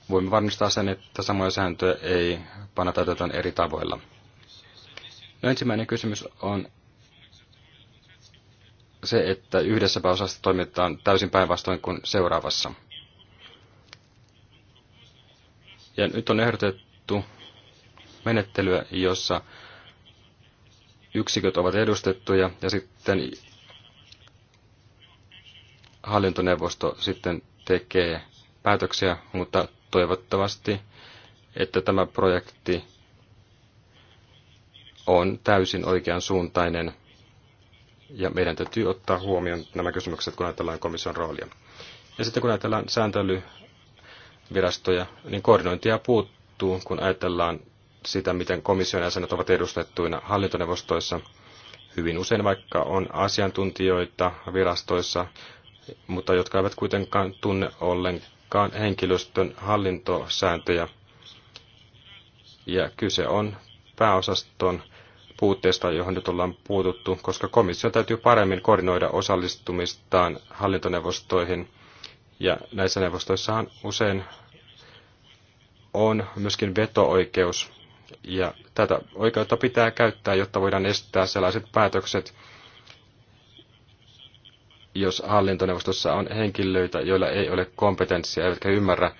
voimme varmistaa sen, että samoja sääntöjä ei panna täytetään eri tavoilla. No ensimmäinen kysymys on se, että yhdessä osassa toimitaan täysin päinvastoin kuin seuraavassa. Ja nyt on ehdotettu menettelyä, jossa yksiköt ovat edustettuja ja sitten hallintoneuvosto sitten tekee päätöksiä, mutta toivottavasti, että tämä projekti on täysin oikean suuntainen ja meidän täytyy ottaa huomioon nämä kysymykset, kun ajatellaan komission roolia. Ja sitten kun ajatellaan sääntelyvirastoja, niin koordinointia puuttuu, kun ajatellaan sitä, miten komission jäsenet ovat edustettuina hallintoneuvostoissa. Hyvin usein vaikka on asiantuntijoita virastoissa, mutta jotka eivät kuitenkaan tunne ollenkaan tarkkaan henkilöstön hallintosääntöjä. Ja kyse on pääosaston puutteesta, johon nyt ollaan puututtu, koska komissio täytyy paremmin koordinoida osallistumistaan hallintoneuvostoihin. Ja näissä neuvostoissahan usein on myöskin veto-oikeus, ja tätä oikeutta pitää käyttää, jotta voidaan estää sellaiset päätökset, jos hallintoneuvostossa on henkilöitä, joilla ei ole kompetenssia eivätkä ymmärrä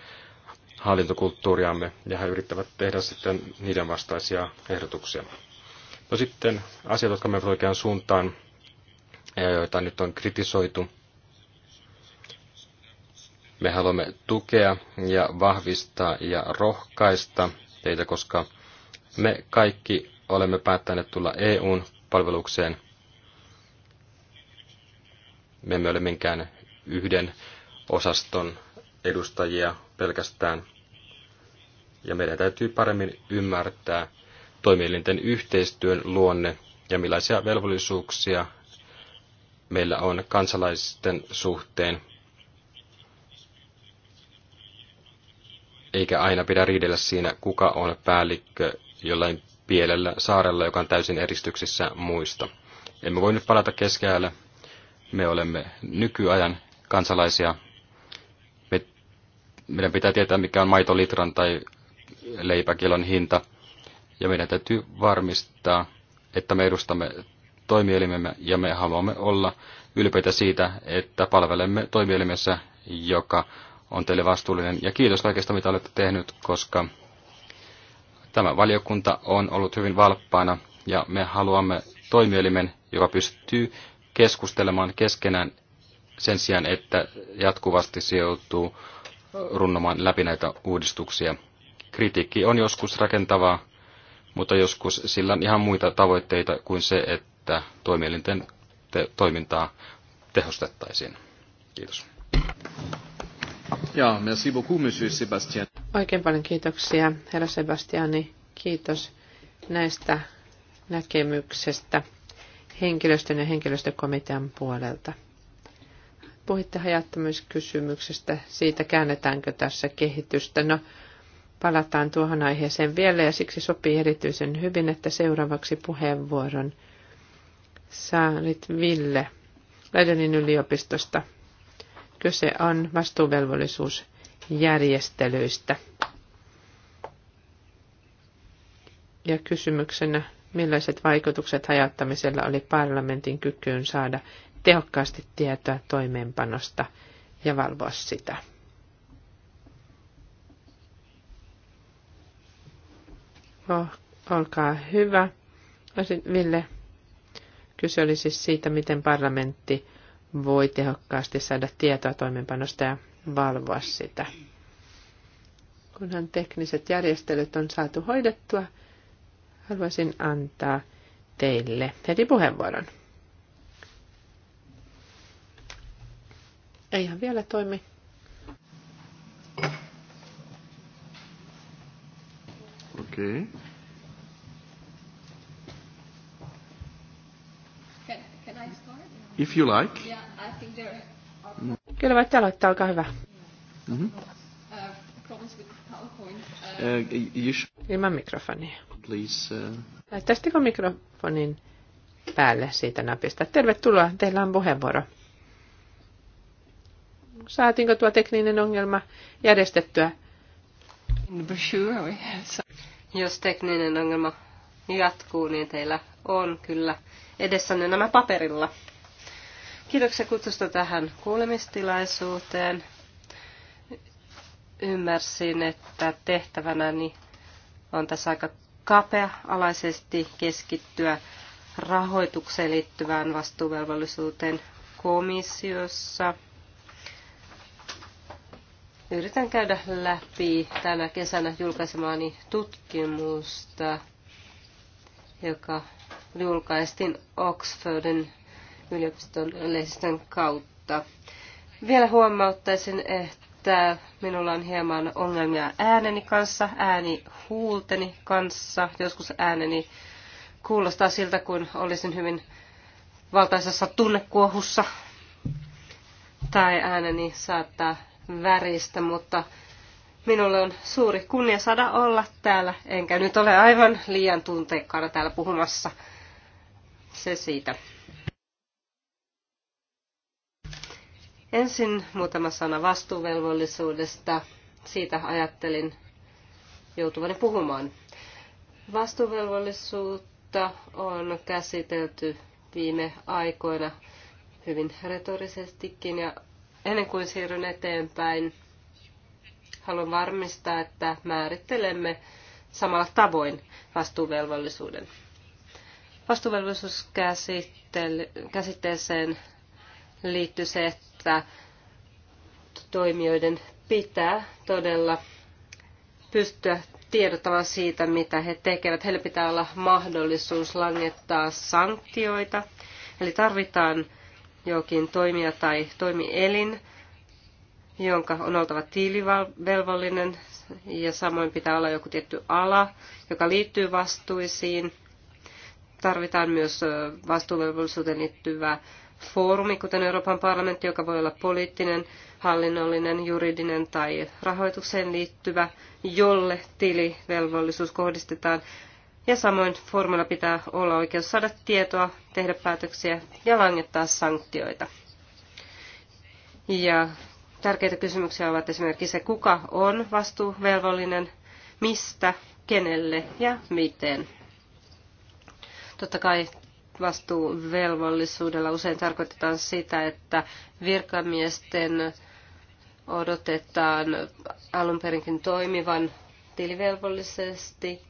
hallintokulttuuriamme, ja he yrittävät tehdä sitten niiden vastaisia ehdotuksia. No sitten asiat, jotka menevät oikeaan suuntaan, joita nyt on kritisoitu. Me haluamme tukea ja vahvistaa ja rohkaista teitä, koska me kaikki olemme päättäneet tulla EUn palvelukseen me emme ole minkään yhden osaston edustajia pelkästään. Ja meidän täytyy paremmin ymmärtää toimielinten yhteistyön luonne ja millaisia velvollisuuksia meillä on kansalaisten suhteen. Eikä aina pidä riidellä siinä, kuka on päällikkö jollain pielellä saarella, joka on täysin eristyksissä muista. Emme voi nyt palata keskellä me olemme nykyajan kansalaisia. Me, meidän pitää tietää, mikä on maitolitran tai leipäkilon hinta. Ja meidän täytyy varmistaa, että me edustamme toimielimemme ja me haluamme olla ylpeitä siitä, että palvelemme toimielimessä, joka on teille vastuullinen. Ja kiitos kaikesta, mitä olette tehnyt, koska tämä valiokunta on ollut hyvin valppaana ja me haluamme toimielimen, joka pystyy keskustelemaan keskenään sen sijaan, että jatkuvasti se joutuu runnomaan läpi näitä uudistuksia. Kritiikki on joskus rakentavaa, mutta joskus sillä on ihan muita tavoitteita kuin se, että toimielinten te- toimintaa tehostettaisiin. Kiitos. Ja, merci beaucoup, monsieur Sebastian. Oikein paljon kiitoksia, herra Sebastiani. Kiitos näistä näkemyksestä henkilöstön ja henkilöstökomitean puolelta. Puhitte hajattomuuskysymyksestä, siitä käännetäänkö tässä kehitystä. No, palataan tuohon aiheeseen vielä ja siksi sopii erityisen hyvin, että seuraavaksi puheenvuoron saanit Ville Leidenin yliopistosta. Kyse on vastuuvelvollisuusjärjestelyistä. Ja kysymyksenä millaiset vaikutukset hajattamisella oli parlamentin kykyyn saada tehokkaasti tietoa toimeenpanosta ja valvoa sitä. Oh, olkaa hyvä. Ville kyse oli siis siitä, miten parlamentti voi tehokkaasti saada tietoa toimeenpanosta ja valvoa sitä. Kunhan tekniset järjestelyt on saatu hoidettua, haluaisin antaa teille heti puheenvuoron. Eihän vielä toimi. Okei. Okay. Can, can I start? If you like. Yeah, I think there are... Kyllä voitte aloittaa, olkaa hyvä. Mm-hmm. Uh, Ilman mikrofonia. Please, uh... Laittaisitteko mikrofonin päälle siitä napista? Tervetuloa, teillä on puheenvuoro. Saatiinko tuo tekninen ongelma järjestettyä? Jos tekninen ongelma jatkuu, niin teillä on kyllä edessänne nämä paperilla. Kiitoksia kutsusta tähän kuulemistilaisuuteen. Ymmärsin, että tehtävänäni on tässä aika kapea-alaisesti keskittyä rahoitukseen liittyvään vastuuvelvollisuuteen komissiossa. Yritän käydä läpi tänä kesänä julkaisemaani tutkimusta, joka julkaistiin Oxfordin yliopiston lehdistön kautta. Vielä huomauttaisin, että että minulla on hieman ongelmia ääneni kanssa, ääni huulteni kanssa. Joskus ääneni kuulostaa siltä, kuin olisin hyvin valtaisessa tunnekuohussa. Tai ääneni saattaa väristä, mutta minulle on suuri kunnia saada olla täällä. Enkä nyt ole aivan liian tunteikkaana täällä puhumassa. Se siitä. Ensin muutama sana vastuuvelvollisuudesta. Siitä ajattelin joutuvani puhumaan. Vastuuvelvollisuutta on käsitelty viime aikoina hyvin retorisestikin ja ennen kuin siirryn eteenpäin, haluan varmistaa, että määrittelemme samalla tavoin vastuuvelvollisuuden. Vastuuvelvollisuuskäsitteeseen liittyy se, että että toimijoiden pitää todella pystyä tiedottamaan siitä, mitä he tekevät. Heillä pitää olla mahdollisuus langettaa sanktioita. Eli tarvitaan jokin toimija tai toimielin, jonka on oltava tiilivelvollinen ja samoin pitää olla joku tietty ala, joka liittyy vastuisiin. Tarvitaan myös vastuuvelvollisuuteen liittyvää foorumi, kuten Euroopan parlamentti, joka voi olla poliittinen, hallinnollinen, juridinen tai rahoitukseen liittyvä, jolle tilivelvollisuus kohdistetaan. Ja samoin foorumilla pitää olla oikeus saada tietoa, tehdä päätöksiä ja langettaa sanktioita. Ja tärkeitä kysymyksiä ovat esimerkiksi se, kuka on vastuuvelvollinen, mistä, kenelle ja miten. Totta kai vastuuvelvollisuudella usein tarkoitetaan sitä, että virkamiesten odotetaan alun perinkin toimivan tilivelvollisesti.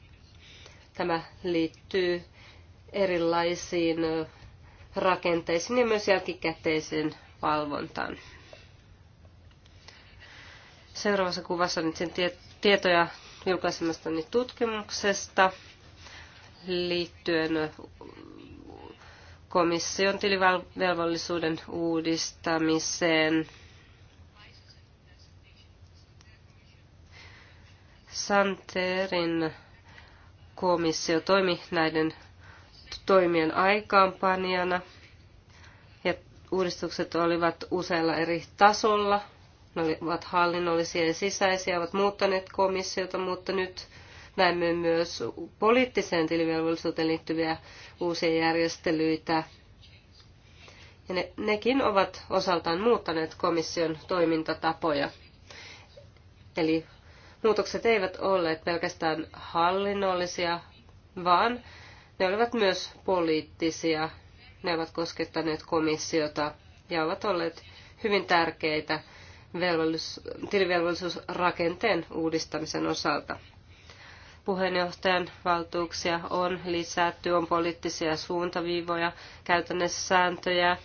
Tämä liittyy erilaisiin rakenteisiin ja myös jälkikäteisen valvontaan. Seuraavassa kuvassa on sen tietoja julkaisemastani tutkimuksesta liittyen komission tilivelvollisuuden uudistamiseen. Santerin komissio toimi näiden toimien aikaanpanijana ja uudistukset olivat usealla eri tasolla. Ne ovat hallinnollisia ja sisäisiä, ovat muuttaneet komissiota, mutta nyt Näemme myös poliittiseen tilivelvollisuuteen liittyviä uusia järjestelyitä. Ja ne, nekin ovat osaltaan muuttaneet komission toimintatapoja. Eli muutokset eivät olleet pelkästään hallinnollisia, vaan ne olivat myös poliittisia. Ne ovat koskettaneet komissiota ja ovat olleet hyvin tärkeitä tilivelvollisuusrakenteen uudistamisen osalta puheenjohtajan valtuuksia on lisätty, on poliittisia suuntaviivoja, käytännössä sääntöjä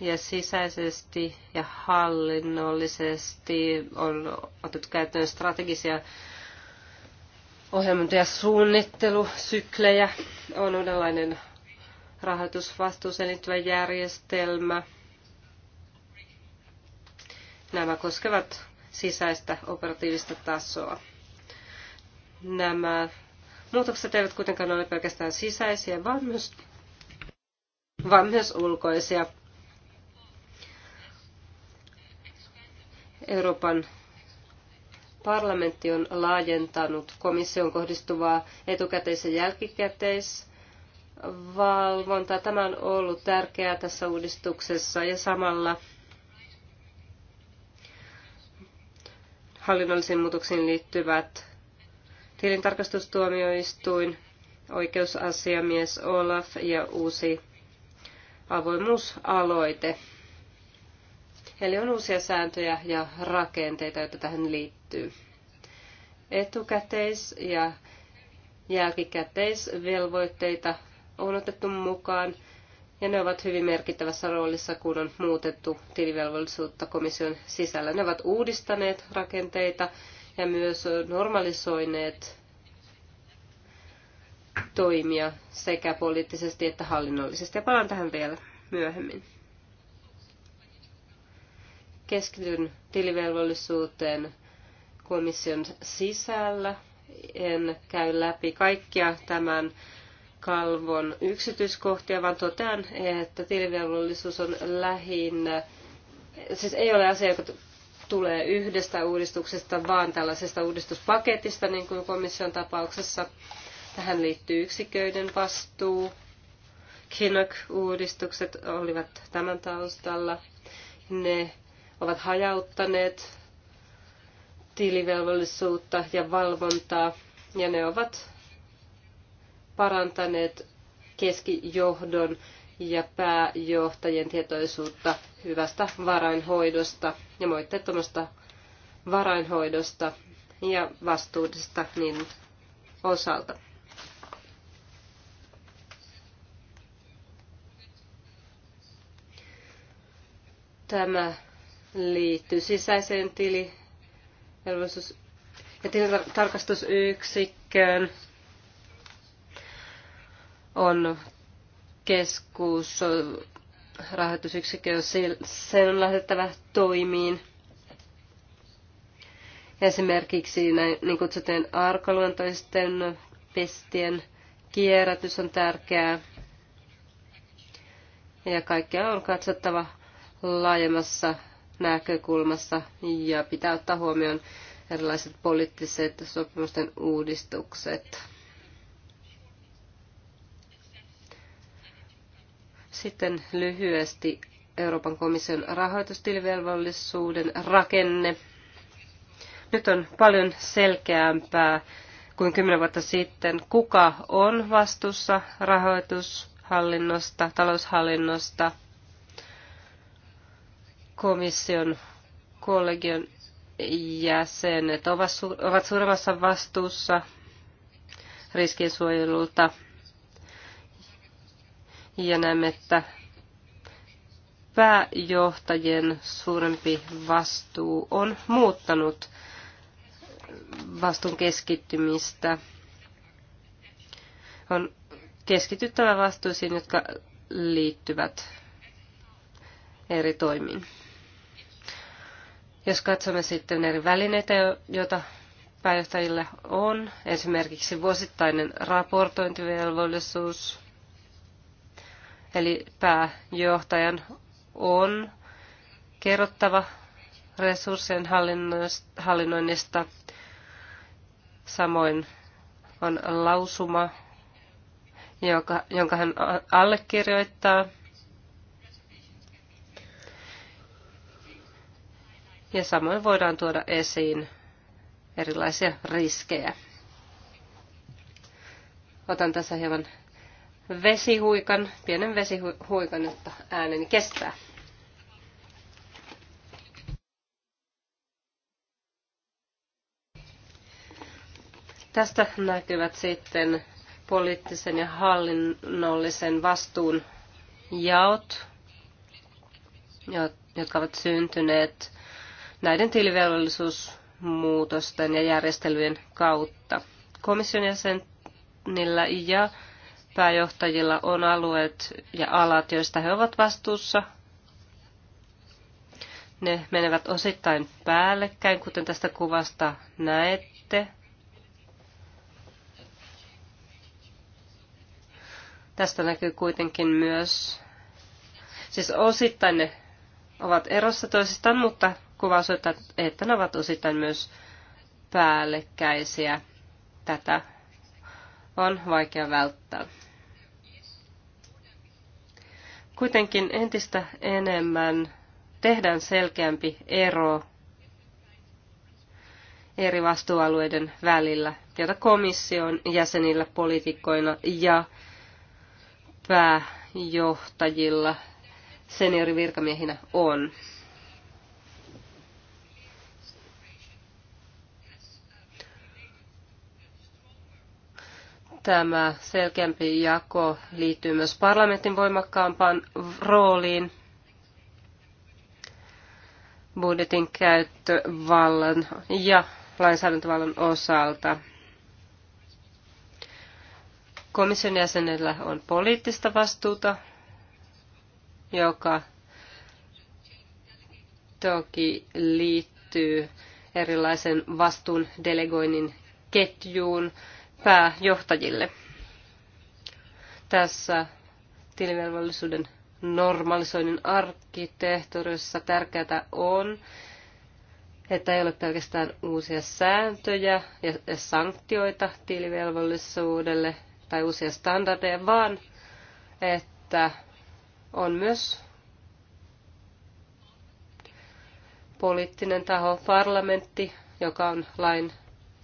ja sisäisesti ja hallinnollisesti on otettu käyttöön strategisia ohjelmointi- ja suunnittelusyklejä, on uudenlainen rahoitusvastuuseen liittyvä järjestelmä. Nämä koskevat sisäistä operatiivista tasoa. Nämä muutokset eivät kuitenkaan ole pelkästään sisäisiä, vaan myös, vaan myös ulkoisia. Euroopan parlamentti on laajentanut komission kohdistuvaa etukäteis- ja jälkikäteisvalvontaa. Tämä on ollut tärkeää tässä uudistuksessa ja samalla hallinnollisiin muutoksiin liittyvät tilintarkastustuomioistuin, oikeusasiamies Olaf ja uusi avoimuusaloite. Eli on uusia sääntöjä ja rakenteita, joita tähän liittyy. Etukäteis- ja jälkikäteisvelvoitteita on otettu mukaan ja ne ovat hyvin merkittävässä roolissa, kun on muutettu tilivelvollisuutta komission sisällä. Ne ovat uudistaneet rakenteita ja myös normalisoineet toimia sekä poliittisesti että hallinnollisesti. Ja palaan tähän vielä myöhemmin. Keskityn tilivelvollisuuteen komission sisällä. En käy läpi kaikkia tämän kalvon yksityiskohtia, vaan totean, että tilivelvollisuus on lähinnä, siis ei ole asia, joka tulee yhdestä uudistuksesta, vaan tällaisesta uudistuspaketista, niin kuin komission tapauksessa. Tähän liittyy yksiköiden vastuu. Kinnock-uudistukset olivat tämän taustalla. Ne ovat hajauttaneet tilivelvollisuutta ja valvontaa, ja ne ovat parantaneet keskijohdon ja pääjohtajien tietoisuutta hyvästä varainhoidosta ja moitteettomasta varainhoidosta ja vastuudesta niin osalta. Tämä liittyy sisäiseen tili ja tilintarkastusyksikköön on keskus, rahoitusyksikkö, jos sen on lähdettävä toimiin. Esimerkiksi näin, niin kutsutun arkaluontoisten pestien kierrätys on tärkeää. Ja kaikkea on katsottava laajemmassa näkökulmassa ja pitää ottaa huomioon erilaiset poliittiset sopimusten uudistukset. Sitten lyhyesti Euroopan komission rahoitustilivelvollisuuden rakenne. Nyt on paljon selkeämpää kuin kymmenen vuotta sitten, kuka on vastuussa rahoitushallinnosta, taloushallinnosta, komission kollegion jäsenet ovat, su- ovat suuremmassa vastuussa riskinsuojelulta ja näemme, että pääjohtajien suurempi vastuu on muuttanut vastuun keskittymistä. On keskityttävä vastuisiin, jotka liittyvät eri toimiin. Jos katsomme sitten eri välineitä, joita pääjohtajille on, esimerkiksi vuosittainen raportointivelvollisuus, Eli pääjohtajan on kerrottava resurssien hallinnoinnista. Samoin on lausuma, joka, jonka hän allekirjoittaa. Ja samoin voidaan tuoda esiin erilaisia riskejä. Otan tässä hieman vesihuikan, pienen vesihuikan, jotta ääneni kestää. Tästä näkyvät sitten poliittisen ja hallinnollisen vastuun jaot, jotka ovat syntyneet näiden tilivelvollisuusmuutosten ja järjestelyjen kautta. Komission jäsenillä ja pääjohtajilla on alueet ja alat, joista he ovat vastuussa. Ne menevät osittain päällekkäin, kuten tästä kuvasta näette. Tästä näkyy kuitenkin myös, siis osittain ne ovat erossa toisistaan, mutta kuva osoittaa, että ne ovat osittain myös päällekkäisiä. Tätä on vaikea välttää. Kuitenkin entistä enemmän tehdään selkeämpi ero eri vastuualueiden välillä, jota komission jäsenillä, poliitikkoina ja pääjohtajilla seniorivirkamiehinä on. tämä selkeämpi jako liittyy myös parlamentin voimakkaampaan rooliin budjetin käyttövallan ja lainsäädäntövallan osalta. Komission jäsenellä on poliittista vastuuta, joka toki liittyy erilaisen vastuun delegoinnin ketjuun, pääjohtajille. Tässä tilivelvollisuuden normalisoinnin arkkitehtuurissa tärkeää on, että ei ole pelkästään uusia sääntöjä ja sanktioita tilivelvollisuudelle tai uusia standardeja, vaan että on myös poliittinen taho, parlamentti, joka on lain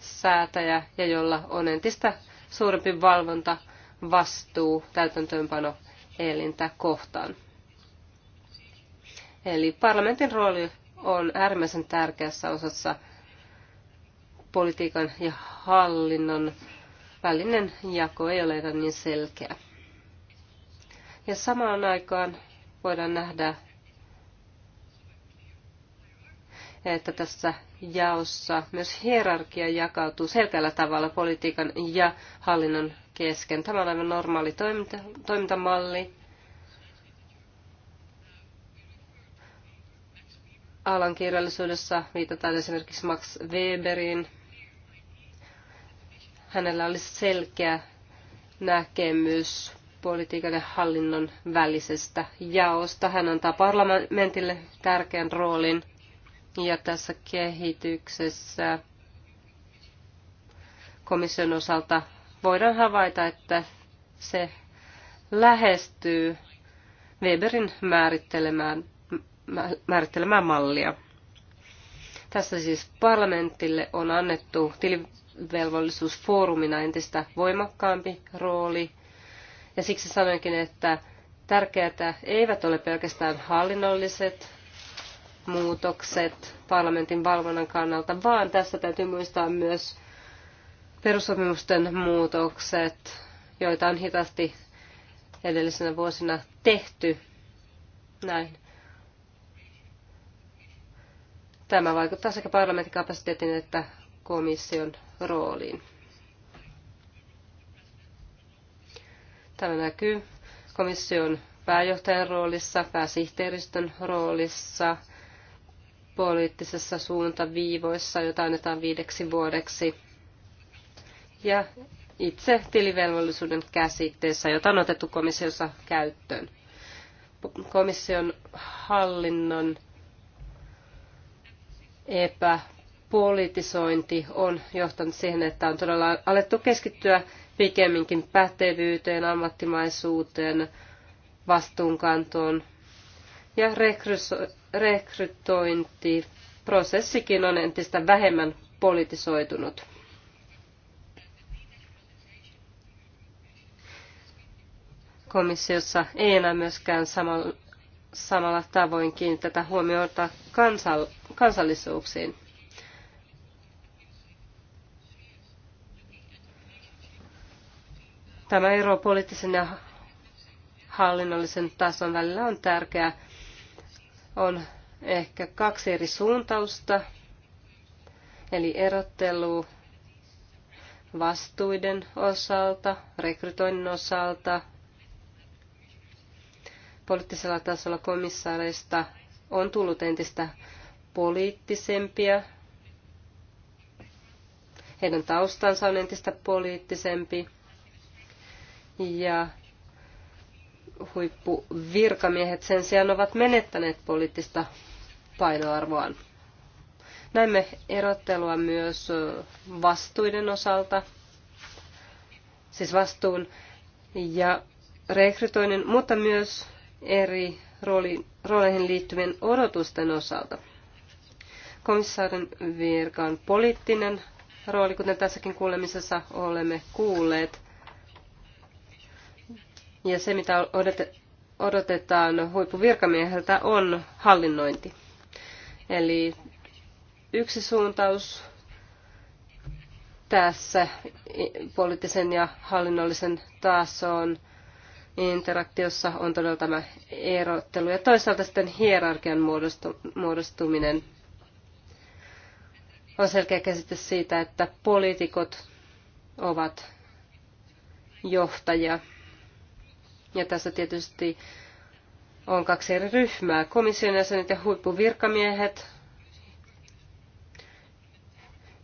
säätäjä ja jolla on entistä suurempi valvonta vastuu täytäntöönpano elintä kohtaan. Eli parlamentin rooli on äärimmäisen tärkeässä osassa politiikan ja hallinnon välinen jako ei ole niin selkeä. Ja samaan aikaan voidaan nähdä, että tässä jaossa myös hierarkia jakautuu selkeällä tavalla politiikan ja hallinnon kesken. Tämä on aivan normaali toiminta, toimintamalli. Alan kirjallisuudessa viitataan esimerkiksi Max Weberin. Hänellä oli selkeä näkemys politiikan ja hallinnon välisestä jaosta. Hän antaa parlamentille tärkeän roolin ja tässä kehityksessä komission osalta voidaan havaita, että se lähestyy Weberin määrittelemään, määrittelemään mallia. Tässä siis parlamentille on annettu tilivelvollisuusfoorumina entistä voimakkaampi rooli. Ja siksi sanoinkin, että tärkeätä eivät ole pelkästään hallinnolliset muutokset parlamentin valvonnan kannalta, vaan tässä täytyy muistaa myös perussopimusten muutokset, joita on hitaasti edellisenä vuosina tehty. Näin. Tämä vaikuttaa sekä parlamentin kapasiteetin että komission rooliin. Tämä näkyy komission pääjohtajan roolissa, pääsihteeristön roolissa – poliittisessa suuntaviivoissa, jota annetaan viideksi vuodeksi. Ja itse tilivelvollisuuden käsitteessä, jota on otettu komissiossa käyttöön. Komission hallinnon epäpolitisointi on johtanut siihen, että on todella alettu keskittyä pikemminkin pätevyyteen, ammattimaisuuteen, vastuunkantoon ja rekrytointiprosessikin on entistä vähemmän politisoitunut. Komissiossa ei enää myöskään samalla, samalla tavoin kiinnitetä huomiota kansal, kansallisuuksiin. Tämä ero poliittisen ja hallinnollisen tason välillä on tärkeä on ehkä kaksi eri suuntausta, eli erottelu vastuiden osalta, rekrytoinnin osalta, poliittisella tasolla komissaareista on tullut entistä poliittisempia. Heidän taustansa on entistä poliittisempi. Ja huippuvirkamiehet sen sijaan ovat menettäneet poliittista painoarvoaan. Näemme erottelua myös vastuiden osalta, siis vastuun ja rekrytoinnin, mutta myös eri rooli, rooleihin liittyvien odotusten osalta. Komissaarin virka on poliittinen rooli, kuten tässäkin kuulemisessa olemme kuulleet. Ja se, mitä odotetaan huippuvirkamieheltä, on hallinnointi. Eli yksi suuntaus tässä poliittisen ja hallinnollisen tason interaktiossa on todella tämä erottelu ja toisaalta sitten hierarkian muodostuminen. On selkeä käsite siitä, että poliitikot ovat johtajia ja tässä tietysti on kaksi eri ryhmää, komission jäsenet ja huippuvirkamiehet,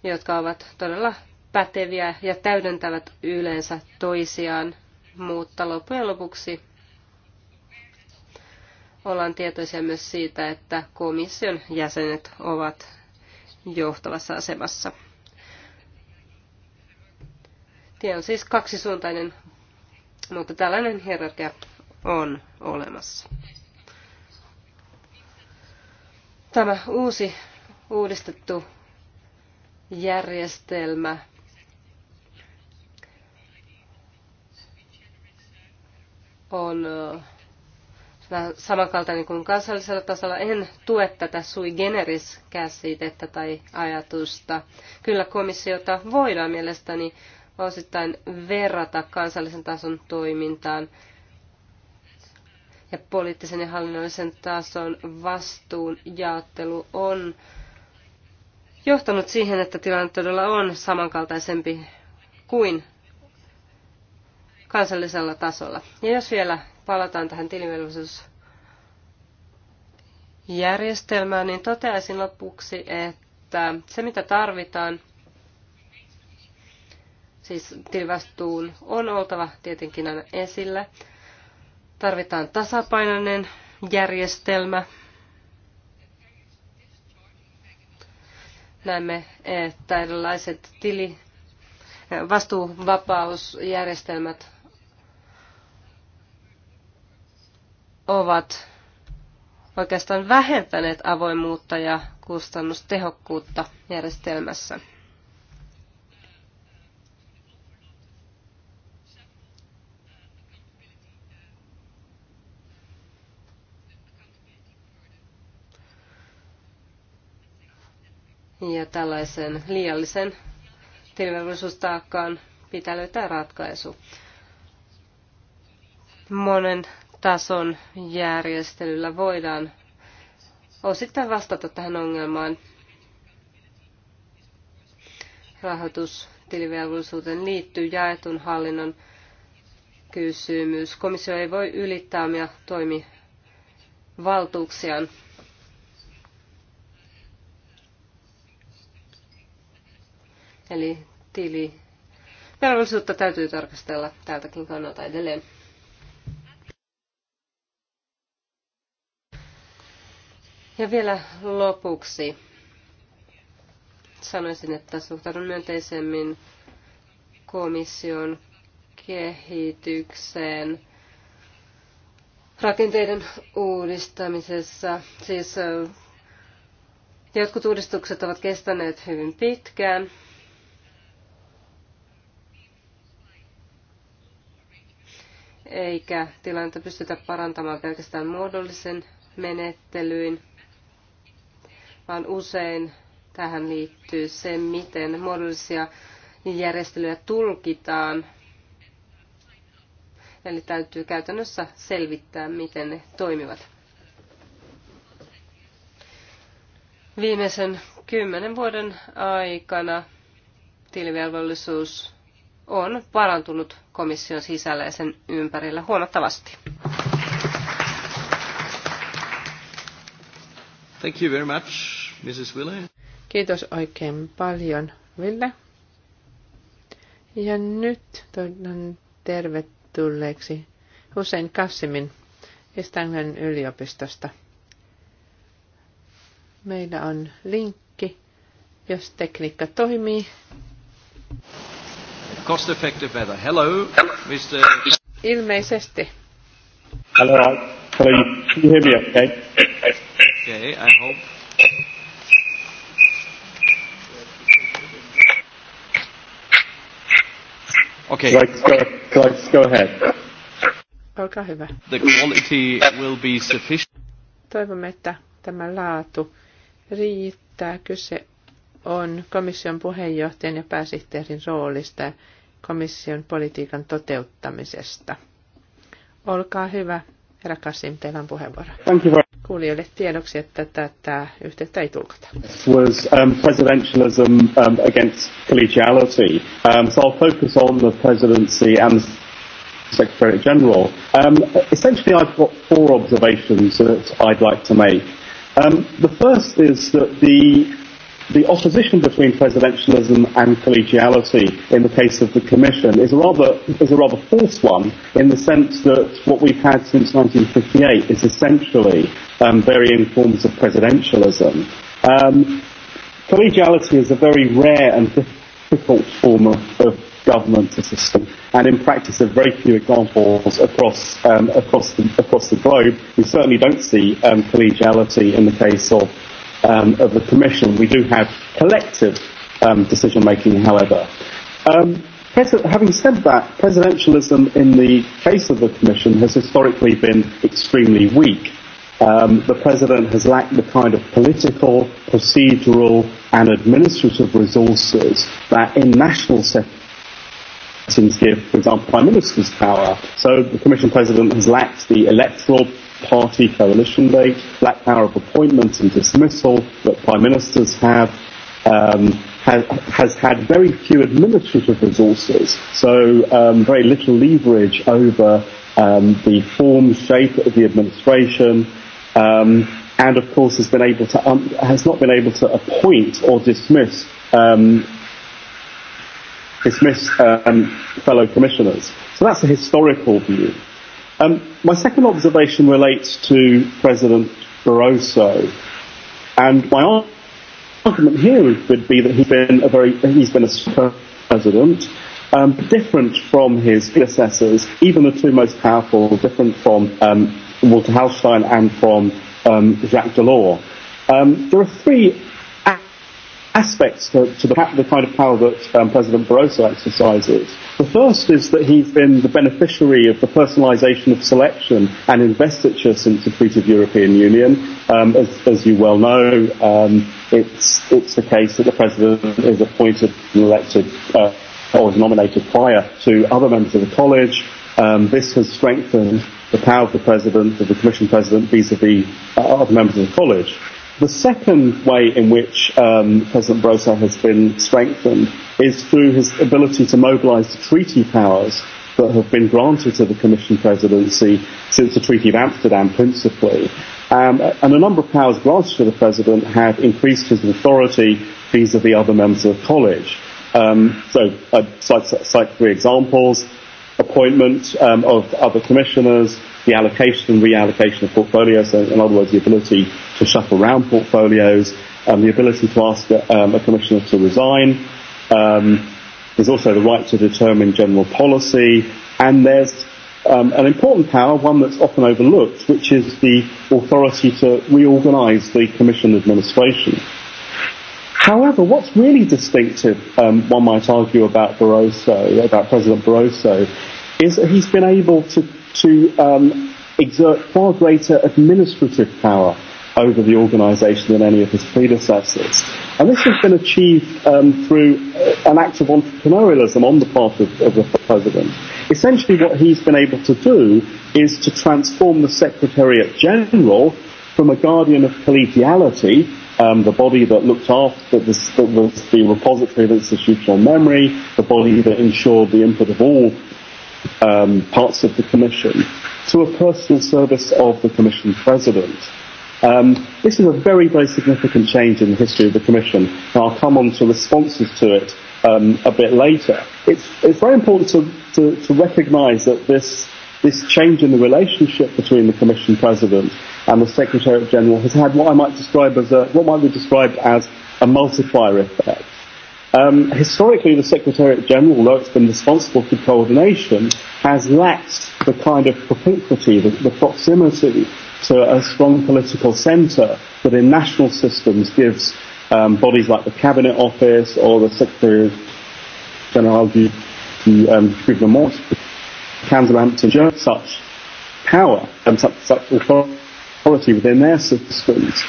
jotka ovat todella päteviä ja täydentävät yleensä toisiaan, mutta loppujen lopuksi ollaan tietoisia myös siitä, että komission jäsenet ovat johtavassa asemassa. Tie on siis kaksisuuntainen mutta tällainen hierarkia on olemassa. Tämä uusi uudistettu järjestelmä on äh, vähän samankaltainen kuin kansallisella tasolla. En tue tätä sui generis käsitettä tai ajatusta. Kyllä komissiota voidaan mielestäni osittain verrata kansallisen tason toimintaan ja poliittisen ja hallinnollisen tason vastuun jaottelu on johtanut siihen, että tilanne todella on samankaltaisempi kuin kansallisella tasolla. Ja jos vielä palataan tähän tilivelvollisuusjärjestelmään, niin toteaisin lopuksi, että se mitä tarvitaan Siis tilivastuun on oltava tietenkin aina esillä. Tarvitaan tasapainoinen järjestelmä. Näemme, että erilaiset tili, vastuuvapausjärjestelmät ovat oikeastaan vähentäneet avoimuutta ja kustannustehokkuutta järjestelmässä. Ja tällaisen liiallisen tilivelvollisuustaakkaan pitää löytää ratkaisu. Monen tason järjestelyllä voidaan osittain vastata tähän ongelmaan rahoitustilivelvollisuuteen liittyy jaetun hallinnon kysymys. Komissio ei voi ylittää omia toimivaltuuksiaan. Eli tili velvollisuutta täytyy tarkastella tältäkin kannalta edelleen. Ja vielä lopuksi sanoisin, että suhtaudun myönteisemmin komission kehitykseen rakenteiden uudistamisessa. Siis jotkut uudistukset ovat kestäneet hyvin pitkään, eikä tilannetta pystytä parantamaan pelkästään muodollisen menettelyin, vaan usein tähän liittyy se, miten muodollisia järjestelyjä tulkitaan. Eli täytyy käytännössä selvittää, miten ne toimivat. Viimeisen kymmenen vuoden aikana tilivelvollisuus on parantunut komission sisällä ja sen ympärillä huomattavasti. Thank you very much, Mrs. Wille. Kiitos oikein paljon, Ville. Ja nyt toivon tervetulleeksi Hussein Kassimin Istanbulin yliopistosta. Meillä on linkki, jos tekniikka toimii cost effective weather. Hello, Mr. Ilmeisesti. Hello, hello. You hear me okay? Okay, I hope. Okay. Let's go, let's go ahead. Olkaa hyvä. The quality will be sufficient. Toivomme, että tämä laatu riittää. Kyse on komission puheenjohtajan ja pääsihteerin roolista komission politiikan toteuttamisesta. Olkaa hyvä, herra Kassim, teillä on puheenvuoro. Kuulijoille tiedoksi, että tätä yhteyttä ei tulkata. was um, presidentialism um, against collegiality. Um, so I'll focus on the presidency and Secretary General. Um, essentially, I've got four observations that I'd like to make. Um, the first is that the The opposition between presidentialism and collegiality in the case of the Commission is a rather, is a rather false one in the sense that what we've had since 1958 is essentially um, varying forms of presidentialism. Um, collegiality is a very rare and difficult form of, of government system, and in practice, there are very few examples across um, across the across the globe. We certainly don't see um, collegiality in the case of um, of the Commission. We do have collective um, decision making, however. Um, having said that, presidentialism in the case of the Commission has historically been extremely weak. Um, the President has lacked the kind of political, procedural and administrative resources that in national settings give, for example, Prime Minister's power. So the Commission President has lacked the electoral party coalition day, black power of appointment and dismissal that prime ministers have, um, has, has had very few administrative resources, so um, very little leverage over um, the form, shape of the administration, um, and of course has been able to um, has not been able to appoint or dismiss um, dismiss um, fellow commissioners. So that's a historical view. Um, my second observation relates to President Barroso, and my argument here would be that he's been a very he's been a president, um, different from his predecessors, even the two most powerful, different from um, Walter Hallstein and from um, Jacques Delors. Um, there are three aspects to, to the, the kind of power that um, President Barroso exercises. The first is that he's been the beneficiary of the personalisation of selection and investiture since the Treaty of European Union. Um, as, as you well know, um, it's, it's the case that the President is appointed and elected uh, or is nominated prior to other members of the College. Um, this has strengthened the power of the President, of the Commission President, vis-à-vis -vis, other members of the College. The second way in which um, President Brosa has been strengthened is through his ability to mobilise the treaty powers that have been granted to the Commission presidency since the Treaty of Amsterdam, principally. Um, and a number of powers granted to the president have increased his authority vis-à-vis -vis other members of college. Um, so I'd uh, cite, cite three examples. Appointment um, of other commissioners, the allocation and reallocation of portfolios, so in other words, the ability to shuffle around portfolios, um, the ability to ask um, a commissioner to resign. Um, there's also the right to determine general policy, and there's um, an important power, one that's often overlooked, which is the authority to reorganise the commission administration. However, what's really distinctive, um, one might argue, about Barroso, about President Barroso, is that he's been able to to um, exert far greater administrative power over the organisation than any of his predecessors. And this has been achieved um, through uh, an act of entrepreneurialism on the part of, of the president. Essentially, what he's been able to do is to transform the Secretariat General from a guardian of collegiality, um, the body that looked after the, that was the repository of institutional memory, the body that ensured the input of all um, parts of the Commission to a personal service of the Commission President. Um, this is a very, very significant change in the history of the Commission, and I'll come on to responses to it um, a bit later. It's, it's very important to, to, to recognise that this, this change in the relationship between the Commission President and the Secretary General has had what I might describe as a, what might be described as a multiplier effect. Um, historically, the Secretariat General, though it's been responsible for coordination, has lacked the kind of propinquity, the, the proximity to a strong political centre that in national systems gives um, bodies like the Cabinet Office or the Secretary General du, du um, Gouvernement, Council Journal, such power and such, such authority within their systems.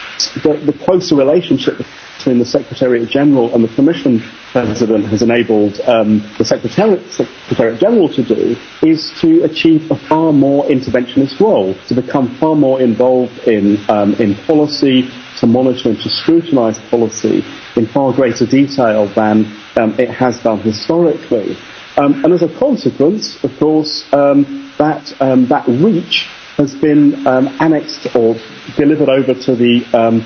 The, the closer relationship between the Secretariat General and the Commission President has enabled um, the Secretariat, Secretariat General to do is to achieve a far more interventionist role, to become far more involved in, um, in policy, to monitor and to scrutinise policy in far greater detail than um, it has done historically. Um, and as a consequence, of course, um, that, um, that reach has been um, annexed or delivered over to the um,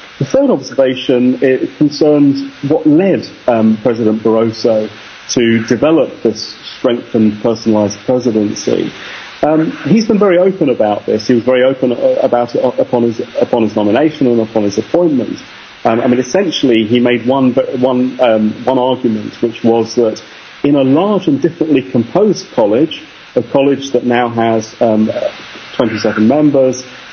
The third observation it concerns what led um, President Barroso to develop this strengthened personalised presidency. Um, he's been very open about this. He was very open uh, about it uh, upon his, upon his nomination and upon his appointment. Um, I mean, essentially, he made one, one, um, one argument, which was that in a large and differently composed college, a college that now has um, 27 members,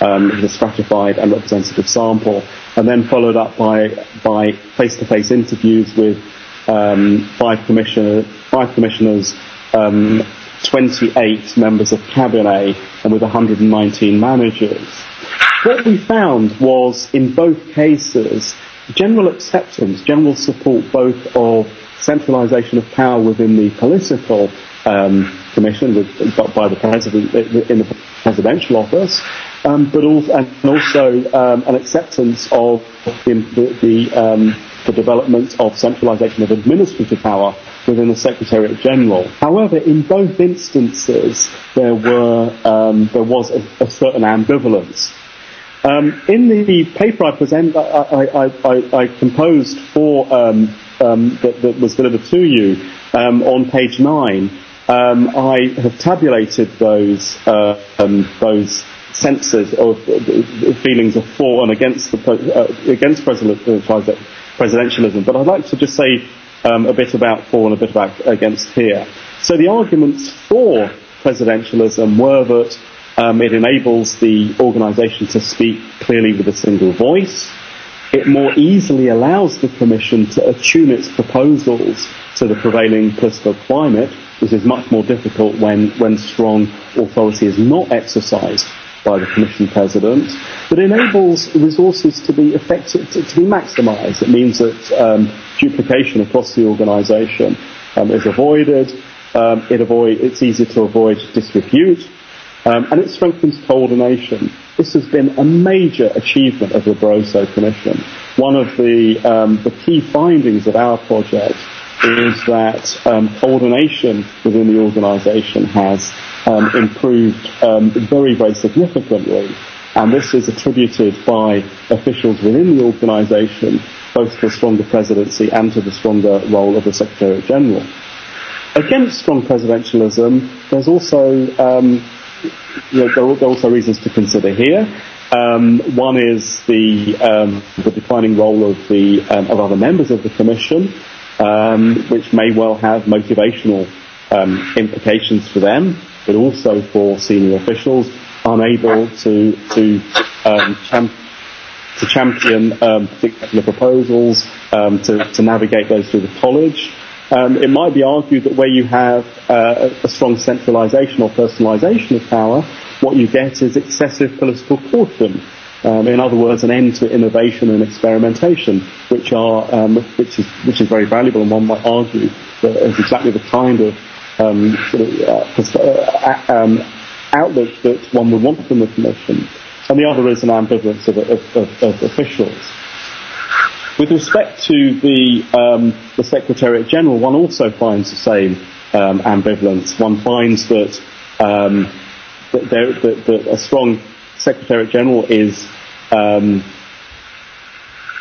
um, in a stratified and representative sample, and then followed up by by face-to-face -face interviews with um, five commissioner five commissioners, um, 28 members of cabinet, and with 119 managers. What we found was in both cases general acceptance, general support both of centralisation of power within the political um, commission with, by the president in the presidential office, um, but also, and also um, an acceptance of the, the, um, the development of centralisation of administrative power within the Secretariat General. However, in both instances, there were um, there was a, a certain ambivalence. Um, in the paper I present, I, I, I, I composed for um, um, that, that was delivered to you um, on page nine um, I have tabulated those uh, um, those senses uh, feelings of for and against the uh, against presidentialism. But I'd like to just say um, a bit about for and a bit about against here. So the arguments for presidentialism were that um, it enables the organisation to speak clearly with a single voice. It more easily allows the Commission to attune its proposals to the prevailing political climate This is much more difficult when, when strong authority is not exercised by the Commission President, but enables resources to be effective, to, to be maximised. It means that um, duplication across the organisation um, is avoided. Um, it avoid, it's easier to avoid disrepute, um, and it strengthens coordination. This has been a major achievement of the Barroso Commission. One of the, um, the key findings of our project is that um, ordination within the organisation has um, improved um, very, very significantly. And this is attributed by officials within the organisation, both to a stronger presidency and to the stronger role of the Secretary General. Against strong presidentialism, there's also um, you know, there are also reasons to consider here. Um, one is the um, the declining role of the um, of other members of the Commission um, which may well have motivational um, implications for them, but also for senior officials unable to to um, champ- to champion um, particular proposals, um, to, to navigate those through the college. Um, it might be argued that where you have uh, a strong centralisation or personalisation of power, what you get is excessive political caution Um, in other words, an end to innovation and experimentation, which are um, which is which is very valuable, and one might argue that is exactly the kind of um, sort of uh, uh, um, outlook that one would want from the commission, and the other is an ambivalence of, of, of, of officials. With respect to the um, the Secretariat General, one also finds the same um, ambivalence. One finds that um, that, there, that, that a strong Secretary General is um,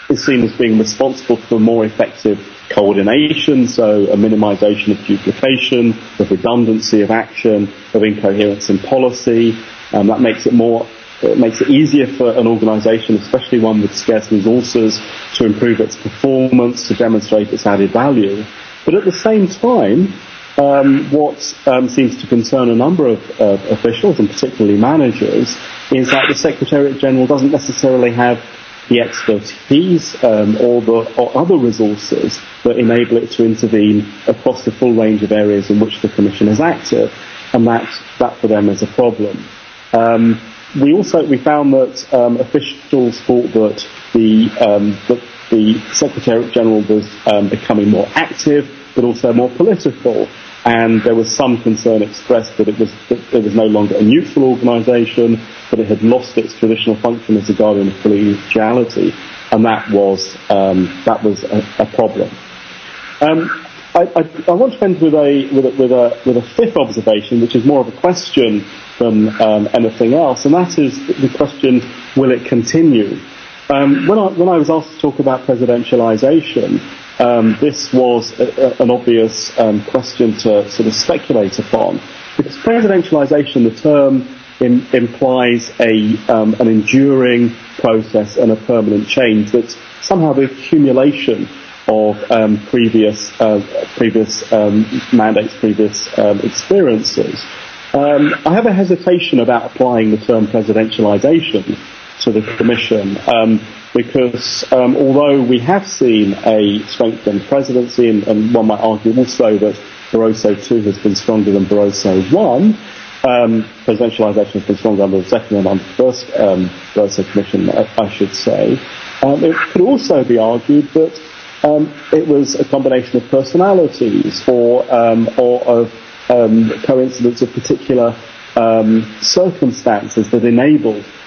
is seen as being responsible for more effective coordination, so a minimization of duplication, of redundancy of action, of incoherence in policy. Um, that makes it more it makes it easier for an organisation, especially one with scarce resources, to improve its performance, to demonstrate its added value. But at the same time, um, what um, seems to concern a number of uh, officials, and particularly managers, is that the Secretariat General doesn't necessarily have the expertise um, or the or other resources that enable it to intervene across the full range of areas in which the Commission is active, and that that for them is a problem. Um, we also we found that um, officials thought that the um, that the Secretariat General was um, becoming more active, but also more political, and there was some concern expressed that it was that it was no longer a neutral organisation, that it had lost its traditional function as a guardian of collegiality, and that was um, that was a, a problem. Um, I, I, I want to end with a with a, with a with a fifth observation, which is more of a question than um, anything else, and that is the question: Will it continue? Um, when I when I was asked to talk about presidentialisation, um, this was a, a, an obvious um, question to sort of speculate upon. Because presidentialization, the term in, implies a, um, an enduring process and a permanent change that's somehow the accumulation of um, previous, uh, previous um, mandates, previous um, experiences. Um, I have a hesitation about applying the term presidentialization to the Commission um, because um, although we have seen a strengthened presidency, and, and one might argue also that Barroso II has been stronger than Barroso I, um, presidentialisation has been stronger under the second and under the first um, Barroso Commission, I, I should say. Um, it could also be argued that um, it was a combination of personalities or, um, or of um, coincidence of particular um, circumstances that enabled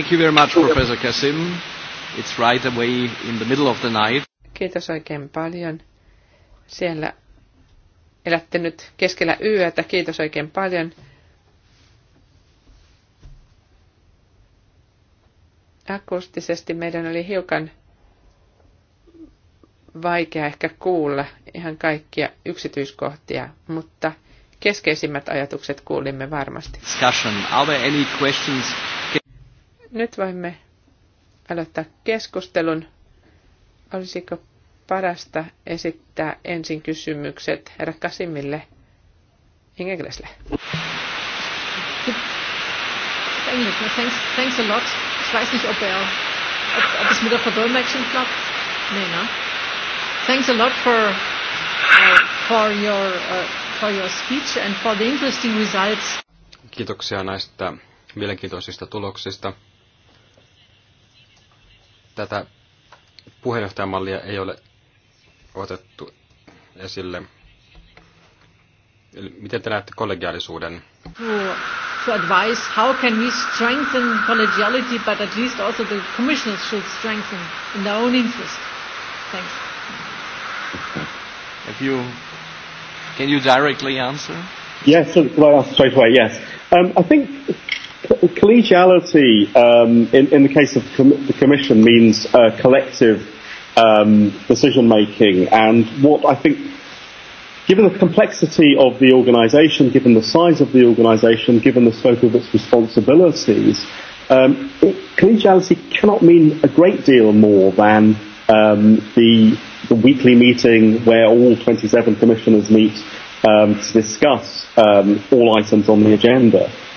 Thank you very much, Professor Kasim. It's right away in the middle of the night. Kiitos oikein paljon. Siellä elätte nyt keskellä yötä. Kiitos oikein paljon. akustisesti meidän oli hiukan vaikea ehkä kuulla ihan kaikkia yksityiskohtia, mutta keskeisimmät ajatukset kuulimme varmasti. Nyt voimme aloittaa keskustelun. Olisiko parasta esittää ensin kysymykset herra Kasimille Ingegresle? Thanks, thanks a lot. Ich weiß nicht, ob er, ob, ob es mit der Verdolmetschung klappt. Nee, ne? Thanks a lot for, uh, for, your, uh, for your speech and for the interesting results. Kiitoksia näistä mielenkiintoisista tuloksista. Tätä puheenjohtajamallia ei ole otettu esille. Eli miten te näette kollegiaalisuuden? To advise how can we strengthen collegiality, but at least also the commissioners should strengthen in their own interest. Thanks. If you, can you directly answer? Yes, so I answer straight away? Yes. Um, I think collegiality, um, in, in the case of com- the Commission, means uh, collective um, decision making. And what I think, given the complexity of the organisation, given the size of the organisation, given the scope of its responsibilities, um, it, collegiality cannot mean a great deal more than um, the, the weekly meeting where all 27 commissioners meet um, to discuss um, all items on the agenda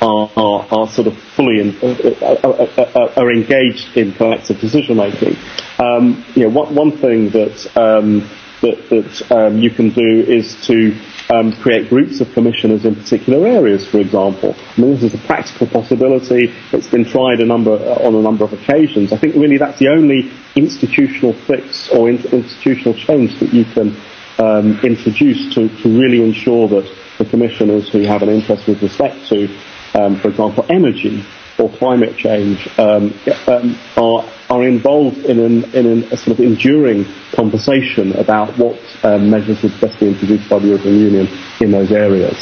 are, are, are sort of fully in, are, uh, are, uh, uh, are engaged in collective decision making. Um, you know, one, one thing that um, that, that um, you can do is to um, create groups of commissioners in particular areas, for example. I mean, this is a practical possibility. It's been tried a number on a number of occasions. I think really that's the only institutional fix or in, institutional change that you can um, introduce to, to really ensure that the commissioners who have an interest with respect to um, for example, energy or climate change um, um, are are involved in an in an, a sort of enduring conversation about what um, measures would best be introduced by the European Union in those areas.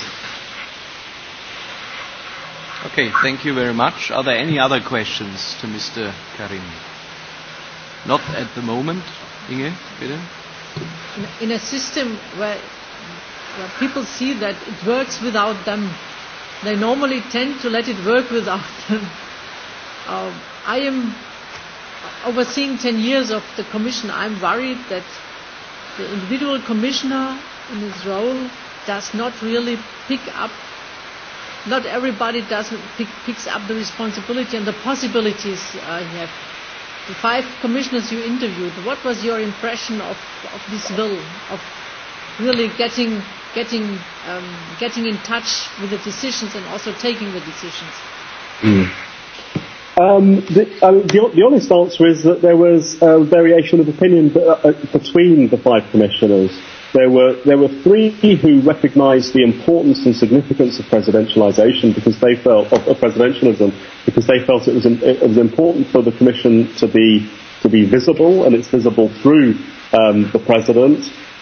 Okay, thank you very much. Are there any other questions to Mr. Karim? Not at the moment. Inge, bitte. In, a system where, where people see that it works without them, They normally tend to let it work without them. Um, I am overseeing 10 years of the commission. I'm worried that the individual commissioner in his role does not really pick up not everybody doesn't pick, picks up the responsibility and the possibilities uh, have. The five commissioners you interviewed, what was your impression of, of this will, of really getting getting, um, getting in touch with the decisions and also taking the decisions? Mm. Um, the, um, the, the honest answer is that there was a variation of opinion b- uh, uh, between the five commissioners. There were, there were three who recognised the importance and significance of presidentialisation because they felt of, of presidentialism because they felt it was, in, it was important for the commission to be to be visible and it's visible through um, the president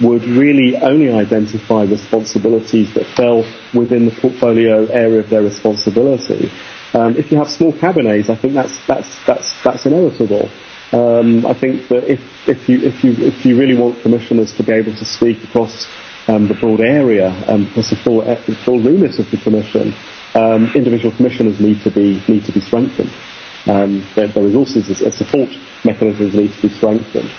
would really only identify responsibilities that fell within the portfolio area of their responsibility. Um, if you have small cabinets, I think that's that's that's that's inevitable. Um, I think that if if you if you if you really want commissioners to be able to speak across um, the broad area, um, across the full uh, the full remit of the commission, um, individual commissioners need to be need to be strengthened. Um, their, their resources, their support mechanisms need to be strengthened.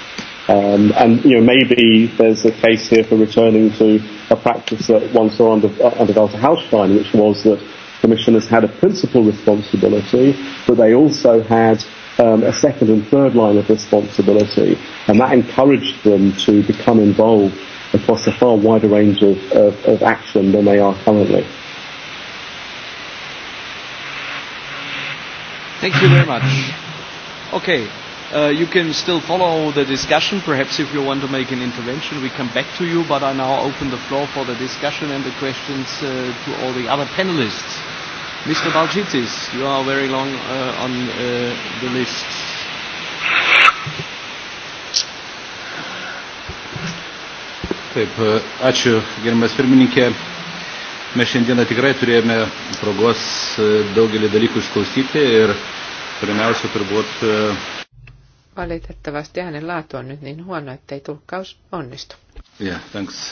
Um, and you know maybe there's a case here for returning to a practice that one saw under under Walter Hauschwein, which was that commissioners had a principal responsibility, but they also had um, a second and third line of responsibility, and that encouraged them to become involved across a far wider range of, of, of action than they are currently. Thank you very much. Okay. Uh, you can still follow the discussion. Perhaps if you want to make an intervention, we come back to you. But I now open the floor for the discussion and the questions uh, to all the other panelists. Mr. Balchitis, you are very long uh, on uh, the list. Taip, uh, ačiū, gerimas pirmininkė. Mes šiandieną tikrai turėjome progos uh, daugelį dalykų išklausyti ir pirmiausia turbūt uh, Valitettavasti hänen laatu on nyt niin huono, ei tulkkaus onnistu. Yeah, thanks.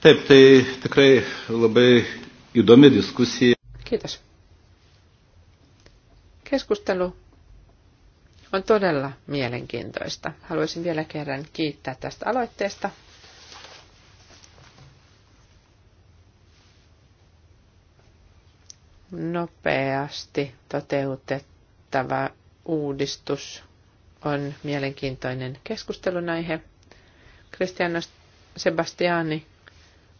Taip, tai tikrai labai įdomi diskusija. Kiitos. Keskustelu on todella mielenkiintoista. Haluaisin vielä kerran kiittää tästä aloitteesta. Nopeasti toteutettava uudistus on mielenkiintoinen keskustelun aihe. Cristiano Sebastiani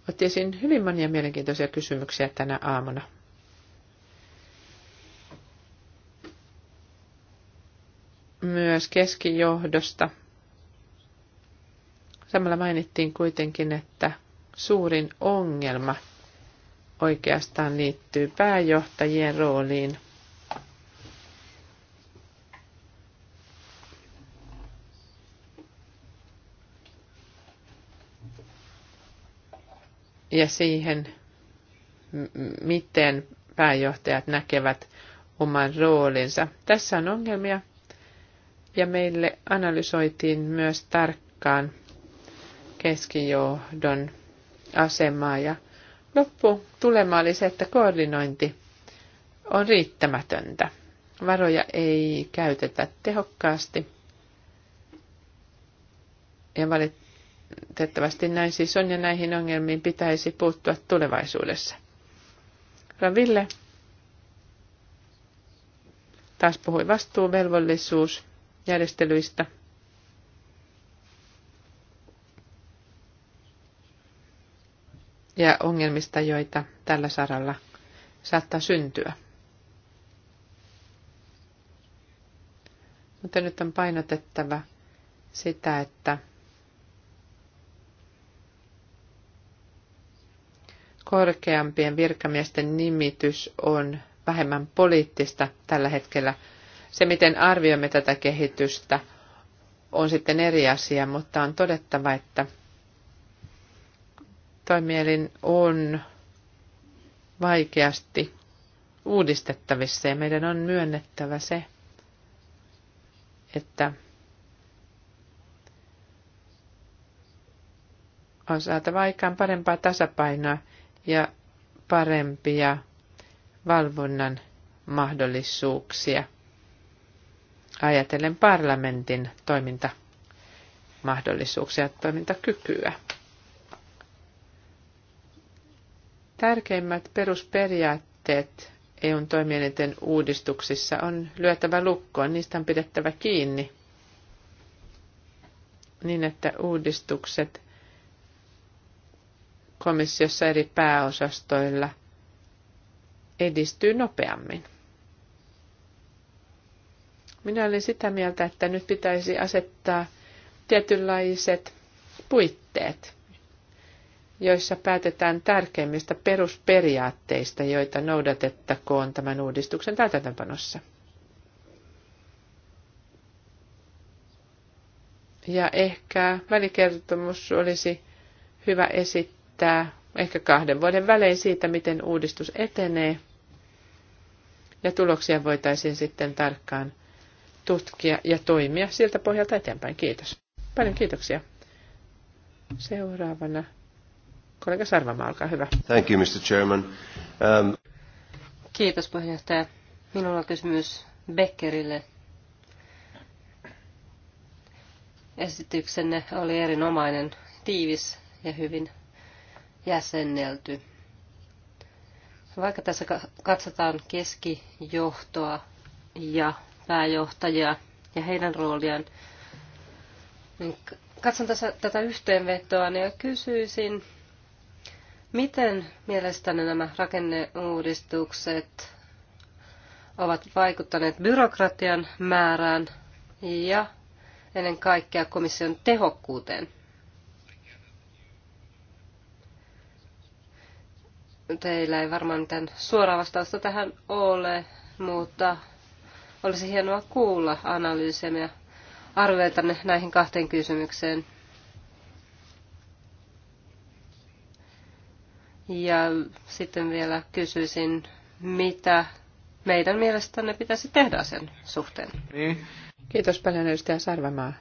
otti esiin hyvin monia mielenkiintoisia kysymyksiä tänä aamuna. Myös keskijohdosta. Samalla mainittiin kuitenkin, että suurin ongelma oikeastaan liittyy pääjohtajien rooliin ja siihen, miten pääjohtajat näkevät oman roolinsa. Tässä on ongelmia ja meille analysoitiin myös tarkkaan keskijohdon asemaa ja loppu tulema oli se, että koordinointi on riittämätöntä. Varoja ei käytetä tehokkaasti ja valit Valitettavasti näin siis on ja näihin ongelmiin pitäisi puuttua tulevaisuudessa. Raville taas puhui vastuuvelvollisuus järjestelyistä. ja ongelmista, joita tällä saralla saattaa syntyä. Mutta nyt on painotettava sitä, että korkeampien virkamiesten nimitys on vähemmän poliittista tällä hetkellä. Se, miten arvioimme tätä kehitystä, on sitten eri asia, mutta on todettava, että toimielin on vaikeasti uudistettavissa ja meidän on myönnettävä se, että on saatava aikaan parempaa tasapainoa ja parempia valvonnan mahdollisuuksia. Ajatellen parlamentin toimintamahdollisuuksia ja toimintakykyä. Tärkeimmät perusperiaatteet EUn toimielinten uudistuksissa on lyötävä lukkoon, niistä on pidettävä kiinni, niin että uudistukset komissiossa eri pääosastoilla edistyy nopeammin. Minä olen sitä mieltä, että nyt pitäisi asettaa tietynlaiset puitteet, joissa päätetään tärkeimmistä perusperiaatteista, joita noudatettakoon tämän uudistuksen täytäntöpanossa. Ja ehkä välikertomus olisi hyvä esittää päättää ehkä kahden vuoden välein siitä, miten uudistus etenee. Ja tuloksia voitaisiin sitten tarkkaan tutkia ja toimia siltä pohjalta eteenpäin. Kiitos. Paljon kiitoksia. Seuraavana kollega Sarvamaa, olkaa hyvä. Thank you, Mr. Chairman. Um... Kiitos puheenjohtaja. Minulla on kysymys Beckerille. Esityksenne oli erinomainen, tiivis ja hyvin jäsennelty. Vaikka tässä katsotaan keskijohtoa ja pääjohtajia ja heidän rooliaan, niin katson tässä tätä yhteenvetoa ja kysyisin, miten mielestäni nämä rakenneuudistukset ovat vaikuttaneet byrokratian määrään ja ennen kaikkea komission tehokkuuteen? Teillä ei varmaan mitään suoraa vastausta tähän ole, mutta olisi hienoa kuulla analyysiämme ja arvioitanne näihin kahteen kysymykseen. Ja sitten vielä kysyisin, mitä meidän mielestänne pitäisi tehdä sen suhteen. Niin. Kiitos paljon edustaja Sarvamaa.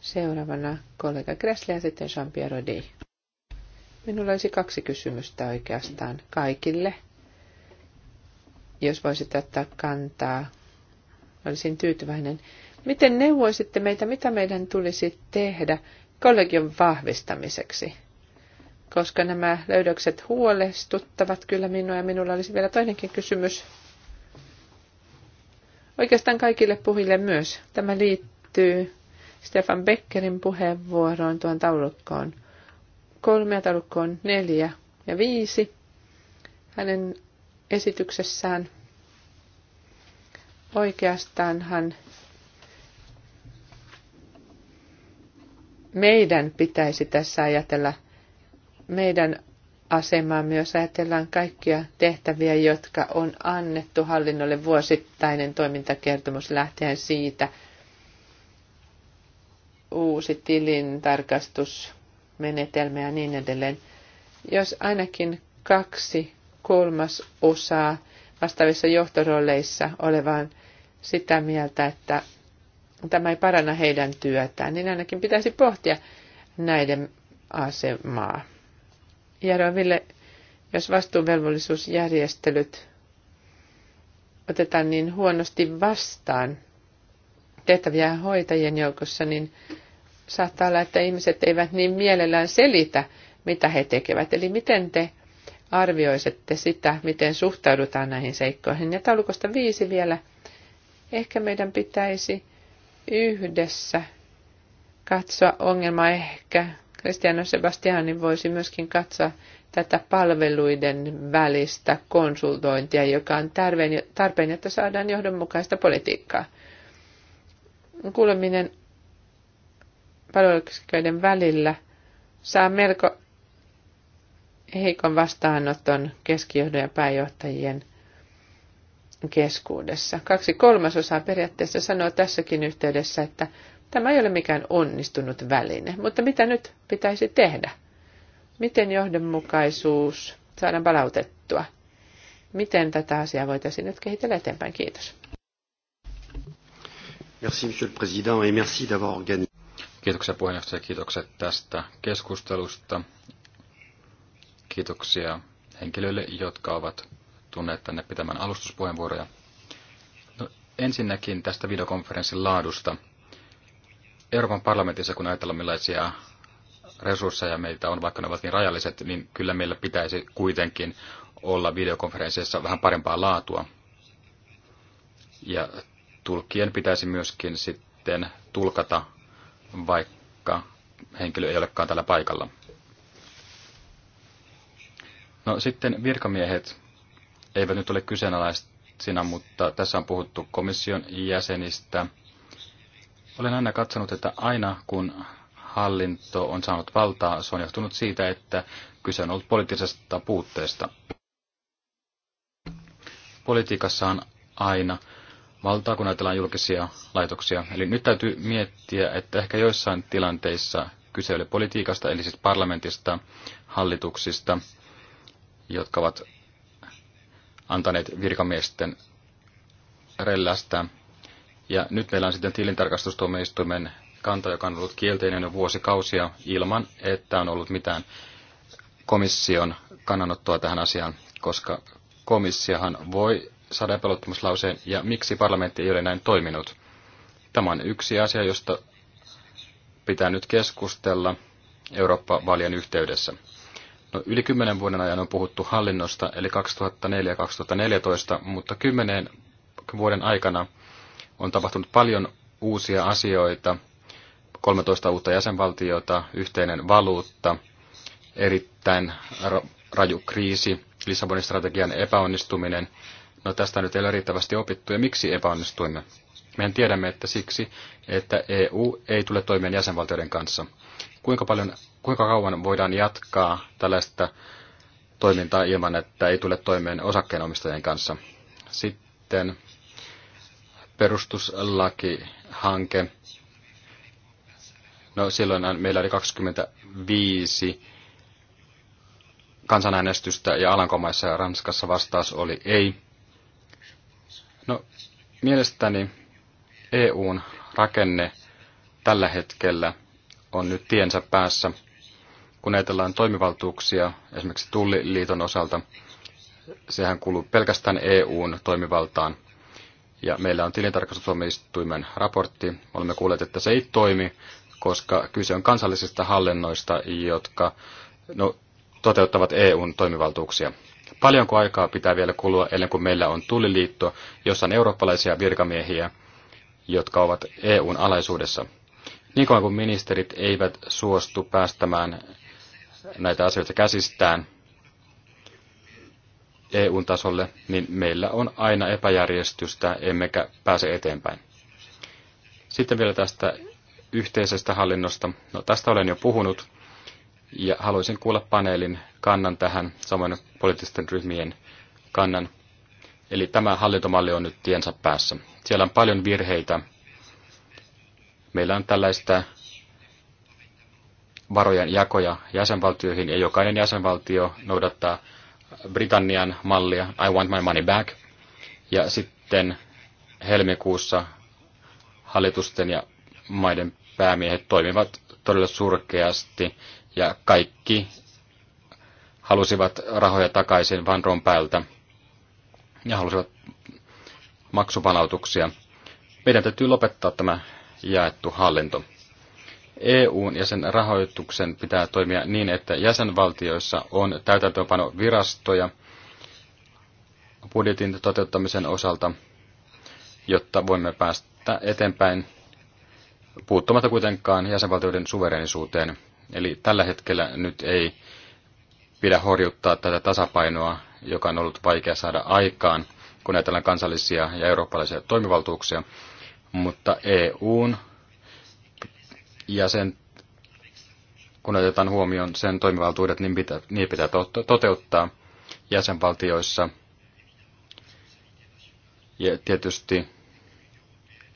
Seuraavana kollega Gressle ja sitten Jean-Pierre Rodi. Minulla olisi kaksi kysymystä oikeastaan kaikille. Jos voisit ottaa kantaa, olisin tyytyväinen. Miten neuvoisitte meitä, mitä meidän tulisi tehdä kollegion vahvistamiseksi? Koska nämä löydökset huolestuttavat kyllä minua ja minulla olisi vielä toinenkin kysymys. Oikeastaan kaikille puhille myös. Tämä liittyy Stefan Beckerin puheenvuoroon tuon taulukkoon kolme ja neljä ja viisi hänen esityksessään. Oikeastaan hän meidän pitäisi tässä ajatella, meidän asemaa myös ajatellaan kaikkia tehtäviä, jotka on annettu hallinnolle vuosittainen toimintakertomus lähtien siitä uusi tilintarkastus menetelmiä ja niin edelleen. Jos ainakin kaksi kolmas osaa vastaavissa johtorolleissa olevaan sitä mieltä, että tämä ei paranna heidän työtään, niin ainakin pitäisi pohtia näiden asemaa. Jaroville, jos vastuuvelvollisuusjärjestelyt otetaan niin huonosti vastaan tehtäviä hoitajien joukossa, niin saattaa olla, että ihmiset eivät niin mielellään selitä, mitä he tekevät. Eli miten te arvioisitte sitä, miten suhtaudutaan näihin seikkoihin. Ja taulukosta viisi vielä. Ehkä meidän pitäisi yhdessä katsoa ongelma ehkä. Kristiano Sebastiani voisi myöskin katsoa tätä palveluiden välistä konsultointia, joka on tarpeen, jotta saadaan johdonmukaista politiikkaa. Kuuleminen palveluyksiköiden välillä saa melko heikon vastaanoton keskijohdon ja pääjohtajien keskuudessa. Kaksi kolmasosaa periaatteessa sanoo tässäkin yhteydessä, että tämä ei ole mikään onnistunut väline, mutta mitä nyt pitäisi tehdä? Miten johdonmukaisuus saadaan palautettua? Miten tätä asiaa voitaisiin nyt kehitellä eteenpäin? Kiitos. Merci, Monsieur le Président, et merci d'avoir organisé. Kiitoksia puheenjohtaja, kiitokset tästä keskustelusta. Kiitoksia henkilöille, jotka ovat tunneet tänne pitämään alustuspuheenvuoroja. No, ensinnäkin tästä videokonferenssin laadusta. Euroopan parlamentissa, kun ajatellaan millaisia resursseja meitä on, vaikka ne ovat niin rajalliset, niin kyllä meillä pitäisi kuitenkin olla videokonferensseissa vähän parempaa laatua. Ja tulkkien pitäisi myöskin sitten tulkata vaikka henkilö ei olekaan tällä paikalla. No sitten virkamiehet eivät nyt ole kyseenalaisina, mutta tässä on puhuttu komission jäsenistä. Olen aina katsonut, että aina kun hallinto on saanut valtaa, se on johtunut siitä, että kyse on ollut poliittisesta puutteesta. Politiikassa on aina valtaa, kun ajatellaan julkisia laitoksia. Eli nyt täytyy miettiä, että ehkä joissain tilanteissa kyse oli politiikasta, eli siis parlamentista, hallituksista, jotka ovat antaneet virkamiesten rellästä. Ja nyt meillä on sitten tilintarkastustuomioistuimen kanta, joka on ollut kielteinen jo vuosikausia ilman, että on ollut mitään komission kannanottoa tähän asiaan, koska komissiahan voi saada epäluottamuslauseen ja miksi parlamentti ei ole näin toiminut. Tämä on yksi asia, josta pitää nyt keskustella Eurooppa-vaalien yhteydessä. No, yli kymmenen vuoden ajan on puhuttu hallinnosta, eli 2004-2014, mutta kymmenen vuoden aikana on tapahtunut paljon uusia asioita, 13 uutta jäsenvaltiota, yhteinen valuutta, erittäin raju kriisi, Lissabonin strategian epäonnistuminen, No tästä nyt ei ole riittävästi opittu ja miksi epäonnistuimme? Mehän tiedämme, että siksi, että EU ei tule toimeen jäsenvaltioiden kanssa. Kuinka, paljon, kuinka kauan voidaan jatkaa tällaista toimintaa ilman, että ei tule toimeen osakkeenomistajien kanssa? Sitten perustuslakihanke. No silloin meillä oli 25 kansanäänestystä ja Alankomaissa ja Ranskassa vastaus oli ei. No, mielestäni EUn rakenne tällä hetkellä on nyt tiensä päässä. Kun ajatellaan toimivaltuuksia esimerkiksi Tulliliiton osalta, sehän kuuluu pelkästään EUn toimivaltaan. Ja meillä on tilintarkastustuomioistuimen raportti. Olemme kuulleet, että se ei toimi, koska kyse on kansallisista hallinnoista, jotka no, toteuttavat EUn toimivaltuuksia. Paljonko aikaa pitää vielä kulua ennen kuin meillä on tulliliitto, jossa on eurooppalaisia virkamiehiä, jotka ovat EUn alaisuudessa? Niin kauan kuin ministerit eivät suostu päästämään näitä asioita käsistään EUn tasolle, niin meillä on aina epäjärjestystä, emmekä pääse eteenpäin. Sitten vielä tästä yhteisestä hallinnosta. No, tästä olen jo puhunut ja haluaisin kuulla paneelin kannan tähän, samoin poliittisten ryhmien kannan. Eli tämä hallintomalli on nyt tiensä päässä. Siellä on paljon virheitä. Meillä on tällaista varojen jakoja jäsenvaltioihin ja jokainen jäsenvaltio noudattaa Britannian mallia I want my money back. Ja sitten helmikuussa hallitusten ja maiden päämiehet toimivat todella surkeasti ja kaikki halusivat rahoja takaisin Van Rompäältä ja halusivat maksupalautuksia. Meidän täytyy lopettaa tämä jaettu hallinto. EUn ja sen rahoituksen pitää toimia niin, että jäsenvaltioissa on virastoja budjetin toteuttamisen osalta, jotta voimme päästä eteenpäin puuttumatta kuitenkaan jäsenvaltioiden suverenisuuteen Eli tällä hetkellä nyt ei pidä horjuttaa tätä tasapainoa, joka on ollut vaikea saada aikaan, kun ajatellaan kansallisia ja eurooppalaisia toimivaltuuksia. Mutta EUn ja sen, kun otetaan huomioon sen toimivaltuudet, niin pitää, niin pitää toteuttaa jäsenvaltioissa. Ja tietysti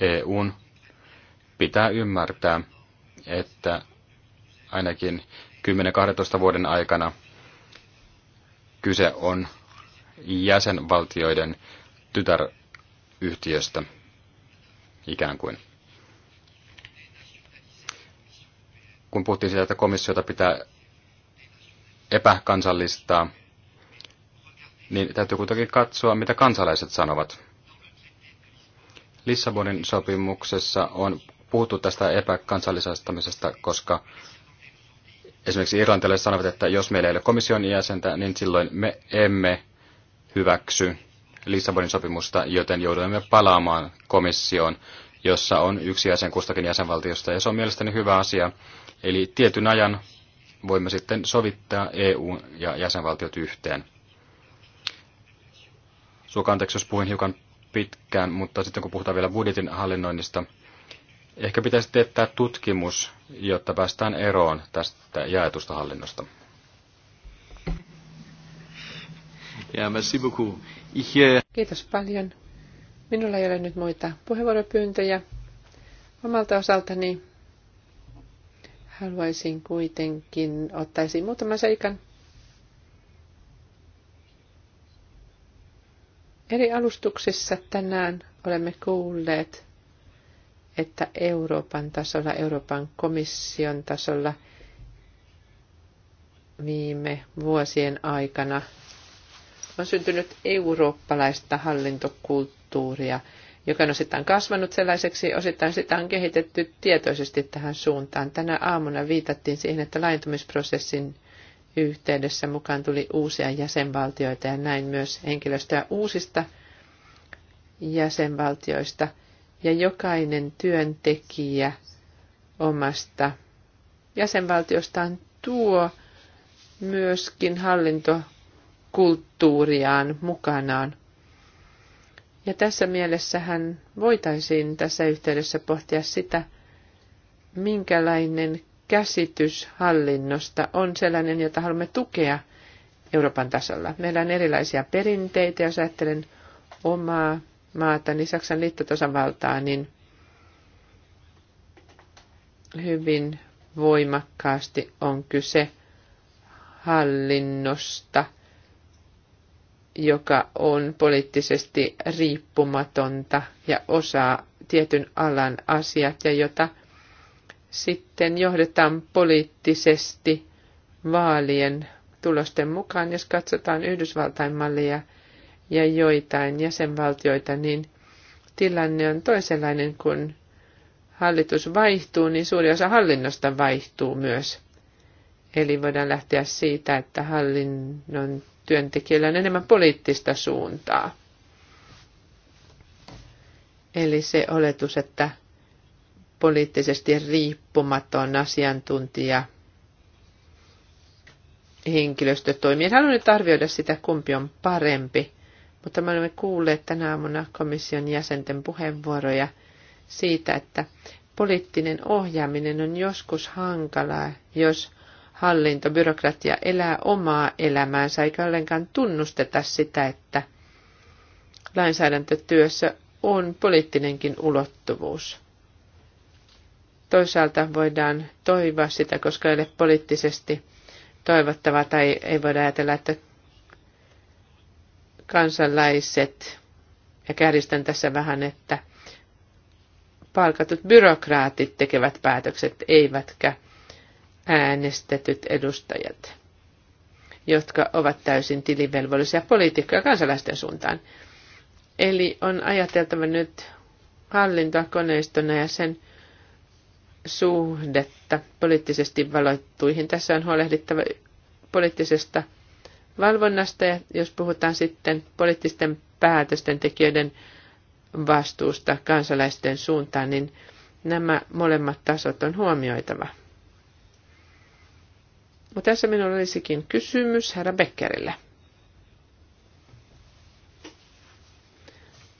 EUn pitää ymmärtää, että ainakin 10-12 vuoden aikana kyse on jäsenvaltioiden tytäryhtiöstä ikään kuin. Kun puhuttiin siitä, että komissiota pitää epäkansallistaa, niin täytyy kuitenkin katsoa, mitä kansalaiset sanovat. Lissabonin sopimuksessa on puhuttu tästä epäkansallisastamisesta, koska esimerkiksi irlantilaiset sanovat, että jos meillä ei ole komission jäsentä, niin silloin me emme hyväksy Lissabonin sopimusta, joten joudumme palaamaan komissioon, jossa on yksi jäsen kustakin jäsenvaltiosta, ja se on mielestäni hyvä asia. Eli tietyn ajan voimme sitten sovittaa EU ja jäsenvaltiot yhteen. Suoka anteeksi, jos puhuin hiukan pitkään, mutta sitten kun puhutaan vielä budjetin hallinnoinnista, Ehkä pitäisi teettää tutkimus, jotta päästään eroon tästä jaetusta hallinnosta. Ja, eh, Kiitos paljon. Minulla ei ole nyt muita puheenvuoropyyntöjä. Omalta osaltani haluaisin kuitenkin ottaisin muutaman seikan Eri alustuksissa tänään olemme kuulleet että Euroopan tasolla, Euroopan komission tasolla viime vuosien aikana on syntynyt eurooppalaista hallintokulttuuria, joka on osittain kasvanut sellaiseksi, osittain sitä on kehitetty tietoisesti tähän suuntaan. Tänä aamuna viitattiin siihen, että laajentumisprosessin yhteydessä mukaan tuli uusia jäsenvaltioita ja näin myös henkilöstöä uusista jäsenvaltioista – ja jokainen työntekijä omasta jäsenvaltiostaan tuo myöskin hallintokulttuuriaan mukanaan. Ja tässä mielessähän voitaisiin tässä yhteydessä pohtia sitä, minkälainen käsitys hallinnosta on sellainen, jota haluamme tukea Euroopan tasolla. Meillä on erilaisia perinteitä, jos ajattelen omaa maata, niin Saksan liittotasavaltaa, niin hyvin voimakkaasti on kyse hallinnosta, joka on poliittisesti riippumatonta ja osaa tietyn alan asiat ja jota sitten johdetaan poliittisesti vaalien tulosten mukaan. Jos katsotaan Yhdysvaltain mallia, ja joitain jäsenvaltioita, niin tilanne on toisenlainen, kun hallitus vaihtuu, niin suuri osa hallinnosta vaihtuu myös. Eli voidaan lähteä siitä, että hallinnon työntekijöillä on enemmän poliittista suuntaa. Eli se oletus, että poliittisesti riippumaton asiantuntija henkilöstö toimii. En halunnut arvioida sitä, kumpi on parempi, mutta me olemme kuulleet tänä aamuna komission jäsenten puheenvuoroja siitä, että poliittinen ohjaaminen on joskus hankalaa, jos hallinto, elää omaa elämäänsä, eikä ollenkaan tunnusteta sitä, että lainsäädäntötyössä on poliittinenkin ulottuvuus. Toisaalta voidaan toivoa sitä, koska ei ole poliittisesti toivottavaa tai ei voida ajatella, että kansalaiset, ja kärjistän tässä vähän, että palkatut byrokraatit tekevät päätökset, eivätkä äänestetyt edustajat, jotka ovat täysin tilivelvollisia poliitikkoja kansalaisten suuntaan. Eli on ajateltava nyt hallintoa koneistona ja sen suhdetta poliittisesti valoittuihin. Tässä on huolehdittava poliittisesta valvonnasta ja jos puhutaan sitten poliittisten päätösten tekijöiden vastuusta kansalaisten suuntaan, niin nämä molemmat tasot on huomioitava. Mutta tässä minulla olisikin kysymys herra Beckerille.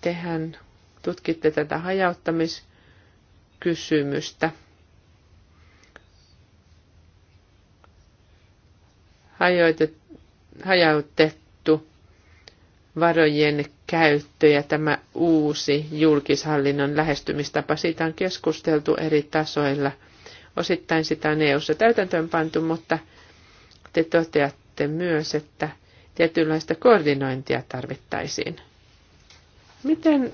Tehän tutkitte tätä hajauttamiskysymystä. Hajoitet, hajautettu varojen käyttö ja tämä uusi julkishallinnon lähestymistapa, siitä on keskusteltu eri tasoilla. Osittain sitä on EU-ssa täytäntöön pantu, mutta te toteatte myös, että tietynlaista koordinointia tarvittaisiin. Miten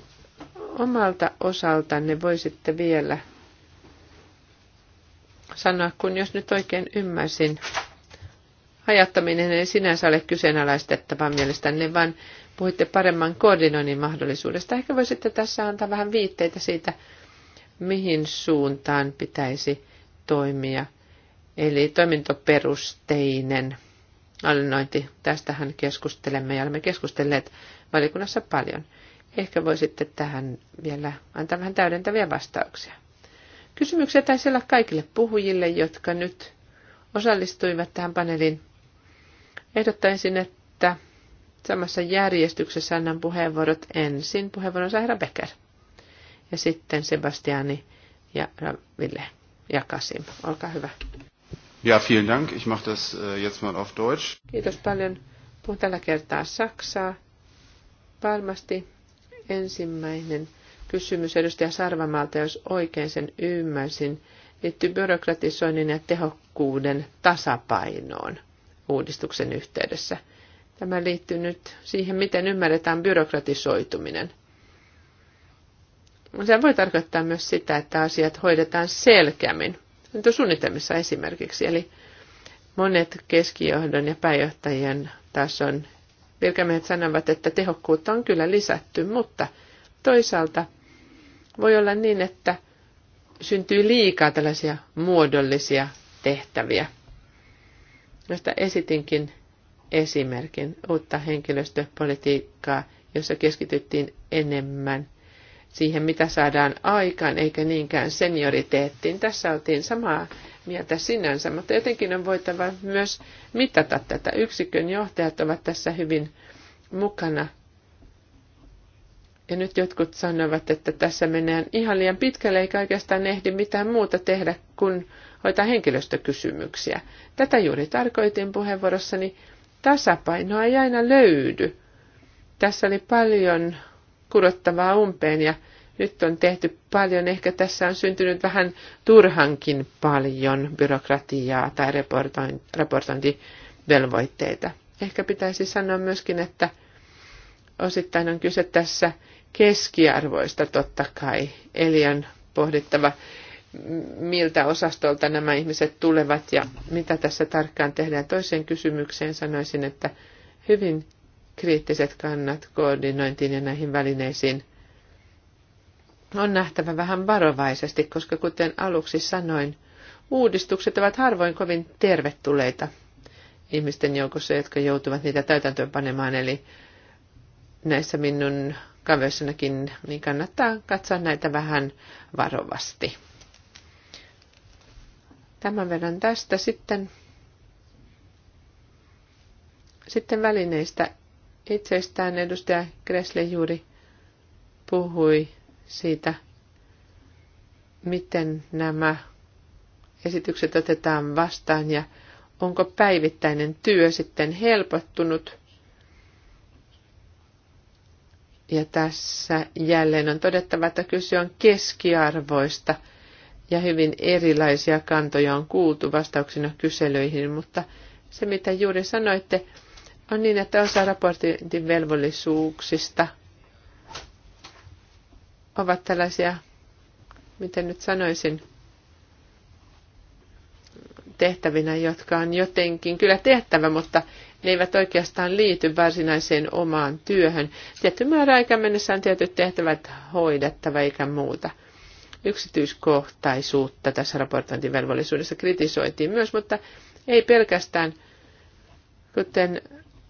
omalta osaltanne voisitte vielä sanoa, kun jos nyt oikein ymmärsin, hajattaminen ei sinänsä ole kyseenalaistettava mielestänne, vaan puhuitte paremman koordinoinnin mahdollisuudesta. Ehkä voisitte tässä antaa vähän viitteitä siitä, mihin suuntaan pitäisi toimia. Eli toimintoperusteinen hallinnointi, tästähän keskustelemme ja olemme keskustelleet valikunnassa paljon. Ehkä voisitte tähän vielä antaa vähän täydentäviä vastauksia. Kysymyksiä taisi olla kaikille puhujille, jotka nyt osallistuivat tähän paneeliin. Ehdottaisin, että samassa järjestyksessä annan puheenvuorot ensin. Puheenvuoron saa herra Becker ja sitten Sebastiani ja Ville ja Kasim. Olkaa hyvä. Ja, vielen Dank. Ich mache das äh, jetzt mal auf Deutsch. Kiitos paljon. Puhun tällä kertaa Saksaa. Varmasti ensimmäinen kysymys edustaja Sarvamaalta, jos oikein sen ymmärsin, liittyy byrokratisoinnin ja tehokkuuden tasapainoon uudistuksen yhteydessä. Tämä liittyy nyt siihen, miten ymmärretään byrokratisoituminen. Se voi tarkoittaa myös sitä, että asiat hoidetaan selkeämmin. Nyt on suunnitelmissa esimerkiksi, eli monet keskijohdon ja pääjohtajien tason virkamiehet sanovat, että tehokkuutta on kyllä lisätty, mutta toisaalta voi olla niin, että syntyy liikaa tällaisia muodollisia tehtäviä – josta esitinkin esimerkin uutta henkilöstöpolitiikkaa, jossa keskityttiin enemmän siihen, mitä saadaan aikaan, eikä niinkään senioriteettiin. Tässä oltiin samaa mieltä sinänsä, mutta jotenkin on voitava myös mitata tätä. Yksikön johtajat ovat tässä hyvin mukana. Ja nyt jotkut sanovat, että tässä menee ihan liian pitkälle, eikä oikeastaan ehdi mitään muuta tehdä kuin hoitaa henkilöstökysymyksiä. Tätä juuri tarkoitin puheenvuorossani. Tasapainoa ei aina löydy. Tässä oli paljon kurottavaa umpeen ja nyt on tehty paljon. Ehkä tässä on syntynyt vähän turhankin paljon byrokratiaa tai raportointivelvoitteita. Ehkä pitäisi sanoa myöskin, että osittain on kyse tässä keskiarvoista totta kai. Eli on pohdittava miltä osastolta nämä ihmiset tulevat ja mitä tässä tarkkaan tehdään. Toiseen kysymykseen sanoisin, että hyvin kriittiset kannat koordinointiin ja näihin välineisiin on nähtävä vähän varovaisesti, koska kuten aluksi sanoin, uudistukset ovat harvoin kovin tervetulleita ihmisten joukossa, jotka joutuvat niitä täytäntöön panemaan. Eli näissä minun kaveissanakin niin kannattaa katsoa näitä vähän varovasti. Tämän vedän tästä sitten. Sitten välineistä itseistään edustaja Kresle juuri puhui siitä, miten nämä esitykset otetaan vastaan ja onko päivittäinen työ sitten helpottunut. Ja tässä jälleen on todettava, että kyse on keskiarvoista – ja hyvin erilaisia kantoja on kuultu vastauksina kyselyihin, mutta se mitä juuri sanoitte on niin, että osa raportin velvollisuuksista ovat tällaisia, miten nyt sanoisin, tehtävinä, jotka on jotenkin kyllä tehtävä, mutta ne eivät oikeastaan liity varsinaiseen omaan työhön. Tietty määräaika mennessä on tietyt tehtävät hoidettava eikä muuta – yksityiskohtaisuutta tässä raportointivelvollisuudessa kritisoitiin myös, mutta ei pelkästään, kuten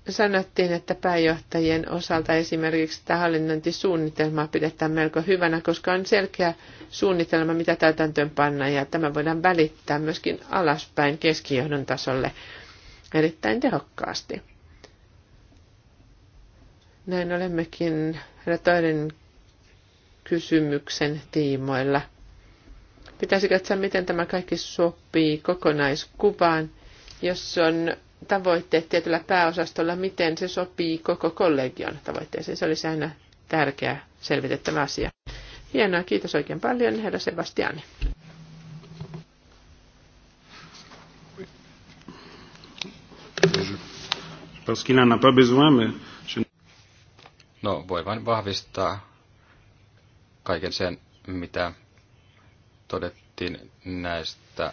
sanottiin, että pääjohtajien osalta esimerkiksi tämä hallinnointisuunnitelmaa pidetään melko hyvänä, koska on selkeä suunnitelma, mitä täytäntöön panna ja tämä voidaan välittää myöskin alaspäin keskijohdon tasolle erittäin tehokkaasti. Näin olemmekin Ratoiden kysymyksen tiimoilla. Pitäisi katsoa, miten tämä kaikki sopii kokonaiskuvaan. Jos on tavoitteet tietyllä pääosastolla, miten se sopii koko kollegion tavoitteeseen. Se olisi aina tärkeä selvitettävä asia. Hienoa, kiitos oikein paljon, herra Sebastiani. No, voi vain vahvistaa kaiken sen, mitä todettiin näistä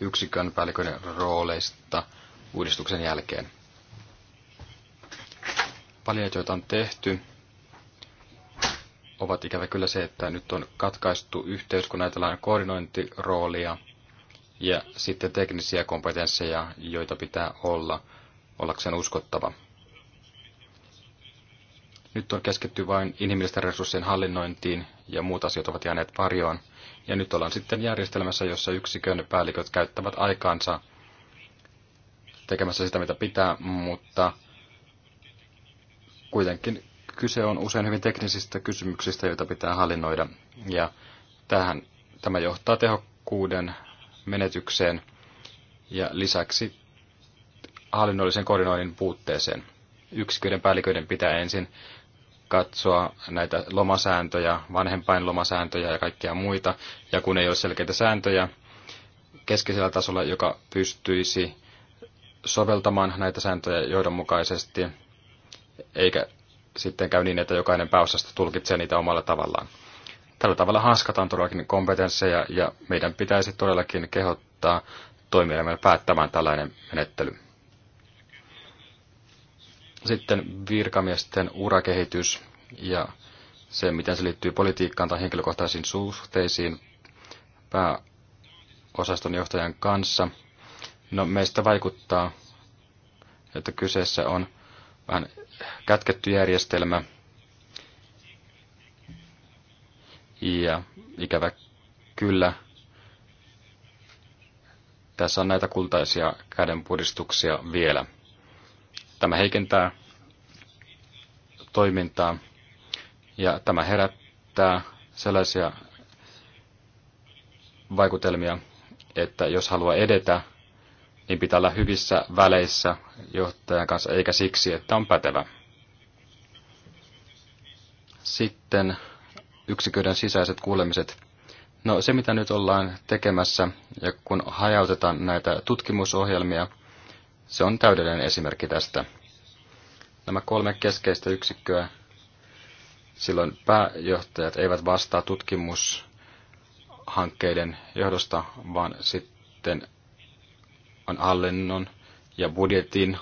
yksikön päällikön rooleista uudistuksen jälkeen. Valinnat, joita on tehty, ovat ikävä kyllä se, että nyt on katkaistu yhteys, kun ajatellaan koordinointiroolia ja sitten teknisiä kompetensseja, joita pitää olla ollakseen uskottava. Nyt on keskitty vain inhimillisten resurssien hallinnointiin ja muut asiat ovat jääneet varjoon. Ja nyt ollaan sitten järjestelmässä, jossa yksikön päälliköt käyttävät aikaansa tekemässä sitä, mitä pitää, mutta kuitenkin kyse on usein hyvin teknisistä kysymyksistä, joita pitää hallinnoida. Ja tähän, tämä johtaa tehokkuuden menetykseen ja lisäksi hallinnollisen koordinoinnin puutteeseen. Yksiköiden päälliköiden pitää ensin katsoa näitä lomasääntöjä, vanhempain lomasääntöjä ja kaikkia muita. Ja kun ei ole selkeitä sääntöjä keskisellä tasolla, joka pystyisi soveltamaan näitä sääntöjä johdonmukaisesti, eikä sitten käy niin, että jokainen pääosasta tulkitsee niitä omalla tavallaan. Tällä tavalla hanskataan todellakin kompetensseja ja meidän pitäisi todellakin kehottaa toimielimellä päättämään tällainen menettely. Sitten virkamiesten urakehitys ja se, miten se liittyy politiikkaan tai henkilökohtaisiin suhteisiin pääosaston johtajan kanssa. No meistä vaikuttaa, että kyseessä on vähän kätketty järjestelmä ja ikävä kyllä tässä on näitä kultaisia kädenpudistuksia vielä. Tämä heikentää toimintaa ja tämä herättää sellaisia vaikutelmia, että jos haluaa edetä, niin pitää olla hyvissä väleissä johtajan kanssa, eikä siksi, että on pätevä. Sitten yksiköiden sisäiset kuulemiset. No se, mitä nyt ollaan tekemässä, ja kun hajautetaan näitä tutkimusohjelmia – se on täydellinen esimerkki tästä. Nämä kolme keskeistä yksikköä, silloin pääjohtajat eivät vastaa tutkimushankkeiden johdosta, vaan sitten on hallinnon ja budjetin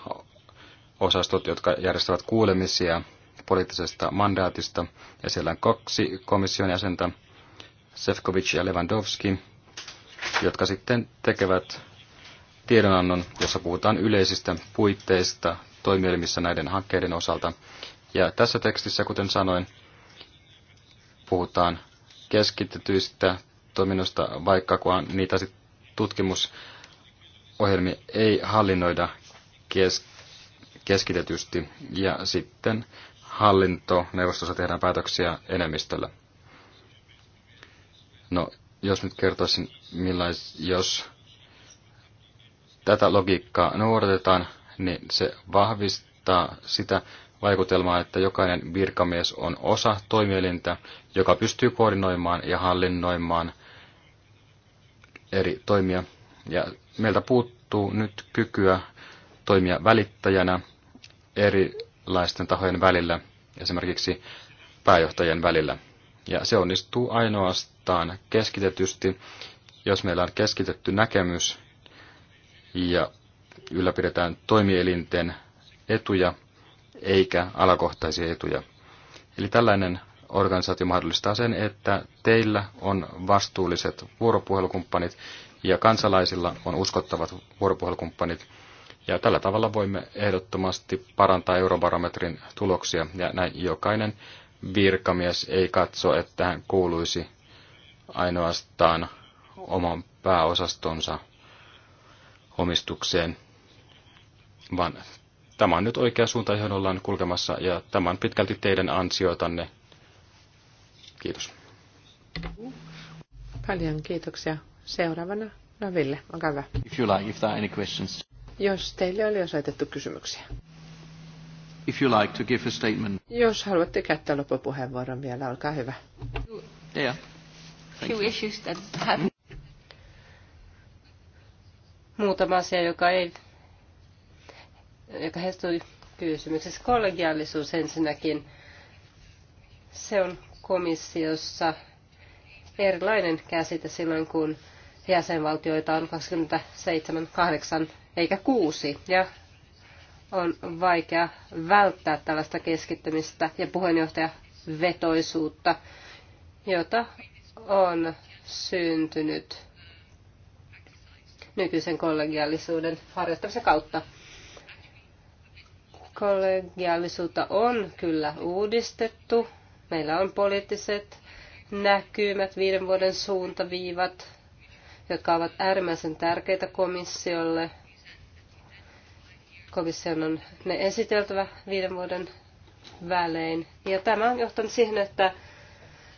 osastot, jotka järjestävät kuulemisia poliittisesta mandaatista, ja siellä on kaksi komission jäsentä, Sefcovic ja Lewandowski, jotka sitten tekevät tiedonannon, jossa puhutaan yleisistä puitteista toimielimissä näiden hankkeiden osalta. Ja tässä tekstissä, kuten sanoin, puhutaan keskitetyistä toiminnoista, vaikka kun niitä tutkimusohjelmia ei hallinnoida kes- keskitetysti. Ja sitten hallintoneuvostossa tehdään päätöksiä enemmistöllä. No, jos nyt kertoisin, millais, jos tätä logiikkaa noudatetaan, niin se vahvistaa sitä vaikutelmaa, että jokainen virkamies on osa toimielintä, joka pystyy koordinoimaan ja hallinnoimaan eri toimia. Ja meiltä puuttuu nyt kykyä toimia välittäjänä erilaisten tahojen välillä, esimerkiksi pääjohtajien välillä. Ja se onnistuu ainoastaan keskitetysti, jos meillä on keskitetty näkemys ja ylläpidetään toimielinten etuja eikä alakohtaisia etuja. Eli tällainen organisaatio mahdollistaa sen, että teillä on vastuulliset vuoropuhelukumppanit ja kansalaisilla on uskottavat vuoropuhelukumppanit. Ja tällä tavalla voimme ehdottomasti parantaa eurobarometrin tuloksia ja näin jokainen virkamies ei katso, että hän kuuluisi ainoastaan oman pääosastonsa omistukseen, vaan tämä on nyt oikea suunta, johon ollaan kulkemassa, ja tämä on pitkälti teidän ansiotanne. Kiitos. Paljon kiitoksia. Seuraavana Raville, no olkaa hyvä. If you like, if there are any questions. Jos teille oli osoitettu kysymyksiä. If you like to give a statement. Jos haluatte käyttää loppupuheenvuoron vielä, olkaa hyvä. Yeah. Thank you. issues that have muutama asia, joka, ei, joka heistui kysymyksessä. Kollegiallisuus ensinnäkin. Se on komissiossa erilainen käsite silloin, kun jäsenvaltioita on 27, 8 eikä 6. Ja on vaikea välttää tällaista keskittämistä ja puheenjohtajavetoisuutta, jota on syntynyt nykyisen kollegiaalisuuden harjoittamisen kautta. Kollegiaalisuutta on kyllä uudistettu. Meillä on poliittiset näkymät, viiden vuoden suuntaviivat, jotka ovat äärimmäisen tärkeitä komissiolle. Komission on ne esiteltävä viiden vuoden välein. Ja tämä on johtanut siihen, että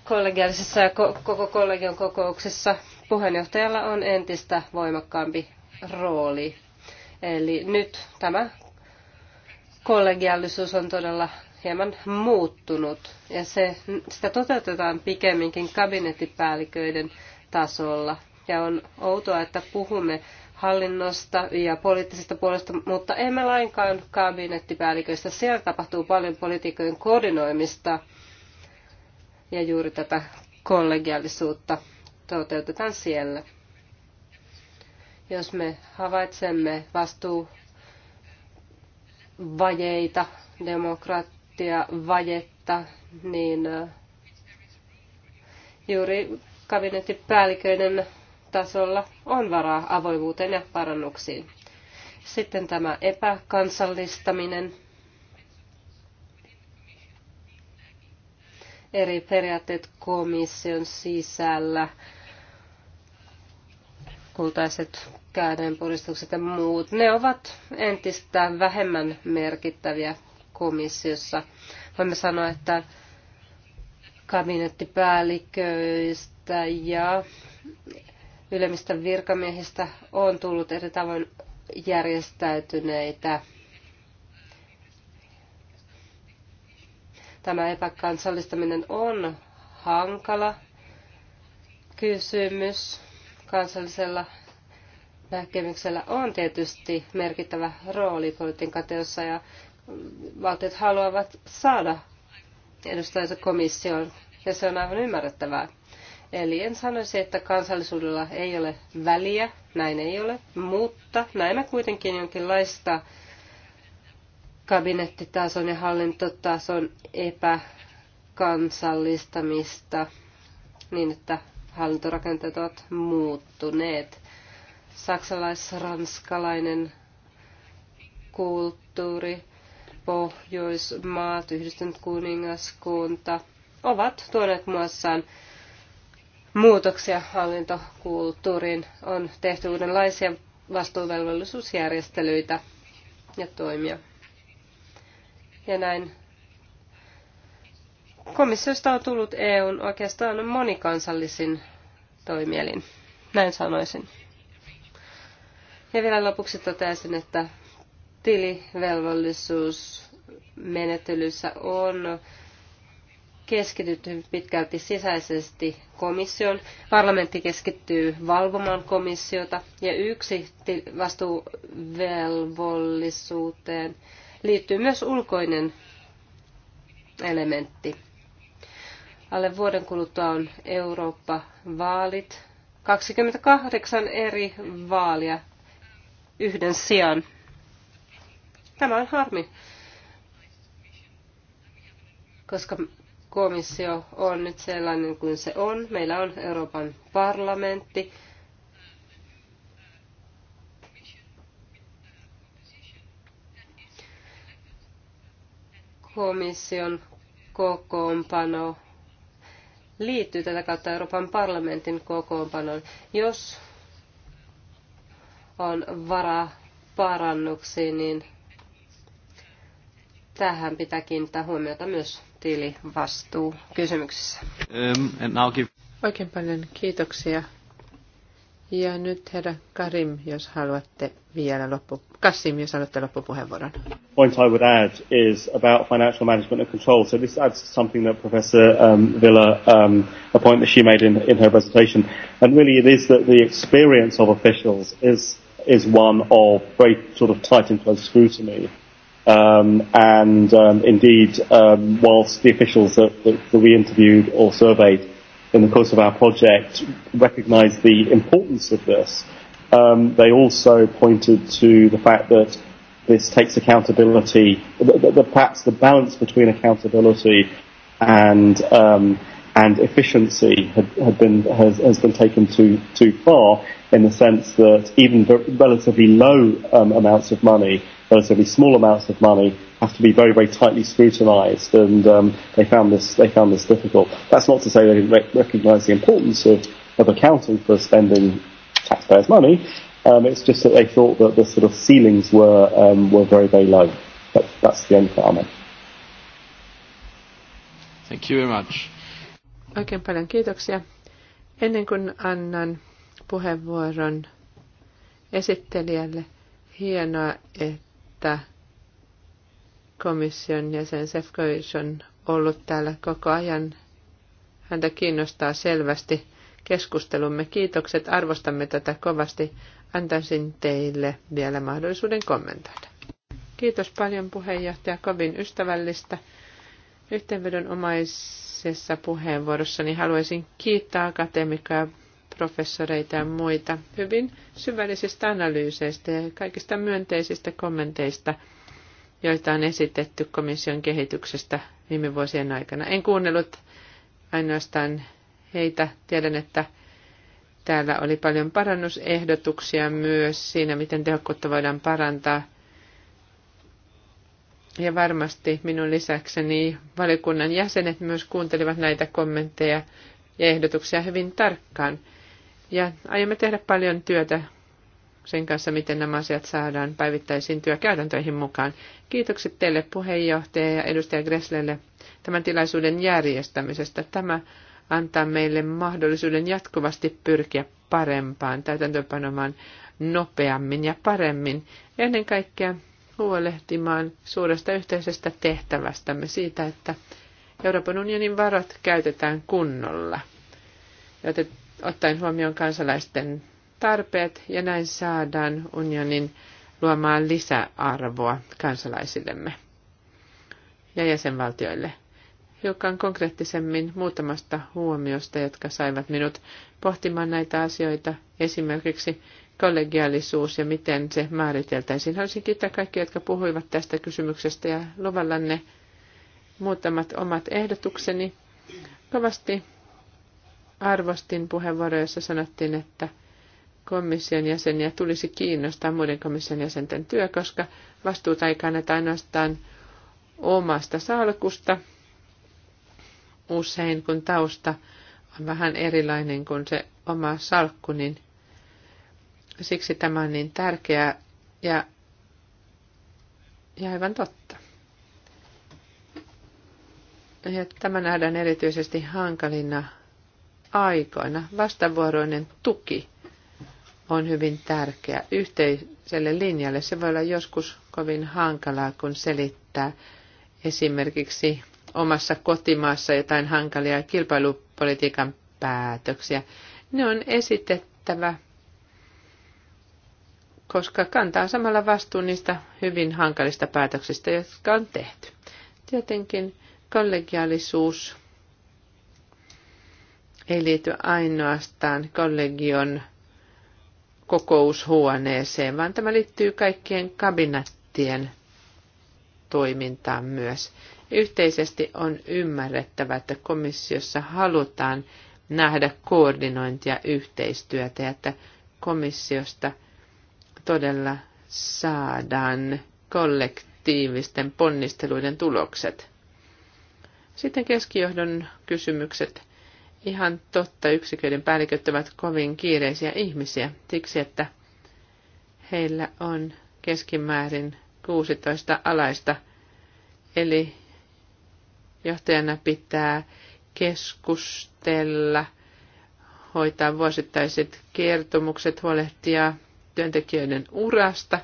kollegiaalisessa ja koko kollegion kokouksessa puheenjohtajalla on entistä voimakkaampi rooli. Eli nyt tämä kollegiallisuus on todella hieman muuttunut ja se, sitä toteutetaan pikemminkin kabinettipäälliköiden tasolla. Ja on outoa, että puhumme hallinnosta ja poliittisesta puolesta, mutta emme lainkaan kabinettipäälliköistä. Siellä tapahtuu paljon politiikkojen koordinoimista ja juuri tätä kollegiallisuutta toteutetaan siellä. Jos me havaitsemme vastuuvajeita, vajetta, niin äh, juuri kabinettipäälliköiden tasolla on varaa avoimuuteen ja parannuksiin. Sitten tämä epäkansallistaminen. Eri periaatteet komission sisällä kultaiset kädenpuristukset ja muut, ne ovat entistä vähemmän merkittäviä komissiossa. Voimme sanoa, että kabinettipäälliköistä ja ylemmistä virkamiehistä on tullut eri tavoin järjestäytyneitä. Tämä epäkansallistaminen on hankala kysymys kansallisella näkemyksellä on tietysti merkittävä rooli politiikan teossa ja valtiot haluavat saada edustajansa komissioon ja se on aivan ymmärrettävää. Eli en sanoisi, että kansallisuudella ei ole väliä, näin ei ole, mutta näemme kuitenkin jonkinlaista kabinettitason ja hallintotason epäkansallistamista niin, että hallintorakenteet ovat muuttuneet. Saksalais-ranskalainen kulttuuri, Pohjoismaat, yhdistynyt kuningaskunta ovat tuoneet muassaan muutoksia hallintokulttuuriin. On tehty uudenlaisia vastuuvelvollisuusjärjestelyitä ja toimia. Ja näin Komissiosta on tullut EUn oikeastaan monikansallisin toimielin, näin sanoisin. Ja vielä lopuksi toteaisin, että tilivelvollisuusmenettelyssä on keskitytty pitkälti sisäisesti komission. Parlamentti keskittyy valvomaan komissiota ja yksi vastuuvelvollisuuteen liittyy myös ulkoinen elementti. Alle vuoden kuluttua on Eurooppa-vaalit. 28 eri vaalia yhden sijaan. Tämä on harmi, koska komissio on nyt sellainen kuin se on. Meillä on Euroopan parlamentti. Komission kokoonpano liittyy tätä kautta Euroopan parlamentin kokoonpanoon, jos on varaa parannuksiin, niin tähän pitää kiinnittää huomiota myös tilivastuukysymyksissä. Um, Oikein paljon kiitoksia. Ja nyt herra Karim, jos haluatte vielä loppu, Kassim, jos haluatte loppupuheenvuoron. Point I would add is about financial management and control. So this adds something that Professor um, Villa, um, a point that she made in, in her presentation. And really it is that the experience of officials is, is one of very sort of tight and close scrutiny. Um, and um, indeed, um, whilst the officials that, that, that we interviewed or surveyed in the course of our project recognized the importance of this. Um, they also pointed to the fact that this takes accountability, that perhaps the balance between accountability and um, and efficiency had, had been has, has been taken too too far in the sense that even relatively low um, amounts of money, relatively small amounts of money, have to be very, very tightly scrutinised, and um, they found this they found this difficult. That's not to say they didn't re- recognise the importance of, of accounting for spending taxpayers' money. Um, it's just that they thought that the sort of ceilings were um, were very, very low. But that's the end part I Thank you very much. Oikein paljon kiitoksia. Ennen kuin annan puheenvuoron esittelijälle, hienoa, että komission jäsen Sefcovic on ollut täällä koko ajan. Häntä kiinnostaa selvästi keskustelumme. Kiitokset, arvostamme tätä kovasti. Antaisin teille vielä mahdollisuuden kommentoida. Kiitos paljon puheenjohtaja, kovin ystävällistä. Yhteenvedonomaisessa puheenvuorossani haluaisin kiittää akateemikkoja, professoreita ja muita hyvin syvällisistä analyyseistä ja kaikista myönteisistä kommenteista – joita on esitetty komission kehityksestä viime vuosien aikana. En kuunnellut ainoastaan heitä. Tiedän, että täällä oli paljon parannusehdotuksia myös siinä, miten tehokkuutta voidaan parantaa. Ja varmasti minun lisäkseni valiokunnan jäsenet myös kuuntelivat näitä kommentteja ja ehdotuksia hyvin tarkkaan. Ja aiomme tehdä paljon työtä sen kanssa, miten nämä asiat saadaan päivittäisiin työkäytäntöihin mukaan. Kiitokset teille puheenjohtaja ja edustaja Gresslelle tämän tilaisuuden järjestämisestä. Tämä antaa meille mahdollisuuden jatkuvasti pyrkiä parempaan, täytäntöönpanomaan nopeammin ja paremmin. Ennen kaikkea huolehtimaan suuresta yhteisestä tehtävästämme siitä, että Euroopan unionin varat käytetään kunnolla, joten ottaen huomioon kansalaisten tarpeet ja näin saadaan unionin luomaan lisäarvoa kansalaisillemme ja jäsenvaltioille. Hiukan konkreettisemmin muutamasta huomiosta, jotka saivat minut pohtimaan näitä asioita, esimerkiksi kollegiaalisuus ja miten se määriteltäisiin. Haluaisin kiittää kaikkia, jotka puhuivat tästä kysymyksestä ja luvallanne muutamat omat ehdotukseni. Kovasti arvostin puheenvuoroja, jossa sanottiin, että – komission jäseniä tulisi kiinnostaa muiden komission jäsenten työ, koska vastuuta ei kannata ainoastaan omasta salkusta. Usein kun tausta on vähän erilainen kuin se oma salkku, niin siksi tämä on niin tärkeää ja, ja aivan totta. Ja tämä nähdään erityisesti hankalina aikoina. Vastavuoroinen tuki on hyvin tärkeä. Yhteiselle linjalle se voi olla joskus kovin hankalaa, kun selittää esimerkiksi omassa kotimaassa jotain hankalia kilpailupolitiikan päätöksiä. Ne on esitettävä, koska kantaa samalla vastuun niistä hyvin hankalista päätöksistä, jotka on tehty. Tietenkin kollegiaalisuus ei liity ainoastaan kollegion kokoushuoneeseen, vaan tämä liittyy kaikkien kabinettien toimintaan myös. Yhteisesti on ymmärrettävä, että komissiossa halutaan nähdä koordinointia yhteistyötä ja että komissiosta todella saadaan kollektiivisten ponnisteluiden tulokset. Sitten keskijohdon kysymykset ihan totta yksiköiden päälliköt ovat kovin kiireisiä ihmisiä siksi, että heillä on keskimäärin 16 alaista, eli johtajana pitää keskustella, hoitaa vuosittaiset kertomukset, huolehtia työntekijöiden urasta.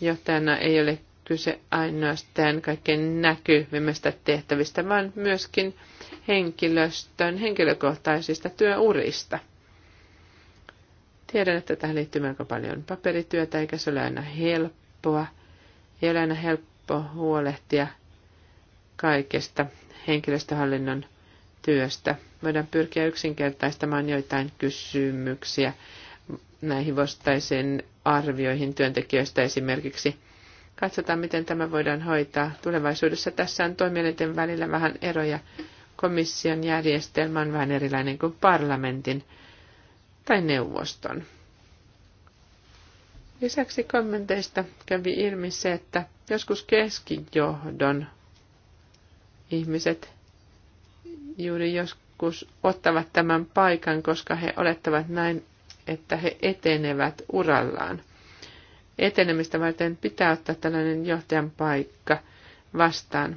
Johtajana ei ole kyse ainoastaan kaikkein näkyvimmistä tehtävistä, vaan myöskin henkilöstön henkilökohtaisista työurista. Tiedän, että tähän liittyy melko paljon paperityötä, eikä se ole aina helppoa. Ei ole aina helppo huolehtia kaikesta henkilöstöhallinnon työstä. Voidaan pyrkiä yksinkertaistamaan joitain kysymyksiä näihin vastaisiin arvioihin työntekijöistä esimerkiksi – katsotaan, miten tämä voidaan hoitaa tulevaisuudessa. Tässä on toimielinten välillä vähän eroja. Komission järjestelmä on vähän erilainen kuin parlamentin tai neuvoston. Lisäksi kommenteista kävi ilmi se, että joskus keskijohdon ihmiset juuri joskus ottavat tämän paikan, koska he olettavat näin, että he etenevät urallaan – etenemistä varten pitää ottaa tällainen johtajan paikka vastaan.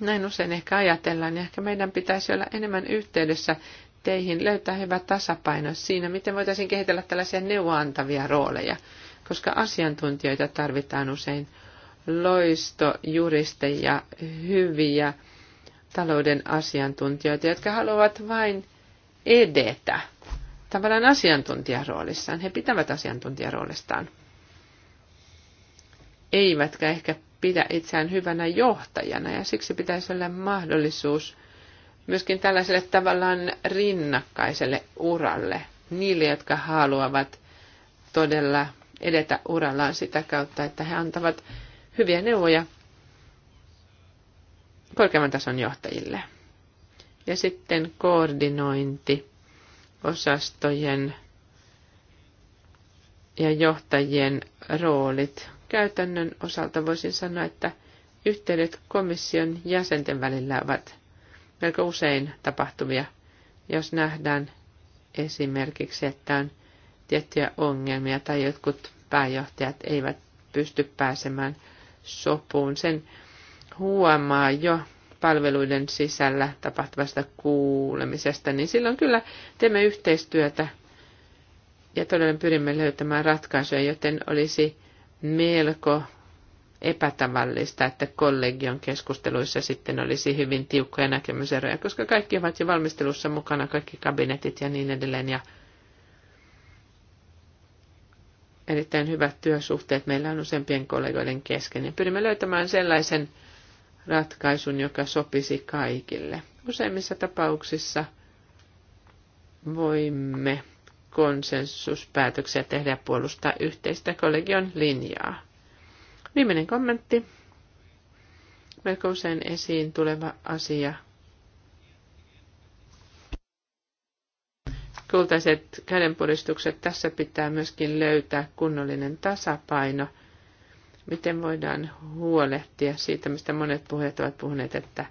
Näin usein ehkä ajatellaan, ja niin ehkä meidän pitäisi olla enemmän yhteydessä teihin, löytää hyvä tasapaino siinä, miten voitaisiin kehitellä tällaisia neuvoantavia rooleja, koska asiantuntijoita tarvitaan usein loistojuristeja, hyviä talouden asiantuntijoita, jotka haluavat vain edetä tavallaan asiantuntijaroolissaan. He pitävät asiantuntijaroolistaan eivätkä ehkä pidä itseään hyvänä johtajana ja siksi pitäisi olla mahdollisuus myöskin tällaiselle tavallaan rinnakkaiselle uralle niille, jotka haluavat todella edetä urallaan sitä kautta, että he antavat hyviä neuvoja korkeamman tason johtajille. Ja sitten koordinointi osastojen ja johtajien roolit Käytännön osalta voisin sanoa, että yhteydet komission jäsenten välillä ovat melko usein tapahtuvia, jos nähdään esimerkiksi, että on tiettyjä ongelmia tai jotkut pääjohtajat eivät pysty pääsemään sopuun. Sen huomaa jo palveluiden sisällä tapahtuvasta kuulemisesta, niin silloin kyllä teemme yhteistyötä ja todella pyrimme löytämään ratkaisuja, joten olisi melko epätavallista, että kollegion keskusteluissa sitten olisi hyvin tiukkoja näkemyseroja, koska kaikki ovat jo valmistelussa mukana, kaikki kabinetit ja niin edelleen. Ja erittäin hyvät työsuhteet meillä on useampien kollegoiden kesken ja pyrimme löytämään sellaisen ratkaisun, joka sopisi kaikille. Useimmissa tapauksissa voimme konsensuspäätöksiä tehdä ja puolustaa yhteistä kollegion linjaa. Viimeinen kommentti. Melko usein esiin tuleva asia. Kultaiset kädenpuristukset. Tässä pitää myöskin löytää kunnollinen tasapaino. Miten voidaan huolehtia siitä, mistä monet puhujat ovat puhuneet, että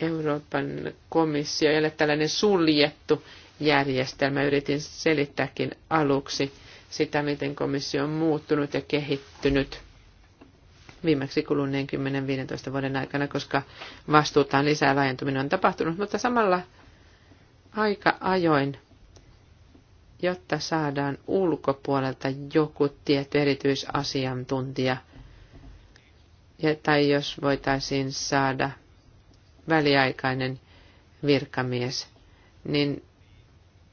Euroopan komissio ei ole tällainen suljettu järjestelmä. Yritin selittääkin aluksi sitä, miten komissio on muuttunut ja kehittynyt viimeksi kuluneen 10-15 vuoden aikana, koska vastuutaan lisää laajentuminen on tapahtunut, mutta samalla aika ajoin, jotta saadaan ulkopuolelta joku tietty erityisasiantuntija, ja, tai jos voitaisiin saada väliaikainen virkamies, niin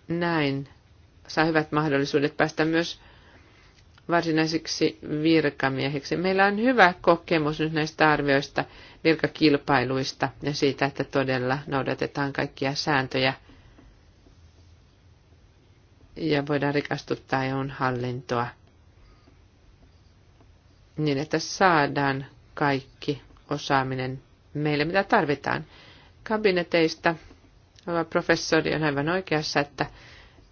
näin saa hyvät mahdollisuudet päästä myös varsinaisiksi virkamiehiksi. Meillä on hyvä kokemus nyt näistä arvioista, virkakilpailuista ja siitä, että todella noudatetaan kaikkia sääntöjä ja voidaan rikastuttaa EUn hallintoa niin, että saadaan kaikki osaaminen meille, mitä tarvitaan. Kabineteista Tämä professori on aivan oikeassa, että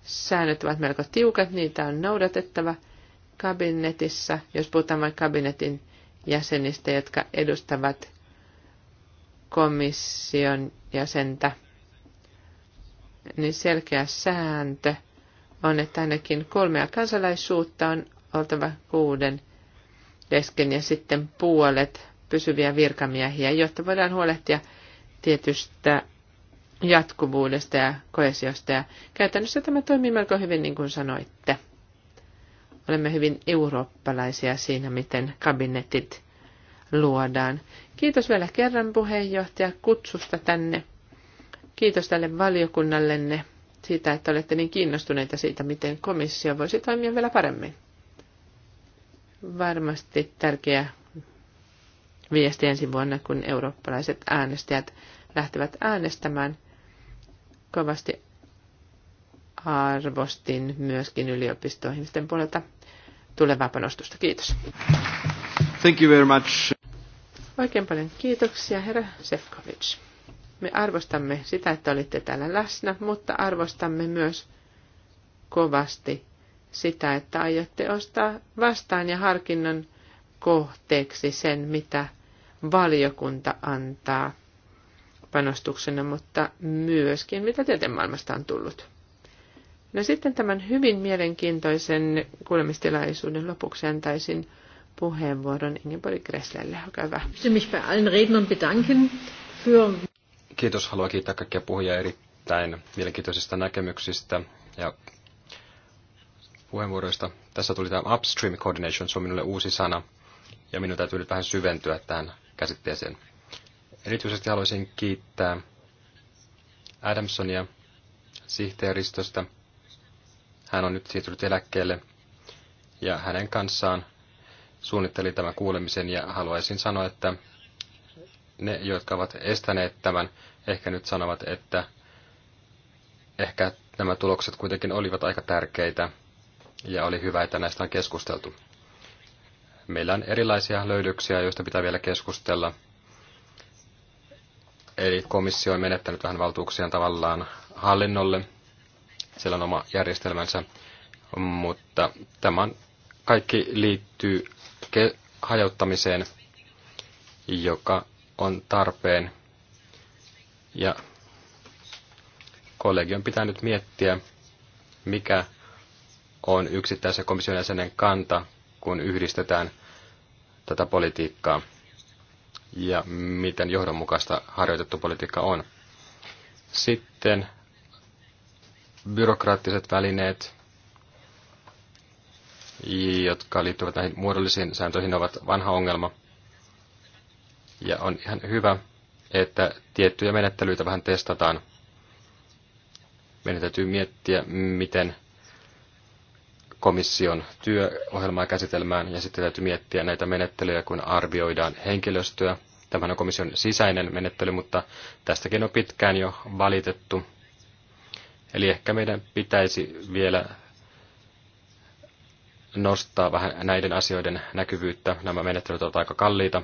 säännöt ovat melko tiukat, niitä on noudatettava kabinetissa, jos puhutaan vain kabinetin jäsenistä, jotka edustavat komission jäsentä, niin selkeä sääntö on, että ainakin kolmea kansalaisuutta on oltava kuuden lesken ja sitten puolet pysyviä virkamiehiä, jotta voidaan huolehtia tietystä jatkuvuudesta ja koesiosta. Ja käytännössä tämä toimii melko hyvin, niin kuin sanoitte. Olemme hyvin eurooppalaisia siinä, miten kabinetit luodaan. Kiitos vielä kerran puheenjohtaja kutsusta tänne. Kiitos tälle valiokunnallenne siitä, että olette niin kiinnostuneita siitä, miten komissio voisi toimia vielä paremmin. Varmasti tärkeä viesti ensi vuonna, kun eurooppalaiset äänestäjät lähtevät äänestämään kovasti arvostin myöskin yliopistoihmisten puolelta tulevaa panostusta. Kiitos. Thank you very much. Oikein paljon kiitoksia, herra Sefkovic. Me arvostamme sitä, että olitte täällä läsnä, mutta arvostamme myös kovasti sitä, että aiotte ostaa vastaan ja harkinnan kohteeksi sen, mitä valiokunta antaa panostuksena, mutta myöskin mitä tieteen maailmasta on tullut. No sitten tämän hyvin mielenkiintoisen kuulemistilaisuuden lopuksi antaisin puheenvuoron Ingeborg Gresslelle. Olkaa hyvä. Kiitos. Haluan kiittää kaikkia puhujia erittäin mielenkiintoisista näkemyksistä ja puheenvuoroista. Tässä tuli tämä upstream coordination, se on minulle uusi sana, ja minun täytyy nyt vähän syventyä tähän käsitteeseen. Erityisesti haluaisin kiittää Adamsonia sihteeristöstä. Hän on nyt siirtynyt eläkkeelle ja hänen kanssaan suunnittelin tämän kuulemisen ja haluaisin sanoa, että ne, jotka ovat estäneet tämän, ehkä nyt sanovat, että ehkä nämä tulokset kuitenkin olivat aika tärkeitä ja oli hyvä, että näistä on keskusteltu. Meillä on erilaisia löydöksiä, joista pitää vielä keskustella – Eli komissio on menettänyt vähän valtuuksiaan tavallaan hallinnolle. Siellä on oma järjestelmänsä, mutta tämän kaikki liittyy hajauttamiseen, joka on tarpeen. Ja kollegion pitää nyt miettiä, mikä on yksittäisen komission jäsenen kanta, kun yhdistetään tätä politiikkaa ja miten johdonmukaista harjoitettu politiikka on. Sitten byrokraattiset välineet, jotka liittyvät näihin muodollisiin sääntöihin, ovat vanha ongelma. Ja on ihan hyvä, että tiettyjä menettelyitä vähän testataan. Meidän täytyy miettiä, miten komission työohjelmaa käsitelmään ja sitten täytyy miettiä näitä menettelyjä, kun arvioidaan henkilöstöä Tämä on komission sisäinen menettely, mutta tästäkin on pitkään jo valitettu. Eli ehkä meidän pitäisi vielä nostaa vähän näiden asioiden näkyvyyttä. Nämä menettelyt ovat aika kalliita.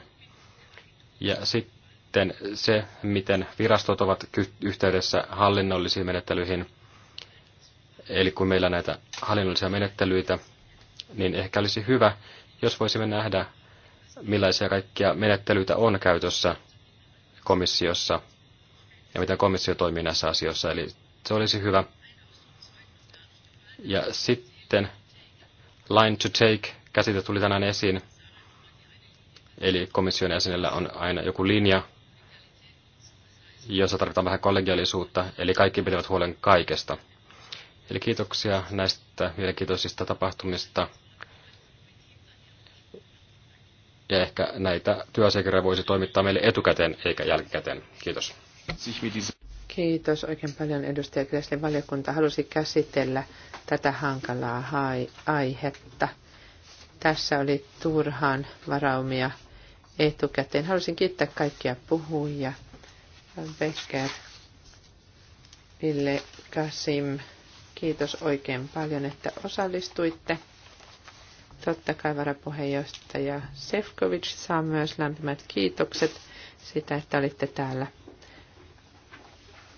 Ja sitten se, miten virastot ovat yhteydessä hallinnollisiin menettelyihin. Eli kun meillä näitä hallinnollisia menettelyitä, niin ehkä olisi hyvä, jos voisimme nähdä millaisia kaikkia menettelyitä on käytössä komissiossa ja miten komissio toimii näissä asioissa. Eli se olisi hyvä. Ja sitten line to take käsite tuli tänään esiin. Eli komission jäsenellä on aina joku linja, jossa tarvitaan vähän kollegiaalisuutta, eli kaikki pitävät huolen kaikesta. Eli kiitoksia näistä mielenkiintoisista tapahtumista ja ehkä näitä työasiakirjoja voisi toimittaa meille etukäteen eikä jälkikäteen. Kiitos. Kiitos oikein paljon edustaja Kreslin valiokunta halusi käsitellä tätä hankalaa aihetta. Tässä oli turhaan varaumia etukäteen. Halusin kiittää kaikkia puhujia. Becker, Ville Kasim, kiitos oikein paljon, että osallistuitte. Totta kai varapuheenjohtaja Sefkovic saa myös lämpimät kiitokset siitä, että olitte täällä.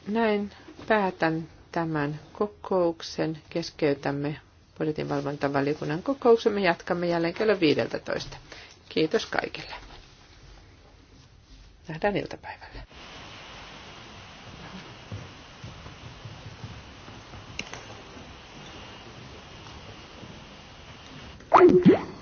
Näin päätän tämän kokouksen. Keskeytämme budjetinvalvontavaliokunnan kokouksen. Me jatkamme jälleen kello 15. Kiitos kaikille. Nähdään iltapäivällä. Thank you.